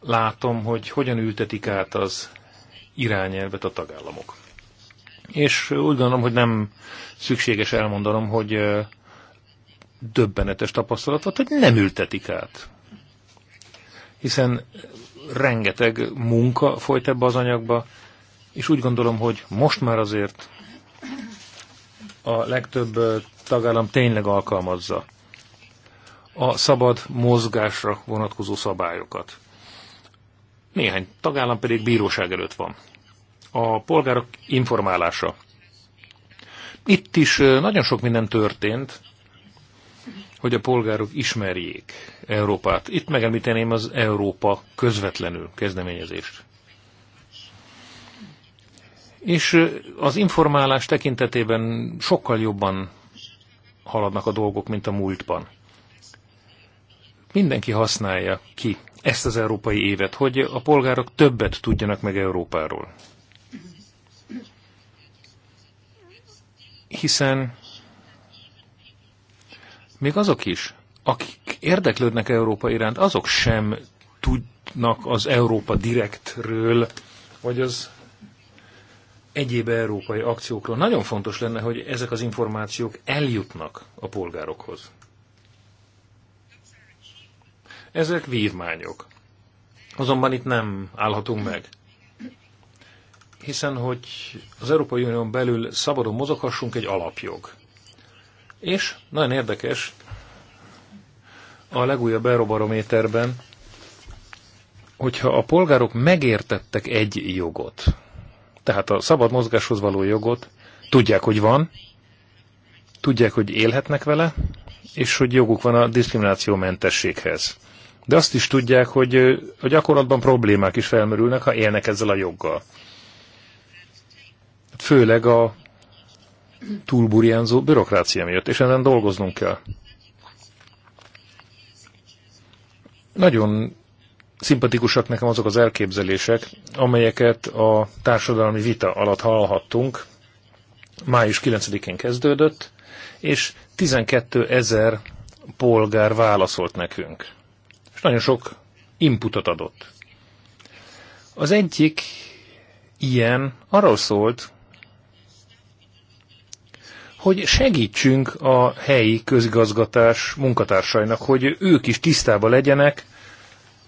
látom, hogy hogyan ültetik át az irányelvet a tagállamok. És úgy gondolom, hogy nem szükséges elmondanom, hogy döbbenetes tapasztalatot, hogy nem ültetik át. Hiszen rengeteg munka folyt ebbe az anyagba, és úgy gondolom, hogy most már azért a legtöbb tagállam tényleg alkalmazza a szabad mozgásra vonatkozó szabályokat. Néhány tagállam pedig bíróság előtt van. A polgárok informálása. Itt is nagyon sok minden történt, hogy a polgárok ismerjék Európát. Itt megemlíteném az Európa közvetlenül kezdeményezést. És az informálás tekintetében sokkal jobban haladnak a dolgok, mint a múltban. Mindenki használja ki ezt az európai évet, hogy a polgárok többet tudjanak meg Európáról. Hiszen még azok is, akik érdeklődnek Európa iránt, azok sem tudnak az Európa Direktről, vagy az egyéb európai akciókról. Nagyon fontos lenne, hogy ezek az információk eljutnak a polgárokhoz. Ezek vívmányok. Azonban itt nem állhatunk meg. Hiszen, hogy az Európai Unión belül szabadon mozoghassunk egy alapjog. És nagyon érdekes, a legújabb Erobarométerben, hogyha a polgárok megértettek egy jogot, tehát a szabad mozgáshoz való jogot, tudják, hogy van, tudják, hogy élhetnek vele, és hogy joguk van a diszkriminációmentességhez. De azt is tudják, hogy a gyakorlatban problémák is felmerülnek, ha élnek ezzel a joggal. Főleg a túlburjánzó bürokrácia miatt, és ezen dolgoznunk kell. Nagyon szimpatikusak nekem azok az elképzelések, amelyeket a társadalmi vita alatt hallhattunk. Május 9-én kezdődött, és 12 ezer polgár válaszolt nekünk. És nagyon sok inputot adott. Az egyik ilyen arról szólt, hogy segítsünk a helyi közigazgatás munkatársainak, hogy ők is tisztában legyenek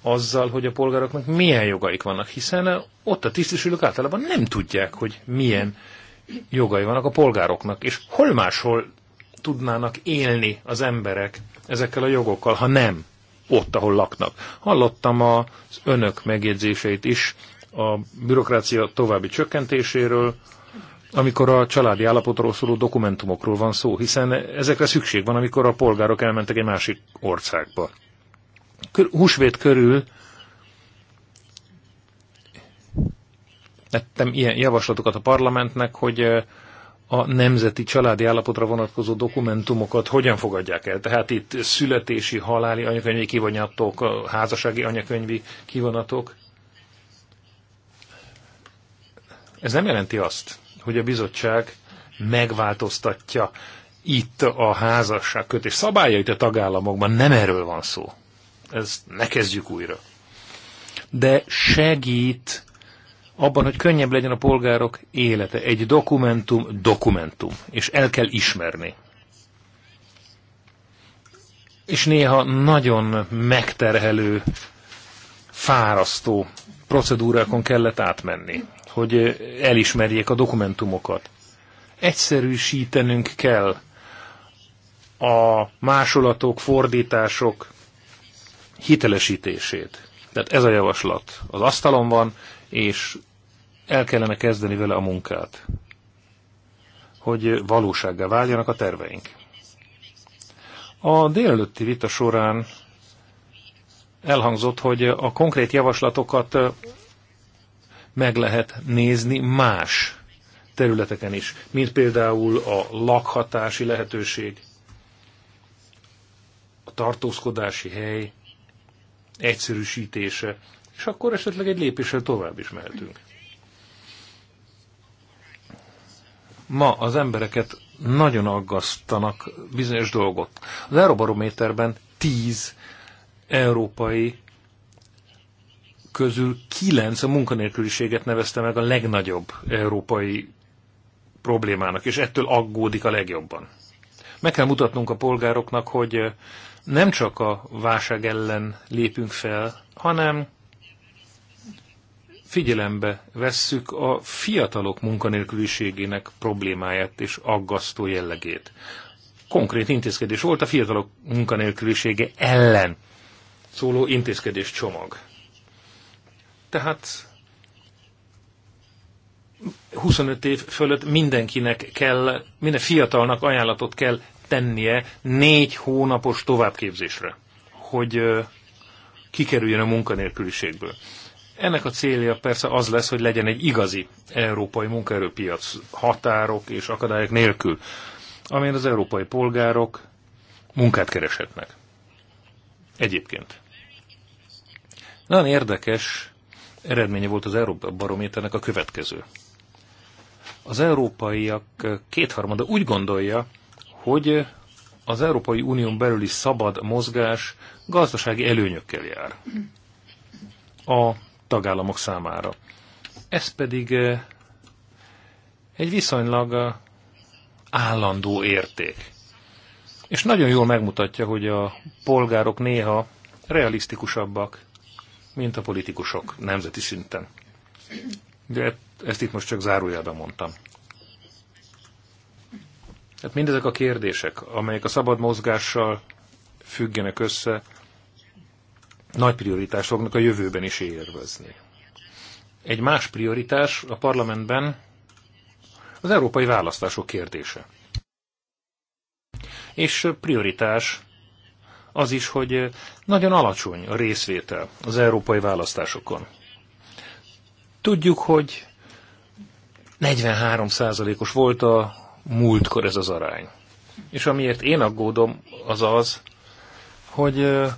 azzal, hogy a polgároknak milyen jogaik vannak, hiszen ott a tisztviselők általában nem tudják, hogy milyen jogai vannak a polgároknak, és hol máshol tudnának élni az emberek ezekkel a jogokkal, ha nem ott, ahol laknak. Hallottam az önök megjegyzéseit is a bürokrácia további csökkentéséről, amikor a családi állapotról szóló dokumentumokról van szó, hiszen ezekre szükség van, amikor a polgárok elmentek egy másik országba. Húsvét körül tettem ilyen javaslatokat a parlamentnek, hogy eh, a nemzeti családi állapotra vonatkozó dokumentumokat hogyan fogadják el. Tehát itt születési, haláli anyakönyvi kivonatok, házassági anyakönyvi kivonatok. Ez nem jelenti azt, hogy a bizottság megváltoztatja itt a kötés szabályait a tagállamokban. Nem erről van szó. Ez ne kezdjük újra. De segít abban, hogy könnyebb legyen a polgárok élete. Egy dokumentum dokumentum, és el kell ismerni. És néha nagyon megterhelő, fárasztó procedúrákon kellett átmenni hogy elismerjék a dokumentumokat. Egyszerűsítenünk kell a másolatok, fordítások hitelesítését. Tehát ez a javaslat az asztalon van, és el kellene kezdeni vele a munkát, hogy valósággá váljanak a terveink. A délelőtti vita során elhangzott, hogy a konkrét javaslatokat meg lehet nézni más területeken is, mint például a lakhatási lehetőség, a tartózkodási hely egyszerűsítése, és akkor esetleg egy lépéssel tovább is mehetünk. Ma az embereket nagyon aggasztanak bizonyos dolgot. Az Eurobarométerben tíz európai közül kilenc a munkanélküliséget nevezte meg a legnagyobb európai problémának, és ettől aggódik a legjobban. Meg kell mutatnunk a polgároknak, hogy nem csak a válság ellen lépünk fel, hanem figyelembe vesszük a fiatalok munkanélküliségének problémáját és aggasztó jellegét. Konkrét intézkedés volt a fiatalok munkanélkülisége ellen szóló intézkedés csomag. Tehát 25 év fölött mindenkinek kell, minden fiatalnak ajánlatot kell tennie négy hónapos továbbképzésre, hogy kikerüljön a munkanélküliségből. Ennek a célja persze az lesz, hogy legyen egy igazi európai munkaerőpiac határok és akadályok nélkül, amelyen az európai polgárok munkát kereshetnek. Egyébként. Nagyon érdekes eredménye volt az Európa Barométernek a következő. Az európaiak kétharmada úgy gondolja, hogy az Európai Unión belüli szabad mozgás gazdasági előnyökkel jár a tagállamok számára. Ez pedig eh, egy viszonylag eh, állandó érték. És nagyon jól megmutatja, hogy a polgárok néha realisztikusabbak, mint a politikusok nemzeti szinten. De ezt itt most csak zárójelben mondtam. Tehát mindezek a kérdések, amelyek a szabad mozgással függenek össze, nagy prioritást fognak a jövőben is érvezni. Egy más prioritás a parlamentben az európai választások kérdése. És prioritás az is, hogy eh, nagyon alacsony a részvétel az európai választásokon. Tudjuk, hogy 43%-os volt a múltkor ez az arány. És amiért én aggódom, az az, hogy eh,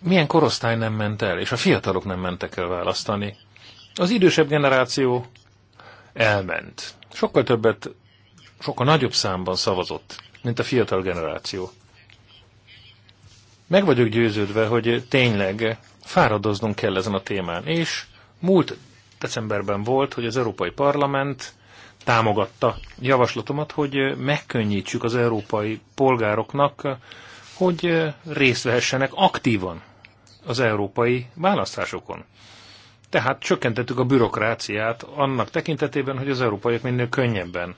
milyen korosztály nem ment el, és a fiatalok nem mentek el választani. Az idősebb generáció elment. Sokkal többet, sokkal nagyobb számban szavazott, mint a fiatal generáció. Meg vagyok győződve, hogy tényleg fáradoznunk kell ezen a témán, és múlt decemberben volt, hogy az Európai Parlament támogatta javaslatomat, hogy megkönnyítsük az európai polgároknak, hogy részt vehessenek aktívan az európai választásokon. Tehát csökkentettük a bürokráciát annak tekintetében, hogy az európaiak minél könnyebben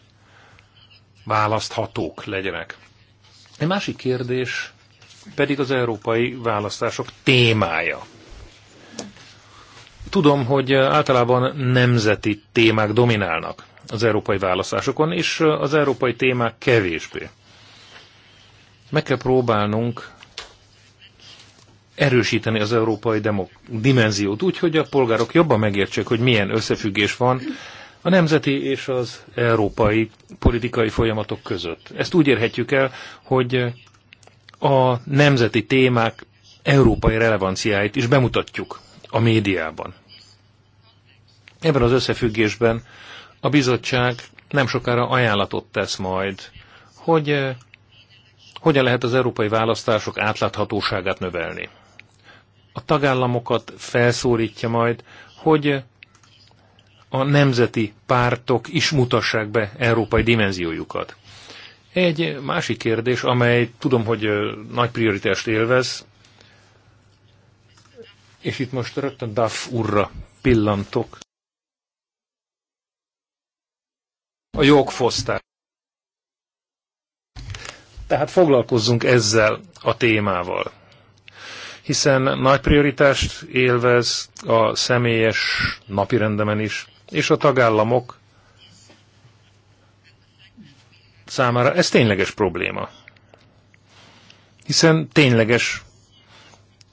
választhatók legyenek. Egy másik kérdés pedig az európai választások témája. Tudom, hogy általában nemzeti témák dominálnak az európai választásokon, és az európai témák kevésbé. Meg kell próbálnunk erősíteni az európai demok dimenziót, úgy, hogy a polgárok jobban megértsék, hogy milyen összefüggés van a nemzeti és az európai politikai folyamatok között. Ezt úgy érhetjük el, hogy a nemzeti témák európai relevanciáit is bemutatjuk a médiában. Ebben az összefüggésben a bizottság nem sokára ajánlatot tesz majd, hogy eh, hogyan lehet az európai választások átláthatóságát növelni. A tagállamokat felszólítja majd, hogy a nemzeti pártok is mutassák be európai dimenziójukat. Egy másik kérdés, amely tudom, hogy nagy prioritást élvez, és itt most rögtön Duff urra pillantok. A jogfosztás. Tehát foglalkozzunk ezzel a témával, hiszen nagy prioritást élvez a személyes napirendemen is, és a tagállamok számára ez tényleges probléma. Hiszen tényleges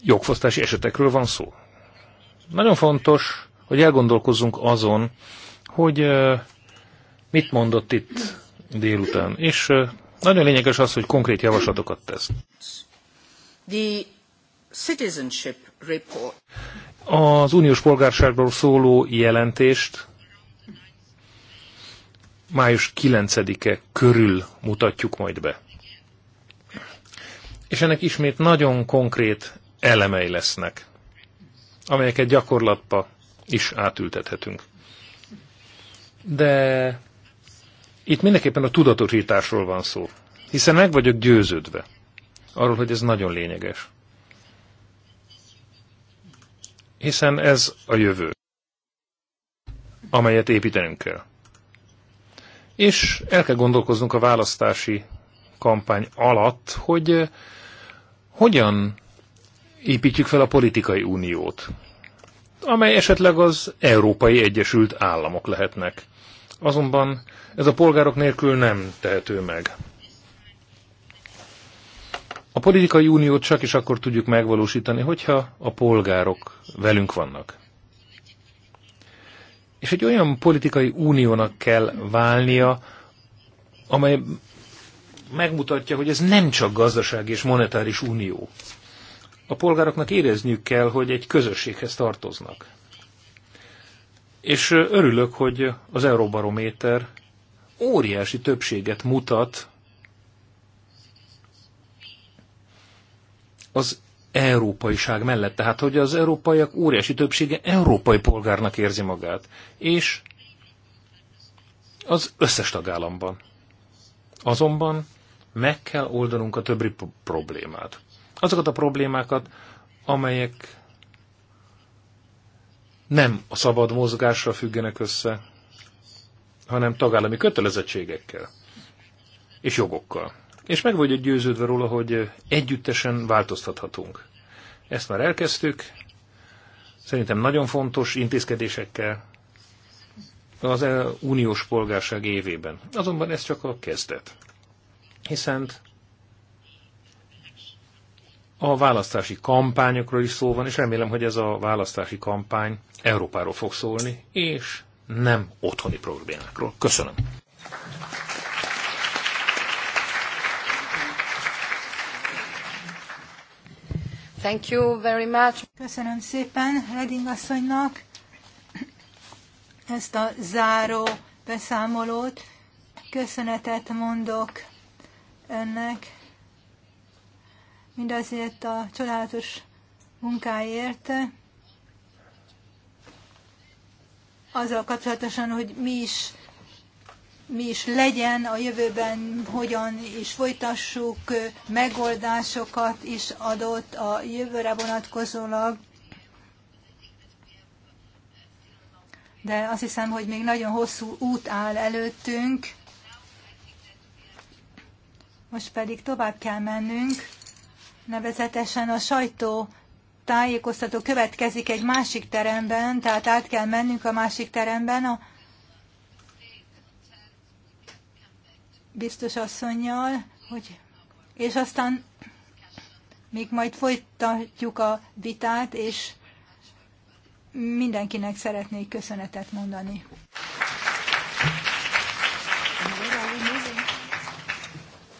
jogfosztási esetekről van szó. Nagyon fontos, hogy elgondolkozzunk azon, hogy mit mondott itt délután. És nagyon lényeges az, hogy konkrét javaslatokat tesz. The citizenship report. Az uniós polgárságról szóló jelentést május 9-e körül mutatjuk majd be. És ennek ismét nagyon konkrét elemei lesznek, amelyeket gyakorlatba is átültethetünk. De itt mindenképpen a tudatosításról van szó, hiszen meg vagyok győződve arról, hogy ez nagyon lényeges. Hiszen ez a jövő, amelyet építenünk kell és el kell gondolkoznunk a választási kampány alatt, hogy eh, hogyan építjük fel a politikai uniót, amely esetleg az Európai Egyesült Államok lehetnek. Azonban ez a polgárok nélkül nem tehető meg. A politikai uniót csak is akkor tudjuk megvalósítani, hogyha a polgárok velünk vannak. És egy olyan politikai uniónak kell válnia, amely megmutatja, hogy ez nem csak gazdasági és monetáris unió. A polgároknak érezniük kell, hogy egy közösséghez tartoznak. És örülök, hogy az Euróbarométer óriási többséget mutat az európaiság mellett. Tehát, hogy az európaiak óriási többsége európai polgárnak érzi magát. És az összes tagállamban. Azonban meg kell oldanunk a többi problémát. Azokat a problémákat, amelyek nem a szabad mozgásra függenek össze, hanem tagállami kötelezettségekkel és jogokkal és meg vagyok győződve róla, hogy együttesen változtathatunk. Ezt már elkezdtük, szerintem nagyon fontos intézkedésekkel az e- uniós polgárság évében. Azonban ez csak a kezdet. Hiszen a választási kampányokról is szó van, és remélem, hogy ez a választási kampány Európáról fog szólni, és nem otthoni problémákról. Köszönöm. Thank you very much. Köszönöm szépen Reding asszonynak ezt a záró beszámolót. Köszönetet mondok önnek mindazért a csodálatos munkáért, azzal kapcsolatosan, hogy mi is mi is legyen a jövőben, hogyan is folytassuk, megoldásokat is adott a jövőre vonatkozólag. De azt hiszem, hogy még nagyon hosszú út áll előttünk. Most pedig tovább kell mennünk. Nevezetesen a sajtó tájékoztató következik egy másik teremben, tehát át kell mennünk a másik teremben. A biztos asszonynal, hogy, és aztán még majd folytatjuk a vitát, és mindenkinek szeretnék köszönetet mondani.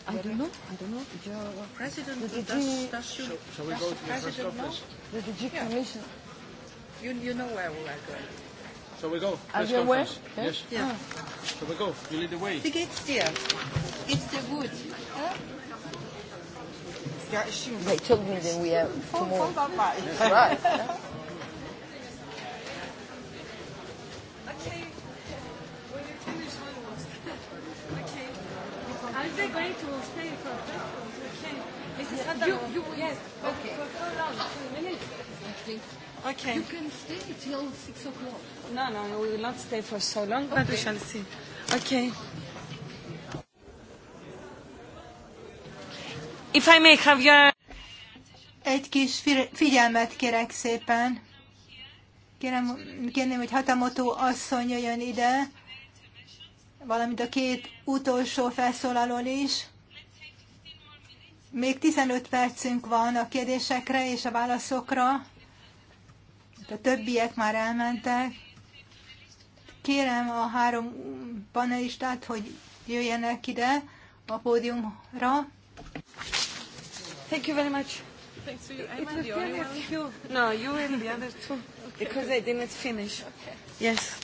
I don't know. I don't know. Your president the DG, does, does you, shall we go to the president office? The DG yeah. commission. You, you know where we are going. Shall we go. Are you aware? Yes. yes. Yeah. Oh. Shall we go? You lead the way. Wie geht's dir? Geht's dir gut? Ja, ja stimmt. They told me that we have tomorrow. Voll dabei. That's right. <laughs> okay. you Okay. You can stay till six o'clock. No, no, we will not stay for so long, okay. but we shall see. Okay. If I may have your... Egy kis figyelmet kérek szépen. Kérem, kérném, hogy Hatamoto asszony jöjjön ide, valamint a két utolsó felszólaló is. Még 15 percünk van a kérdésekre és a válaszokra. A többiek már elmentek. Kérem a három panelistát, hogy jöjjenek ide a pódiumra. Thank you very much. Thanks for you. I'm the only one. You. No, you and the other two. Okay. Because I didn't finish. Okay. Yes.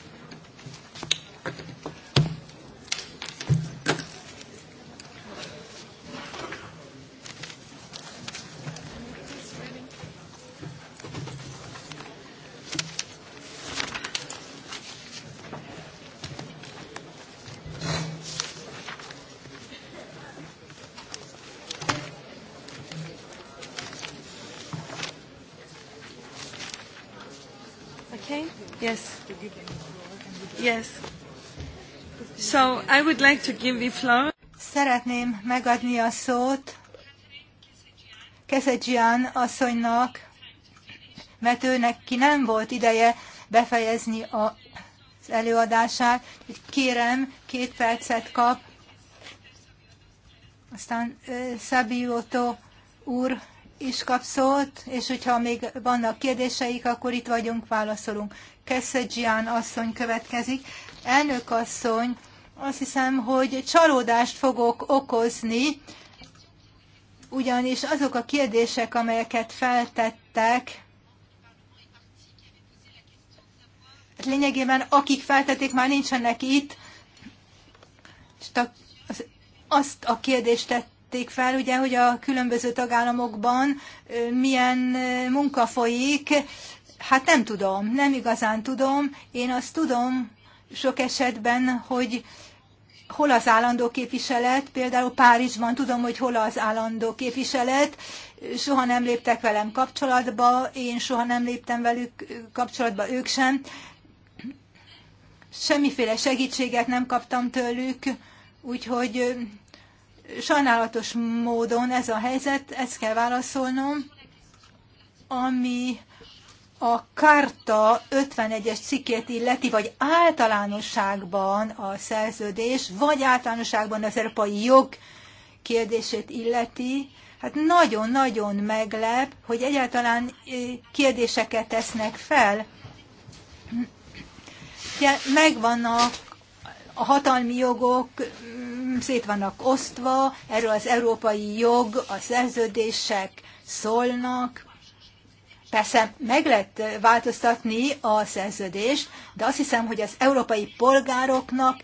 I would like to give the floor. Szeretném megadni a szót Keszedzian asszonynak, mert őnek ki nem volt ideje befejezni a az előadását. Kérem, két percet kap. Aztán Szabiótó úr is kap szót, és hogyha még vannak kérdéseik, akkor itt vagyunk, válaszolunk. Keszedzián asszony következik. Elnök asszony, azt hiszem, hogy csalódást fogok okozni, ugyanis azok a kérdések, amelyeket feltettek, hát lényegében akik feltették, már nincsenek itt, és azt a kérdést tették fel, ugye, hogy a különböző tagállamokban milyen munka folyik, hát nem tudom, nem igazán tudom. Én azt tudom sok esetben, hogy hol az állandó képviselet, például Párizsban tudom, hogy hol az állandó képviselet, soha nem léptek velem kapcsolatba, én soha nem léptem velük kapcsolatba, ők sem. Semmiféle segítséget nem kaptam tőlük, úgyhogy sajnálatos módon ez a helyzet, ezt kell válaszolnom, ami a kárta 51-es cikkét illeti, vagy általánosságban a szerződés, vagy általánosságban az európai jog kérdését illeti, hát nagyon-nagyon meglep, hogy egyáltalán kérdéseket tesznek fel. Megvannak a hatalmi jogok, mm, szét vannak osztva, erről az európai jog, a szerződések szólnak, Persze meg lehet változtatni a szerződést, de azt hiszem, hogy az európai polgároknak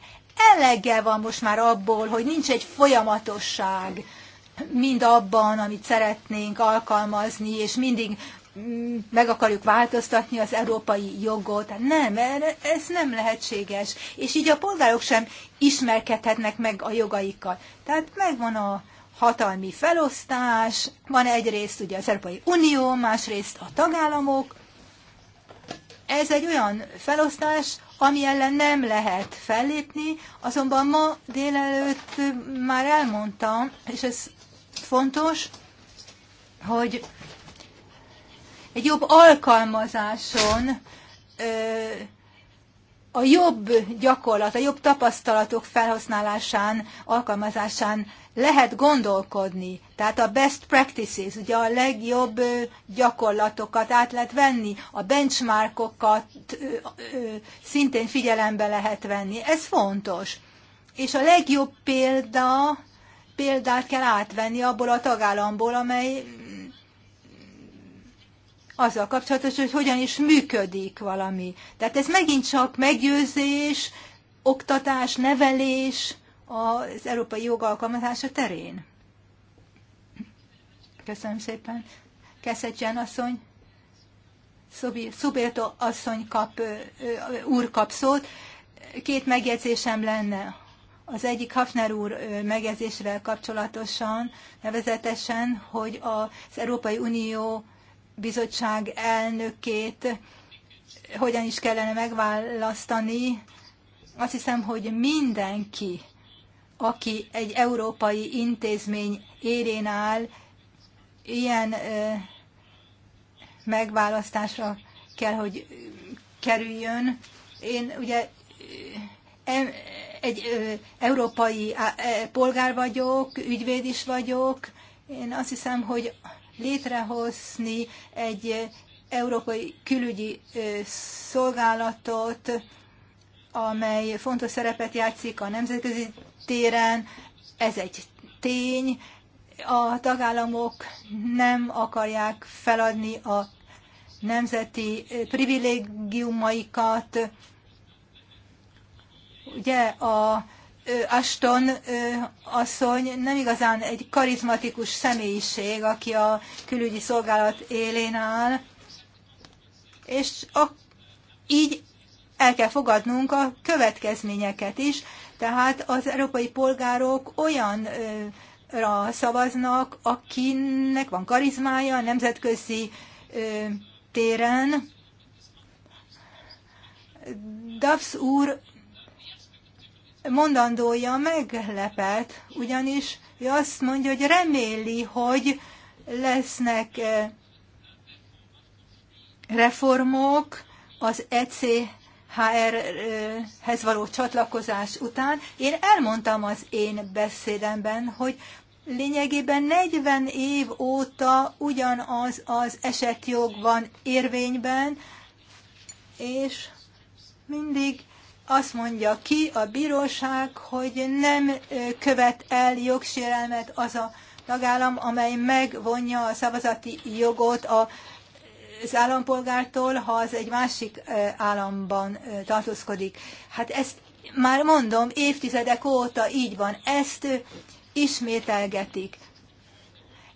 elege van most már abból, hogy nincs egy folyamatosság mind abban, amit szeretnénk alkalmazni, és mindig mm, meg akarjuk változtatni az európai jogot. Nem, ez nem lehetséges. És így a polgárok sem ismerkedhetnek meg a jogaikkal. Tehát megvan a hatalmi felosztás, van egyrészt ugye az Európai Unió, másrészt a tagállamok. Ez egy olyan felosztás, ami ellen nem lehet fellépni, azonban ma délelőtt már elmondtam, és ez fontos, hogy egy jobb alkalmazáson ö, a jobb gyakorlat, a jobb tapasztalatok felhasználásán, alkalmazásán lehet gondolkodni. Tehát a best practices, ugye a legjobb gyakorlatokat át lehet venni, a benchmarkokat szintén figyelembe lehet venni. Ez fontos. És a legjobb példa, példát kell átvenni abból a tagállamból, amely azzal kapcsolatos, hogy hogyan is működik valami. Tehát ez megint csak meggyőzés, oktatás, nevelés az európai jog alkalmazása terén. Köszönöm szépen. Keszegyen asszony. Szubérto asszony kap, úr kap szót. Két megjegyzésem lenne. Az egyik Hafner úr megjegyzésvel kapcsolatosan, nevezetesen, hogy az Európai Unió bizottság elnökét hogyan is kellene megválasztani. Azt hiszem, hogy mindenki, aki egy európai intézmény érén áll, ilyen megválasztásra kell, hogy kerüljön. Én ugye egy európai polgár vagyok, ügyvéd is vagyok. Én azt hiszem, hogy létrehozni egy európai külügyi szolgálatot, amely fontos szerepet játszik a nemzetközi téren. Ez egy tény. A tagállamok nem akarják feladni a nemzeti privilégiumaikat. Ugye a Aston asszony nem igazán egy karizmatikus személyiség, aki a külügyi szolgálat élén áll, és a, így el kell fogadnunk a következményeket is, tehát az európai polgárok olyanra szavaznak, akinek van karizmája a nemzetközi ö, téren. Dubs úr mondandója meglepet, ugyanis ő azt mondja, hogy reméli, hogy lesznek eh, reformok az ECHR-hez való csatlakozás után. Én elmondtam az én beszédemben, hogy lényegében 40 év óta ugyanaz az esetjog van érvényben, és mindig azt mondja ki a bíróság, hogy nem követ el jogsérelmet az a tagállam, amely megvonja a szavazati jogot a az állampolgártól, ha az egy másik államban tartózkodik. Hát ezt már mondom, évtizedek óta így van. Ezt ismételgetik.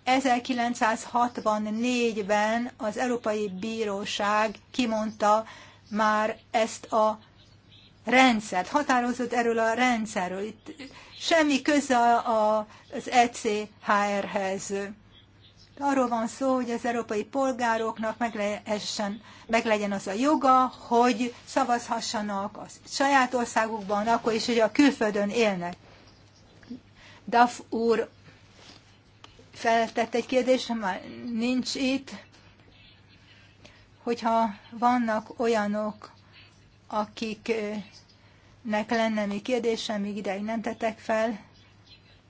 1964-ben az Európai Bíróság kimondta már ezt a rendszert, határozott erről a rendszerről. Itt semmi köze az ECHR-hez. Arról van szó, hogy az európai polgároknak meg, meg legyen az a joga, hogy szavazhassanak a saját országukban, akkor is, hogy a külföldön élnek. Daf úr feltett egy kérdést, már nincs itt, hogyha vannak olyanok, akiknek lenne még kérdése, még ideig nem tettek fel,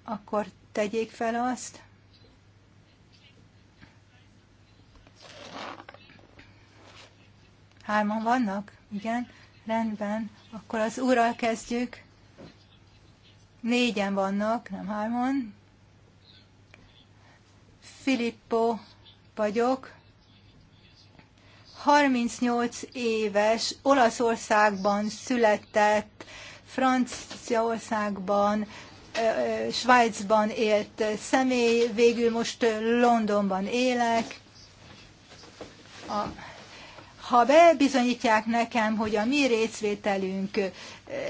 akkor tegyék fel azt. Hárman vannak? Igen, rendben. Akkor az úrral kezdjük. Négyen vannak, nem hárman. Filippo vagyok. 38 éves Olaszországban született, Franciaországban, Svájcban élt személy, végül most Londonban élek. A, ha bebizonyítják nekem, hogy a mi részvételünk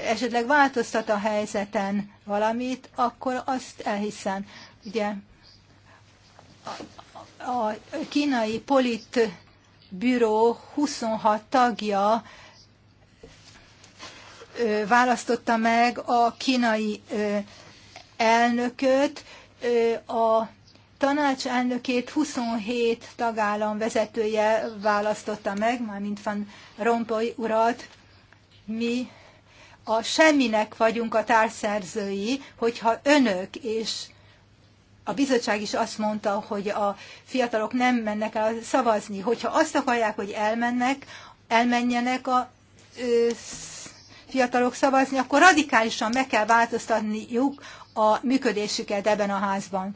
esetleg változtat a helyzeten valamit, akkor azt elhiszem. Ugye a, a kínai polit büró 26 tagja választotta meg a kínai elnököt, a tanács elnökét 27 tagállam vezetője választotta meg, mármint Van Rompoy urat. Mi a semminek vagyunk a társzerzői, hogyha önök és a bizottság is azt mondta, hogy a fiatalok nem mennek el szavazni. Hogyha azt akarják, hogy elmennek, elmenjenek a ö, fiatalok szavazni, akkor radikálisan meg kell változtatniuk a működésüket ebben a házban.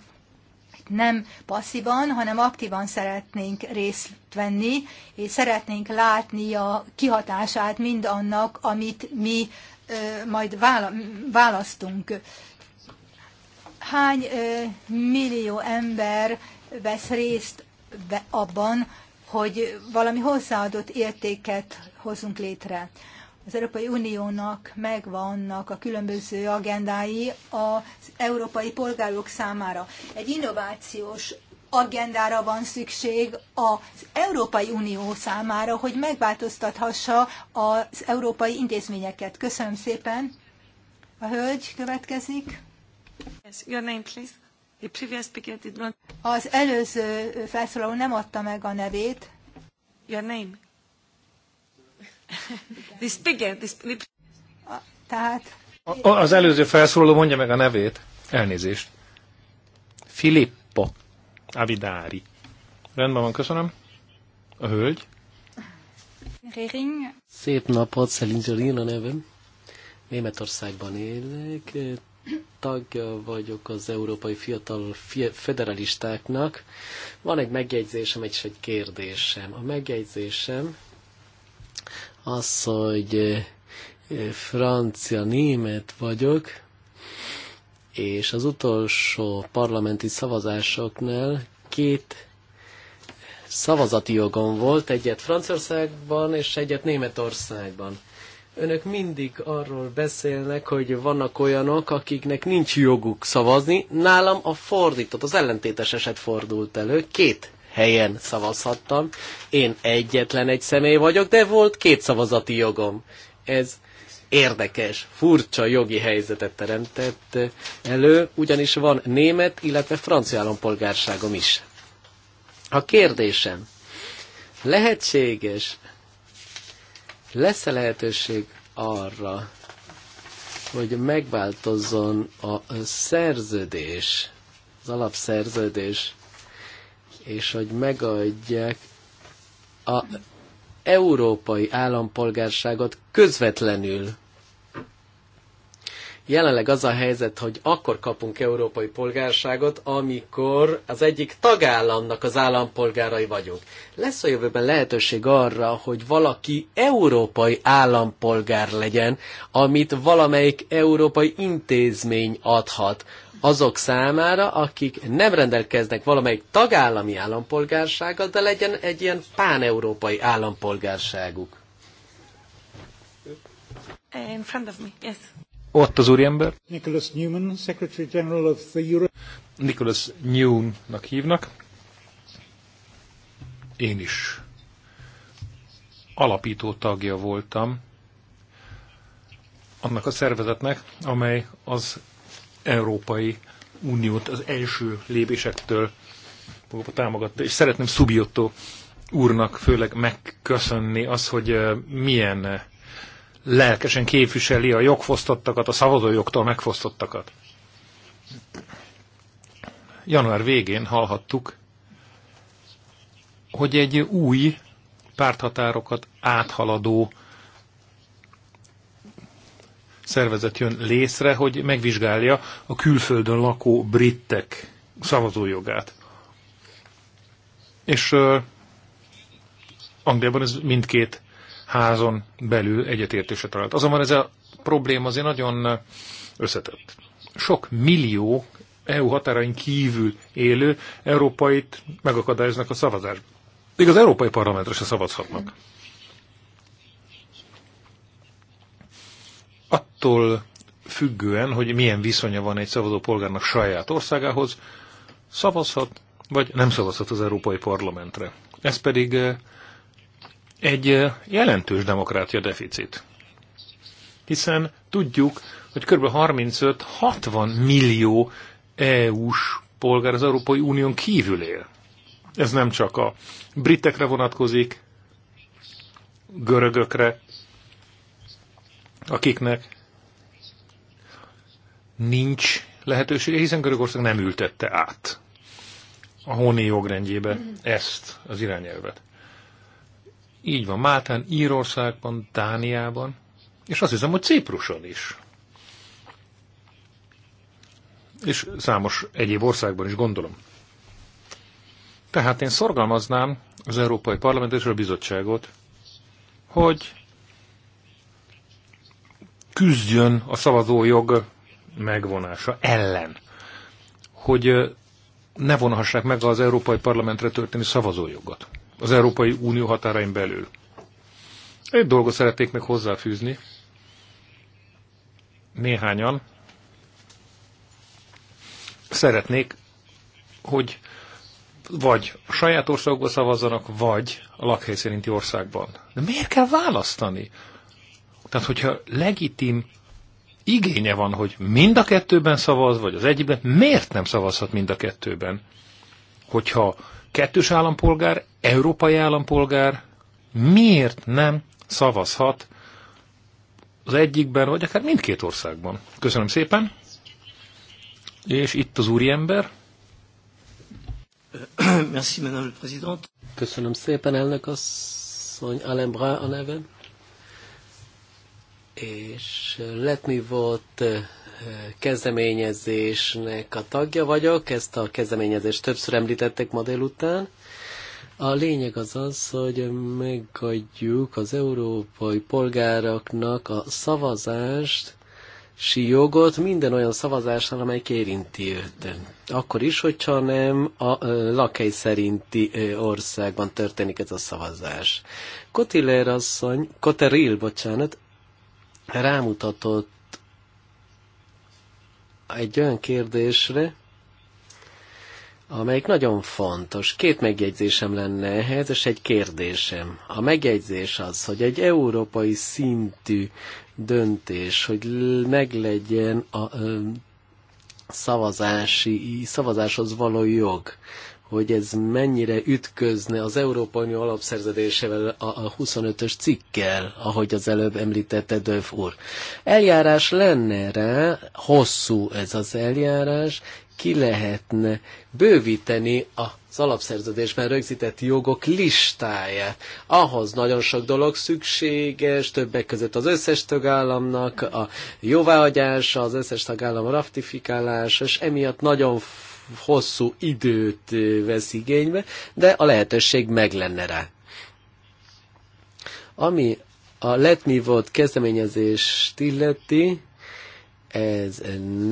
Nem passzívan, hanem aktívan szeretnénk részt venni, és szeretnénk látni a kihatását mindannak, amit mi ö, majd vála, választunk hány millió ember vesz részt abban, hogy valami hozzáadott értéket hozunk létre. Az Európai Uniónak megvannak a különböző agendái az európai polgárok számára. Egy innovációs agendára van szükség az Európai Unió számára, hogy megváltoztathassa az európai intézményeket. Köszönöm szépen. A hölgy következik. Az előző felszólaló nem adta meg a nevét. Your name. <laughs> the speaker, the... A, tehát... A, az előző felszólaló mondja meg a nevét. Elnézést. Filippo Avidári. Rendben van, köszönöm. A hölgy. Szép napot, Szelin a nevem. Németországban élek, tagja vagyok az Európai Fiatal Federalistáknak. Van egy megjegyzésem és egy kérdésem. A megjegyzésem az, hogy eh, francia, német vagyok, és az utolsó parlamenti szavazásoknál két szavazati jogom volt, egyet Franciaországban és egyet Németországban. Önök mindig arról beszélnek, hogy vannak olyanok, akiknek nincs joguk szavazni. Nálam a fordított, az ellentétes eset fordult elő. Két helyen szavazhattam. Én egyetlen egy személy vagyok, de volt két szavazati jogom. Ez érdekes, furcsa jogi helyzetet teremtett elő, ugyanis van német, illetve francia állampolgárságom is. A kérdésem, lehetséges, lesz-e lehetőség arra, hogy megváltozzon a szerződés, az alapszerződés, és hogy megadják a európai állampolgárságot közvetlenül Jelenleg az a helyzet, hogy akkor kapunk európai polgárságot, amikor az egyik tagállamnak az állampolgárai vagyunk. Lesz a jövőben lehetőség arra, hogy valaki európai állampolgár legyen, amit valamelyik európai intézmény adhat azok számára, akik nem rendelkeznek valamelyik tagállami állampolgársággal, de legyen egy ilyen páneurópai állampolgárságuk. In front of me, yes. Ott az úriember. Nicholas Newman, Secretary General of the Euro... Nicholas Newman-nak hívnak. Én is alapító tagja voltam annak a szervezetnek, amely az Európai Uniót az első lépésektől támogatta, és szeretném Subiotto úrnak főleg megköszönni az, hogy milyen lelkesen képviseli a jogfosztottakat, a szavazójogtól megfosztottakat. Január végén hallhattuk, hogy egy új párthatárokat áthaladó szervezet jön létre, hogy megvizsgálja a külföldön lakó britek szavazójogát. És uh, Angliában ez mindkét házon belül egyetértése talált. Azonban ez a probléma azért nagyon összetett. Sok millió EU határain kívül élő európait megakadályoznak a szavazásban. Még az Európai Parlamentre se szavazhatnak. Attól függően, hogy milyen viszonya van egy szavazó polgárnak saját országához, szavazhat, vagy nem szavazhat az Európai Parlamentre. Ez pedig eh, egy jelentős demokrácia deficit. Hiszen tudjuk, hogy kb. 35-60 millió EU-s polgár az Európai Unión kívül él. Ez nem csak a britekre vonatkozik, görögökre, akiknek nincs lehetősége, hiszen Görögország nem ültette át a honi jogrendjébe mhm. ezt az irányelvet. Így van Máltán, Írországban, Dániában, és azt hiszem, hogy Cipruson is. És számos egyéb országban is gondolom. Tehát én szorgalmaznám az Európai Parlament és a bizottságot, hogy küzdjön a szavazójog megvonása ellen, hogy ne vonhassák meg az Európai Parlamentre történő szavazójogot az Európai Unió határain belül. Egy dolgot szeretnék meg hozzáfűzni. Néhányan szeretnék, hogy vagy a saját országban szavazzanak, vagy a lakhely szerinti országban. De miért kell választani? Tehát, hogyha legitim igénye van, hogy mind a kettőben szavaz, vagy az egyikben, miért nem szavazhat mind a kettőben? Hogyha kettős állampolgár, európai állampolgár miért nem szavazhat az egyikben, vagy akár mindkét országban? Köszönöm szépen. És itt az úriember. <coughs> Merci, Madame le Président. Köszönöm szépen, elnök asszony, Alain Bra a nevem. És Letmi volt kezdeményezésnek a tagja vagyok, ezt a kezdeményezést többször említettek ma délután. A lényeg az az, hogy megadjuk az európai polgároknak a szavazást, si jogot minden olyan szavazásnál, amely érinti őt. Akkor is, hogyha nem a lakely szerinti országban történik ez a szavazás. Kotiller asszony, Koteril, bocsánat, rámutatott egy olyan kérdésre, amelyik nagyon fontos. Két megjegyzésem lenne ehhez, és egy kérdésem. A megjegyzés az, hogy egy európai szintű döntés, hogy meglegyen a ö, szavazási, szavazáshoz való jog, hogy ez mennyire ütközne az Európai Unió alapszerződésével a 25-ös cikkel, ahogy az előbb említette Döv úr. Eljárás lenne rá, hosszú ez az eljárás, ki lehetne bővíteni az alapszerződésben rögzített jogok listáját. Ahhoz nagyon sok dolog szükséges, többek között az összes tagállamnak a jóváhagyása, az összes tagállam ratifikálása, és emiatt nagyon hosszú időt eh, vesz igénybe, de a lehetőség meg lenne rá. Ami a Let Me Vote kezdeményezést illeti, ez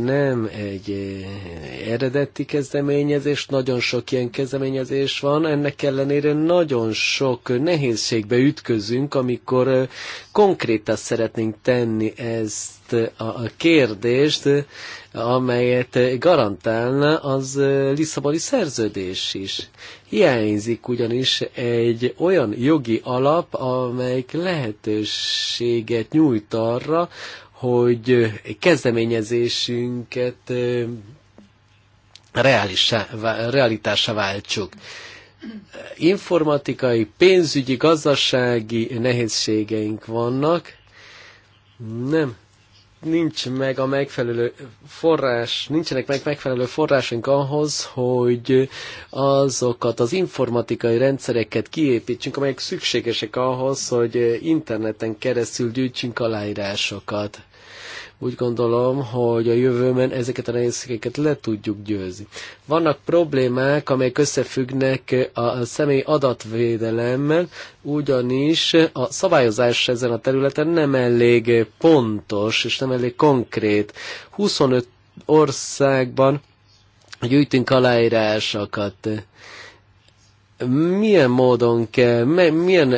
nem egy eh, eredeti kezdeményezés, nagyon sok ilyen kezdeményezés van, ennek ellenére nagyon sok nehézségbe ütközünk, amikor eh, konkrétan szeretnénk tenni ezt a kérdést, amelyet garantálna az eh, Lisszaboni szerződés is. Hiányzik ugyanis egy olyan jogi alap, amelyik lehetőséget nyújt arra, hogy kezdeményezésünket realitásra váltsuk. Informatikai, pénzügyi, gazdasági nehézségeink vannak. Nem, nincs meg a megfelelő forrás, nincsenek meg megfelelő forrásunk ahhoz, hogy azokat az informatikai rendszereket kiépítsünk, amelyek szükségesek ahhoz, hogy interneten keresztül gyűjtsünk aláírásokat. Úgy gondolom, hogy a jövőben ezeket a nehézségeket le tudjuk győzni. Vannak problémák, amelyek összefüggnek a személy adatvédelemmel, ugyanis a szabályozás ezen a területen nem elég pontos és nem elég konkrét. 25 országban gyűjtünk aláírásokat. Milyen módon kell, milyen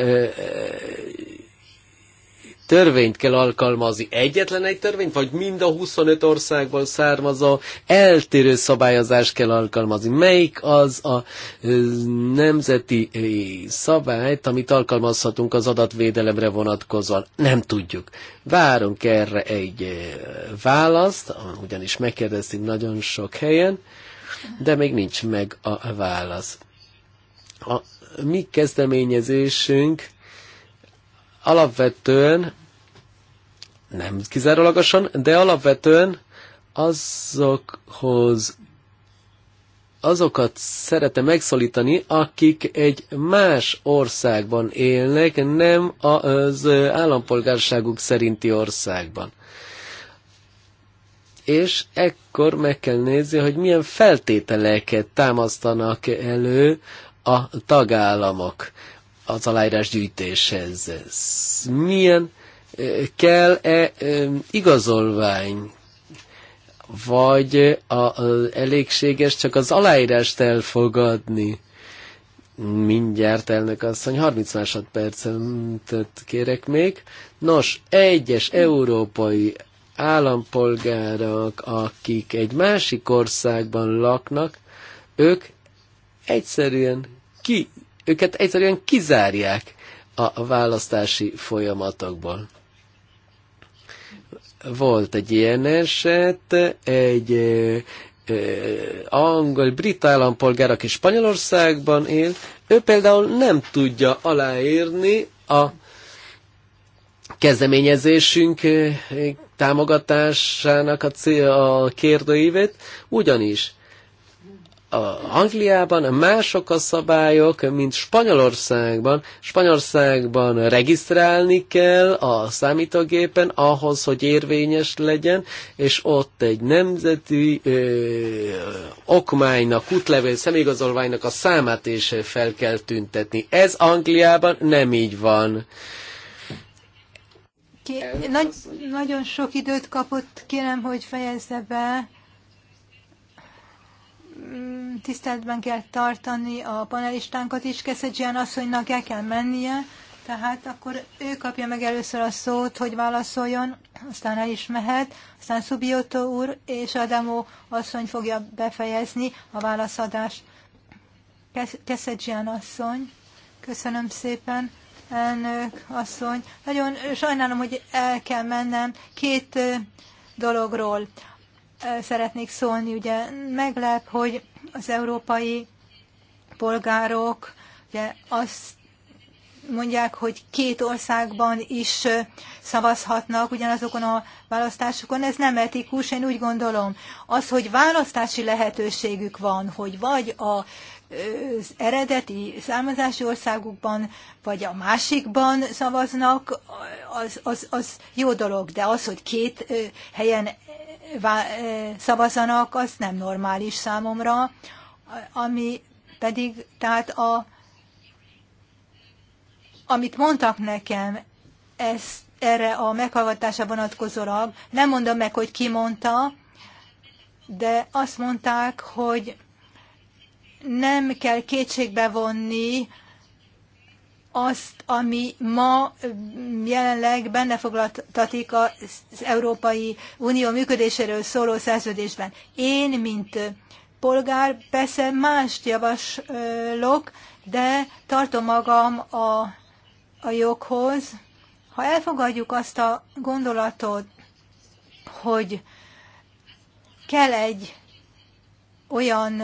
törvényt kell alkalmazni. Egyetlen egy törvényt, vagy mind a 25 országból származó eltérő szabályozást kell alkalmazni? Melyik az a nemzeti szabályt, amit alkalmazhatunk az adatvédelemre vonatkozóan? Nem tudjuk. Várunk erre egy választ, ugyanis megkérdeztünk nagyon sok helyen, de még nincs meg a válasz. A mi kezdeményezésünk alapvetően, nem kizárólagosan, de alapvetően azokhoz azokat szeretem megszólítani, akik egy más országban élnek, nem az állampolgárságuk szerinti országban. És ekkor meg kell nézni, hogy milyen feltételeket támasztanak elő a tagállamok az aláírásgyűjtéshez. Milyen kell-e igazolvány, vagy a, a, elégséges csak az aláírást elfogadni? Mindjárt, elnök asszony, 30 másodpercet kérek még. Nos, egyes európai állampolgárok, akik egy másik országban laknak, ők egyszerűen ki őket egyszerűen kizárják a választási folyamatokból. Volt egy ilyen eset, egy angol, brit állampolgár, aki Spanyolországban él, ő például nem tudja aláírni a kezdeményezésünk támogatásának a, cél, a kérdőívet, ugyanis a Angliában mások a szabályok, mint Spanyolországban. Spanyolországban regisztrálni kell a számítógépen ahhoz, hogy érvényes legyen, és ott egy nemzeti ö, okmánynak, útlevél, személyigazolványnak a számát is fel kell tüntetni. Ez Angliában nem így van. nagy, nagyon sok időt kapott, kérem, hogy fejezze be. Mm, tiszteletben kell tartani a panelistánkat is. Keszegyen asszonynak el kell mennie, tehát akkor ő kapja meg először a szót, hogy válaszoljon, aztán el is mehet, aztán Szubioto úr és Adamo asszony fogja befejezni a válaszadást. Keszegyen asszony, köszönöm szépen. Elnök asszony, nagyon sajnálom, hogy el kell mennem. Két dologról szeretnék szólni. Ugye meglep, hogy az európai polgárok ugye azt mondják, hogy két országban is szavazhatnak ugyanazokon a választásokon, ez nem etikus, én úgy gondolom. Az, hogy választási lehetőségük van, hogy vagy a, az eredeti származási országukban, vagy a másikban szavaznak, az, az, az jó dolog, de az, hogy két helyen szavazanak, az nem normális számomra, ami pedig, tehát a, amit mondtak nekem, ezt erre a meghallgatásra vonatkozólag, nem mondom meg, hogy ki mondta, de azt mondták, hogy nem kell kétségbe vonni azt, ami ma mm, jelenleg benne foglaltatik az Európai Unió működéséről szóló szerződésben. Én, mint polgár, persze mást javaslok, de tartom magam a, a joghoz. Ha elfogadjuk azt a gondolatot, hogy kell egy olyan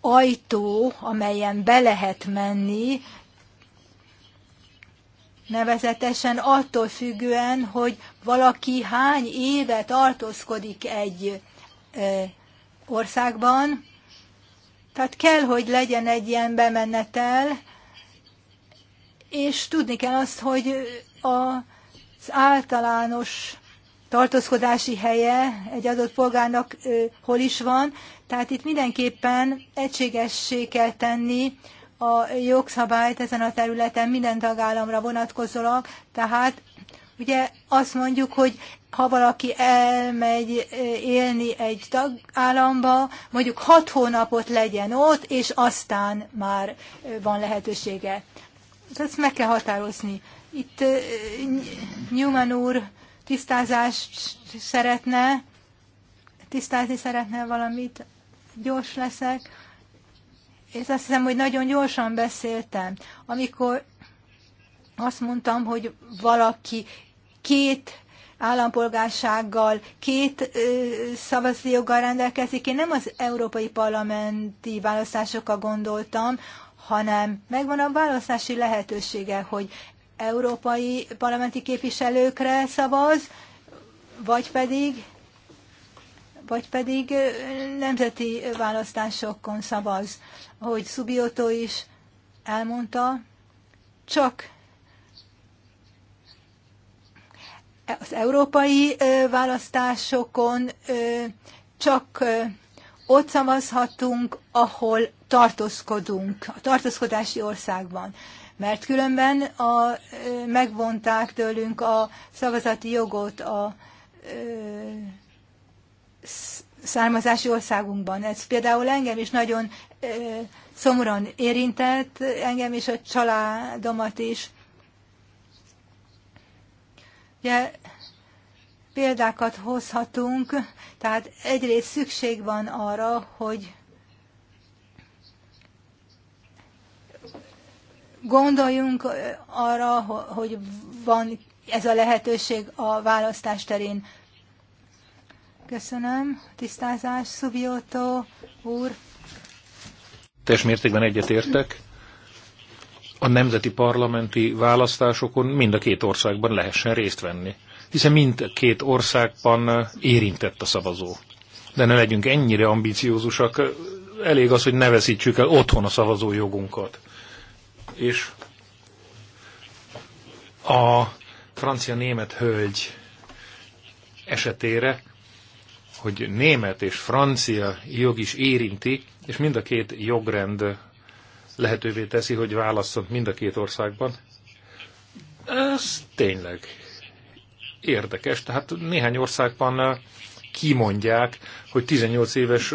ajtó, amelyen be lehet menni, nevezetesen attól függően, hogy valaki hány éve tartózkodik egy országban. Tehát kell, hogy legyen egy ilyen bemenetel, és tudni kell azt, hogy az általános tartózkodási helye egy adott polgárnak hol is van, tehát itt mindenképpen egységessé kell tenni a jogszabályt ezen a területen minden tagállamra vonatkozólag, tehát ugye azt mondjuk, hogy ha valaki elmegy eh, élni egy tagállamba, mondjuk hat hónapot legyen ott, és aztán már eh, van lehetősége. Ezt meg kell határozni. Itt eh, Newman úr tisztázást szeretne, tisztázni szeretne valamit gyors leszek. És azt hiszem, hogy nagyon gyorsan beszéltem. Amikor azt mondtam, hogy valaki két állampolgársággal, két szavazati joggal rendelkezik. Én nem az európai parlamenti választásokra gondoltam, hanem megvan a választási lehetősége, hogy európai parlamenti képviselőkre szavaz, vagy pedig vagy pedig nemzeti választásokon szavaz. Ahogy Szubioto is elmondta, csak az európai választásokon csak ott szavazhatunk, ahol tartózkodunk, a tartózkodási országban. Mert különben a, megvonták tőlünk a szavazati jogot a származási országunkban. Ez például engem is nagyon szomorúan érintett, engem és a családomat is. Ugye, példákat hozhatunk, tehát egyrészt szükség van arra, hogy gondoljunk arra, hogy van ez a lehetőség a választás terén Köszönöm. Tisztázás, Szubiótó úr. Teljes mértékben egyetértek. A nemzeti parlamenti választásokon mind a két országban lehessen részt venni. Hiszen mind a két országban érintett a szavazó. De ne legyünk ennyire ambiciózusak. Elég az, hogy ne veszítsük el otthon a szavazó jogunkat. És a francia-német hölgy esetére hogy német és francia jog is érinti, és mind a két jogrend lehetővé teszi, hogy válasszon mind a két országban. Ez tényleg érdekes. Tehát néhány országban eh, kimondják, hogy 18 éves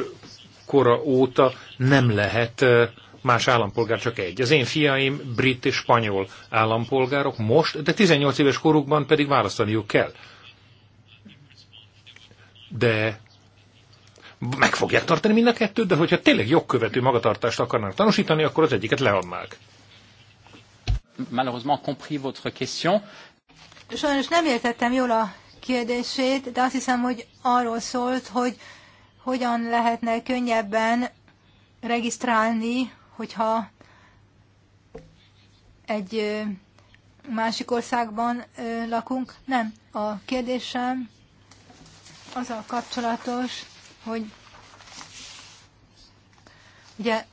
kora óta nem lehet eh, más állampolgár csak egy. Az én fiaim brit és spanyol állampolgárok most, de 18 éves korukban pedig választaniuk kell de meg fogják tartani mind a kettőt, de hogyha tényleg jogkövető magatartást akarnak tanúsítani, akkor az egyiket leadnák. Malheureusement compris votre question. Sajnos nem értettem jól a kérdését, de azt hiszem, hogy arról szólt, hogy hogyan lehetne könnyebben regisztrálni, hogyha egy másik országban lakunk. Nem, a kérdésem az a kapcsolatos, hogy ugye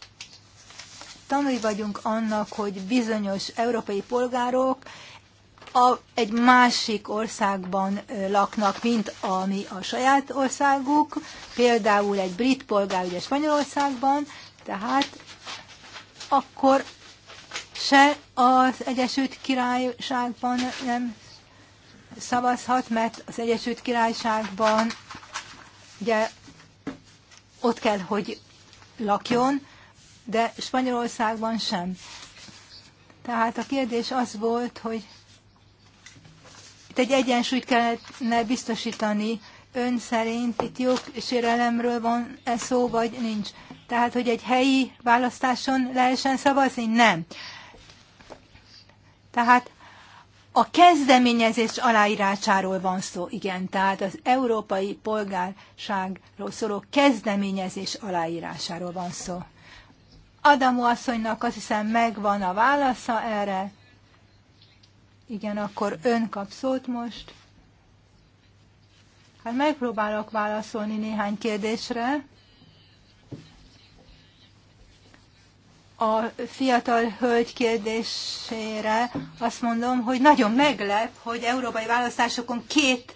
tanulni vagyunk annak, hogy bizonyos európai polgárok a, egy másik országban laknak, mint ami a saját országuk, például egy brit polgár ugye Spanyolországban, tehát akkor se az Egyesült Királyságban nem szavazhat, mert az Egyesült Királyságban ugye ott kell, hogy lakjon, de Spanyolországban sem. Tehát a kérdés az volt, hogy itt egy egyensúlyt kellene biztosítani. Ön szerint itt sérelemről van -e szó, vagy nincs? Tehát, hogy egy helyi választáson lehessen szavazni? Nem. Tehát a kezdeményezés aláírásáról van szó, igen, tehát az európai polgárságról szóló kezdeményezés aláírásáról van szó. Adamo asszonynak azt hiszem megvan a válasza erre. Igen, akkor ön kap szót most. Hát megpróbálok válaszolni néhány kérdésre. a fiatal hölgy kérdésére azt mondom, hogy nagyon meglep, hogy európai választásokon két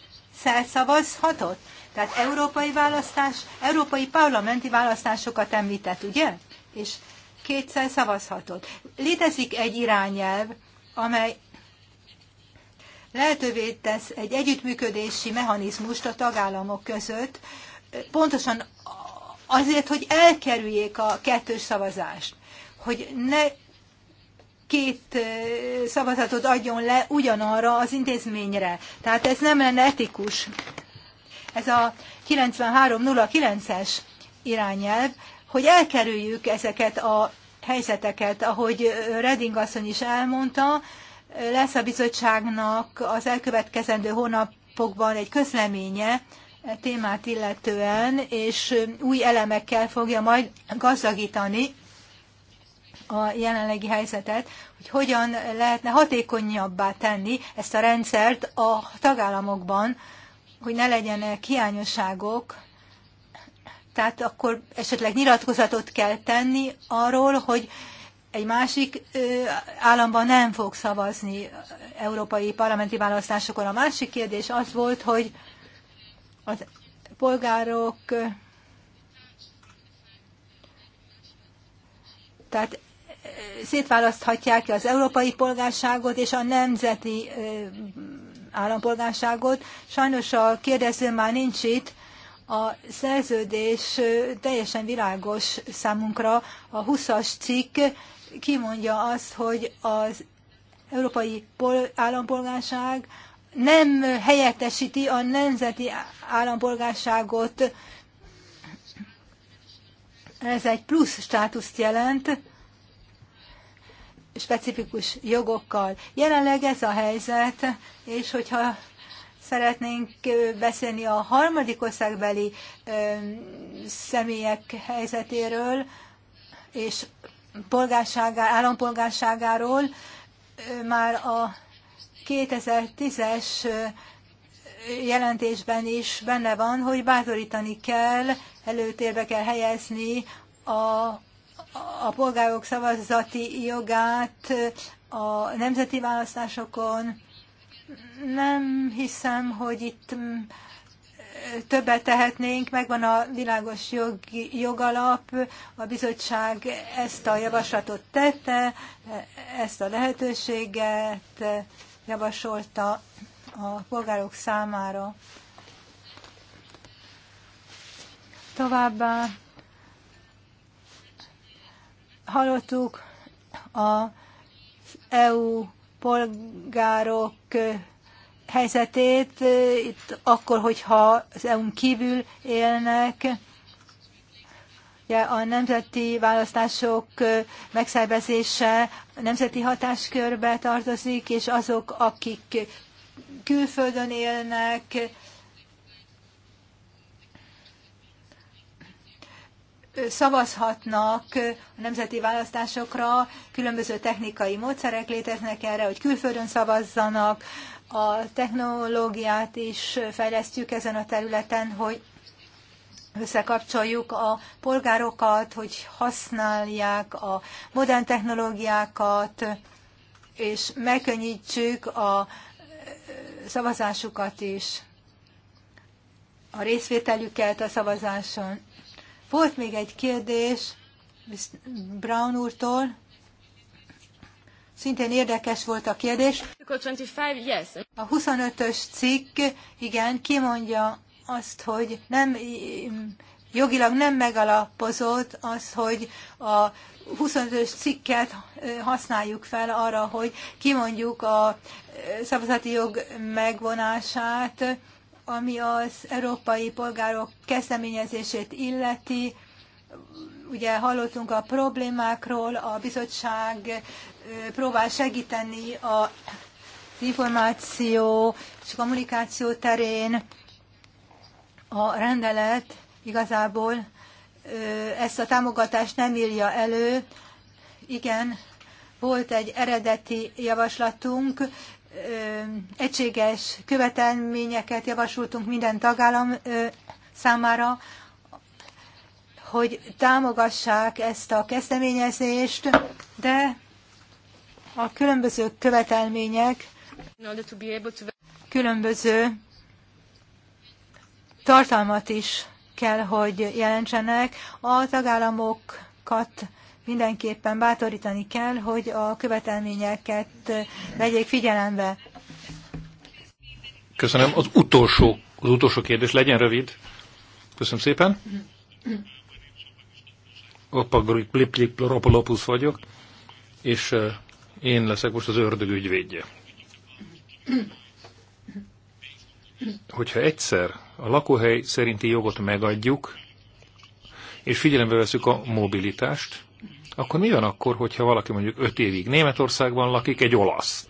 szavazhatott. Tehát európai választás, európai parlamenti választásokat említett, ugye? És kétszer szavazhatott. Létezik egy irányelv, amely lehetővé tesz egy együttműködési mechanizmust a tagállamok között, pontosan azért, hogy elkerüljék a kettős szavazást hogy ne két szavazatot adjon le ugyanarra az intézményre. Tehát ez nem lenne etikus. Ez a 9309-es irányelv, hogy elkerüljük ezeket a helyzeteket, ahogy Reding asszony is elmondta, lesz a bizottságnak az elkövetkezendő hónapokban egy közleménye e témát illetően, és új elemekkel fogja majd gazdagítani a jelenlegi helyzetet, hogy hogyan lehetne hatékonyabbá tenni ezt a rendszert a tagállamokban, hogy ne legyenek hiányosságok, tehát akkor esetleg nyilatkozatot kell tenni arról, hogy egy másik államban nem fog szavazni európai parlamenti választásokon. A másik kérdés az volt, hogy a polgárok tehát szétválaszthatják az európai polgárságot és a nemzeti állampolgárságot. Sajnos a kérdező már nincs itt. A szerződés teljesen világos számunkra. A 20-as cikk kimondja azt, hogy az európai állampolgárság nem helyettesíti a nemzeti állampolgárságot. Ez egy plusz státuszt jelent specifikus jogokkal. Jelenleg ez a helyzet, és hogyha szeretnénk beszélni a harmadik országbeli személyek helyzetéről, és polgárságá, állampolgárságáról már a 2010-es jelentésben is benne van, hogy bátorítani kell, előtérbe kell helyezni a a polgárok szavazati jogát a nemzeti választásokon. Nem hiszem, hogy itt mm, többet tehetnénk, megvan a világos jog, jogalap, a bizottság ezt a javaslatot tette, ezt a lehetőséget javasolta a polgárok számára. Továbbá Hallottuk az EU polgárok helyzetét, itt akkor, hogyha az EU-n kívül élnek, ugye a nemzeti választások megszervezése nemzeti hatáskörbe tartozik, és azok, akik külföldön élnek, szavazhatnak a nemzeti választásokra, különböző technikai módszerek léteznek erre, hogy külföldön szavazzanak, a technológiát is fejlesztjük ezen a területen, hogy összekapcsoljuk a polgárokat, hogy használják a modern technológiákat, és megkönnyítsük a szavazásukat is, a részvételüket a szavazáson. Volt még egy kérdés Brown úrtól. Szintén érdekes volt a kérdés. A 25-ös cikk, igen, kimondja azt, hogy nem jogilag nem megalapozott az, hogy a 25-ös cikket használjuk fel arra, hogy kimondjuk a szavazati jog megvonását ami az európai polgárok kezdeményezését illeti. Ugye hallottunk a problémákról, a bizottság próbál segíteni a információ és kommunikáció terén. A rendelet igazából ezt a támogatást nem írja elő. Igen, volt egy eredeti javaslatunk, egységes követelményeket javasoltunk minden tagállam számára, hogy támogassák ezt a kezdeményezést, de a különböző követelmények különböző tartalmat is kell, hogy jelentsenek. A tagállamokat mindenképpen bátorítani kell, hogy a követelményeket vegyék figyelembe. Köszönöm. Az utolsó, az utolsó kérdés legyen rövid. Köszönöm szépen. blip, vagyok, és eh, én leszek most az ördög ügyvédje. Hogyha egyszer a lakóhely szerinti jogot megadjuk, és figyelembe veszük a mobilitást, akkor mi van akkor, hogyha valaki mondjuk öt évig Németországban lakik, egy olasz?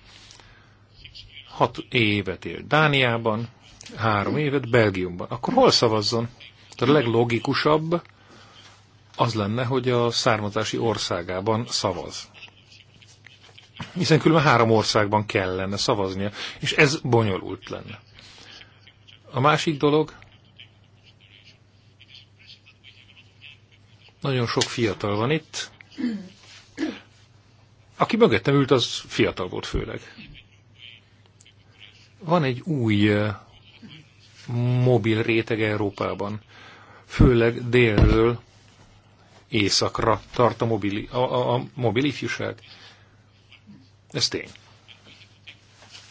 Hat évet él Dániában, három évet Belgiumban. Akkor hol szavazzon? Tehát a leglogikusabb az lenne, hogy a származási országában szavaz. Hiszen különben három országban kellene szavaznia, és ez bonyolult lenne. A másik dolog, nagyon sok fiatal van itt, aki mögöttem ült, az fiatal volt főleg. Van egy új mobil réteg Európában, főleg délről északra tart a mobil, a, a, a mobil ifjúság. Ez tény.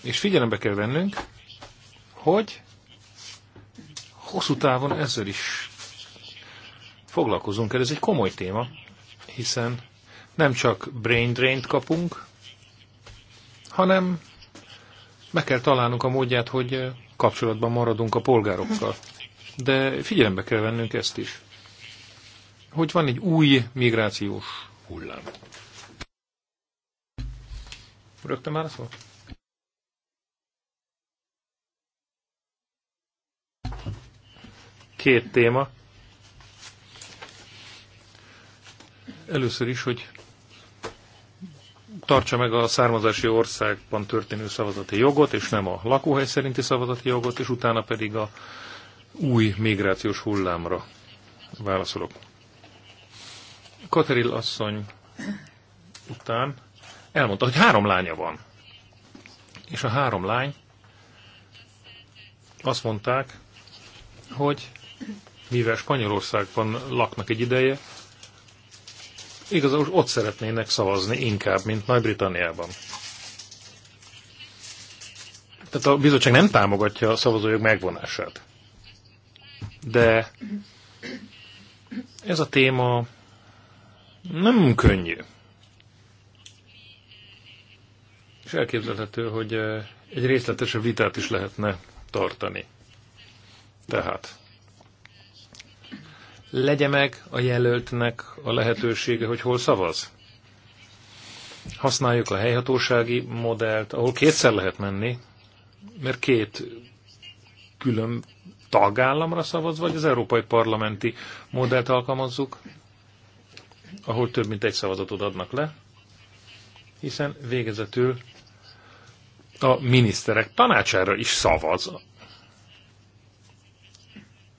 És figyelembe kell vennünk, hogy hosszú távon ezzel is foglalkozunk el. Ez egy komoly téma hiszen nem csak brain drain-t kapunk, hanem meg kell találnunk a módját, hogy kapcsolatban maradunk a polgárokkal. De figyelembe kell vennünk ezt is, hogy van egy új migrációs hullám. Rögtön már szó? Két téma. Először is, hogy tartsa meg a származási országban történő szavazati jogot, és nem a lakóhely szerinti szavazati jogot, és utána pedig a új migrációs hullámra válaszolok. Kateril asszony után elmondta, hogy három lánya van. És a három lány azt mondták, hogy mivel Spanyolországban laknak egy ideje, igazából ott szeretnének szavazni inkább, mint Nagy-Britanniában. Tehát a bizottság nem támogatja a szavazójog megvonását. De ez a téma nem könnyű. És elképzelhető, hogy eh, egy részletesebb vitát is lehetne tartani. Tehát legyen meg a jelöltnek a lehetősége, hogy hol szavaz. Használjuk a helyhatósági modellt, ahol kétszer lehet menni, mert két külön tagállamra szavaz, vagy az európai parlamenti modellt alkalmazzuk, ahol több mint egy szavazatot adnak le, hiszen végezetül a miniszterek tanácsára is szavaz.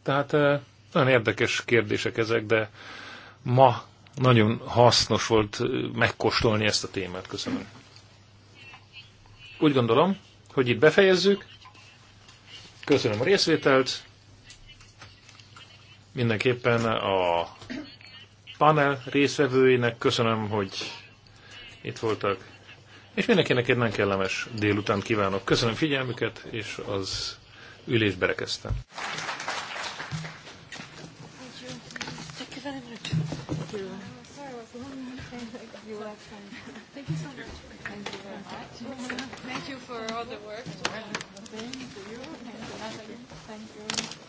Tehát eh, nagyon érdekes kérdések ezek, de ma nagyon hasznos volt megkóstolni ezt a témát. Köszönöm. Úgy gondolom, hogy itt befejezzük. Köszönöm a részvételt. Mindenképpen a panel részvevőinek köszönöm, hogy itt voltak. És mindenkinek egy nem kellemes délután kívánok. Köszönöm figyelmüket, és az ülésbe rekeztem. all the work. Thank you. Thank you, Thank you.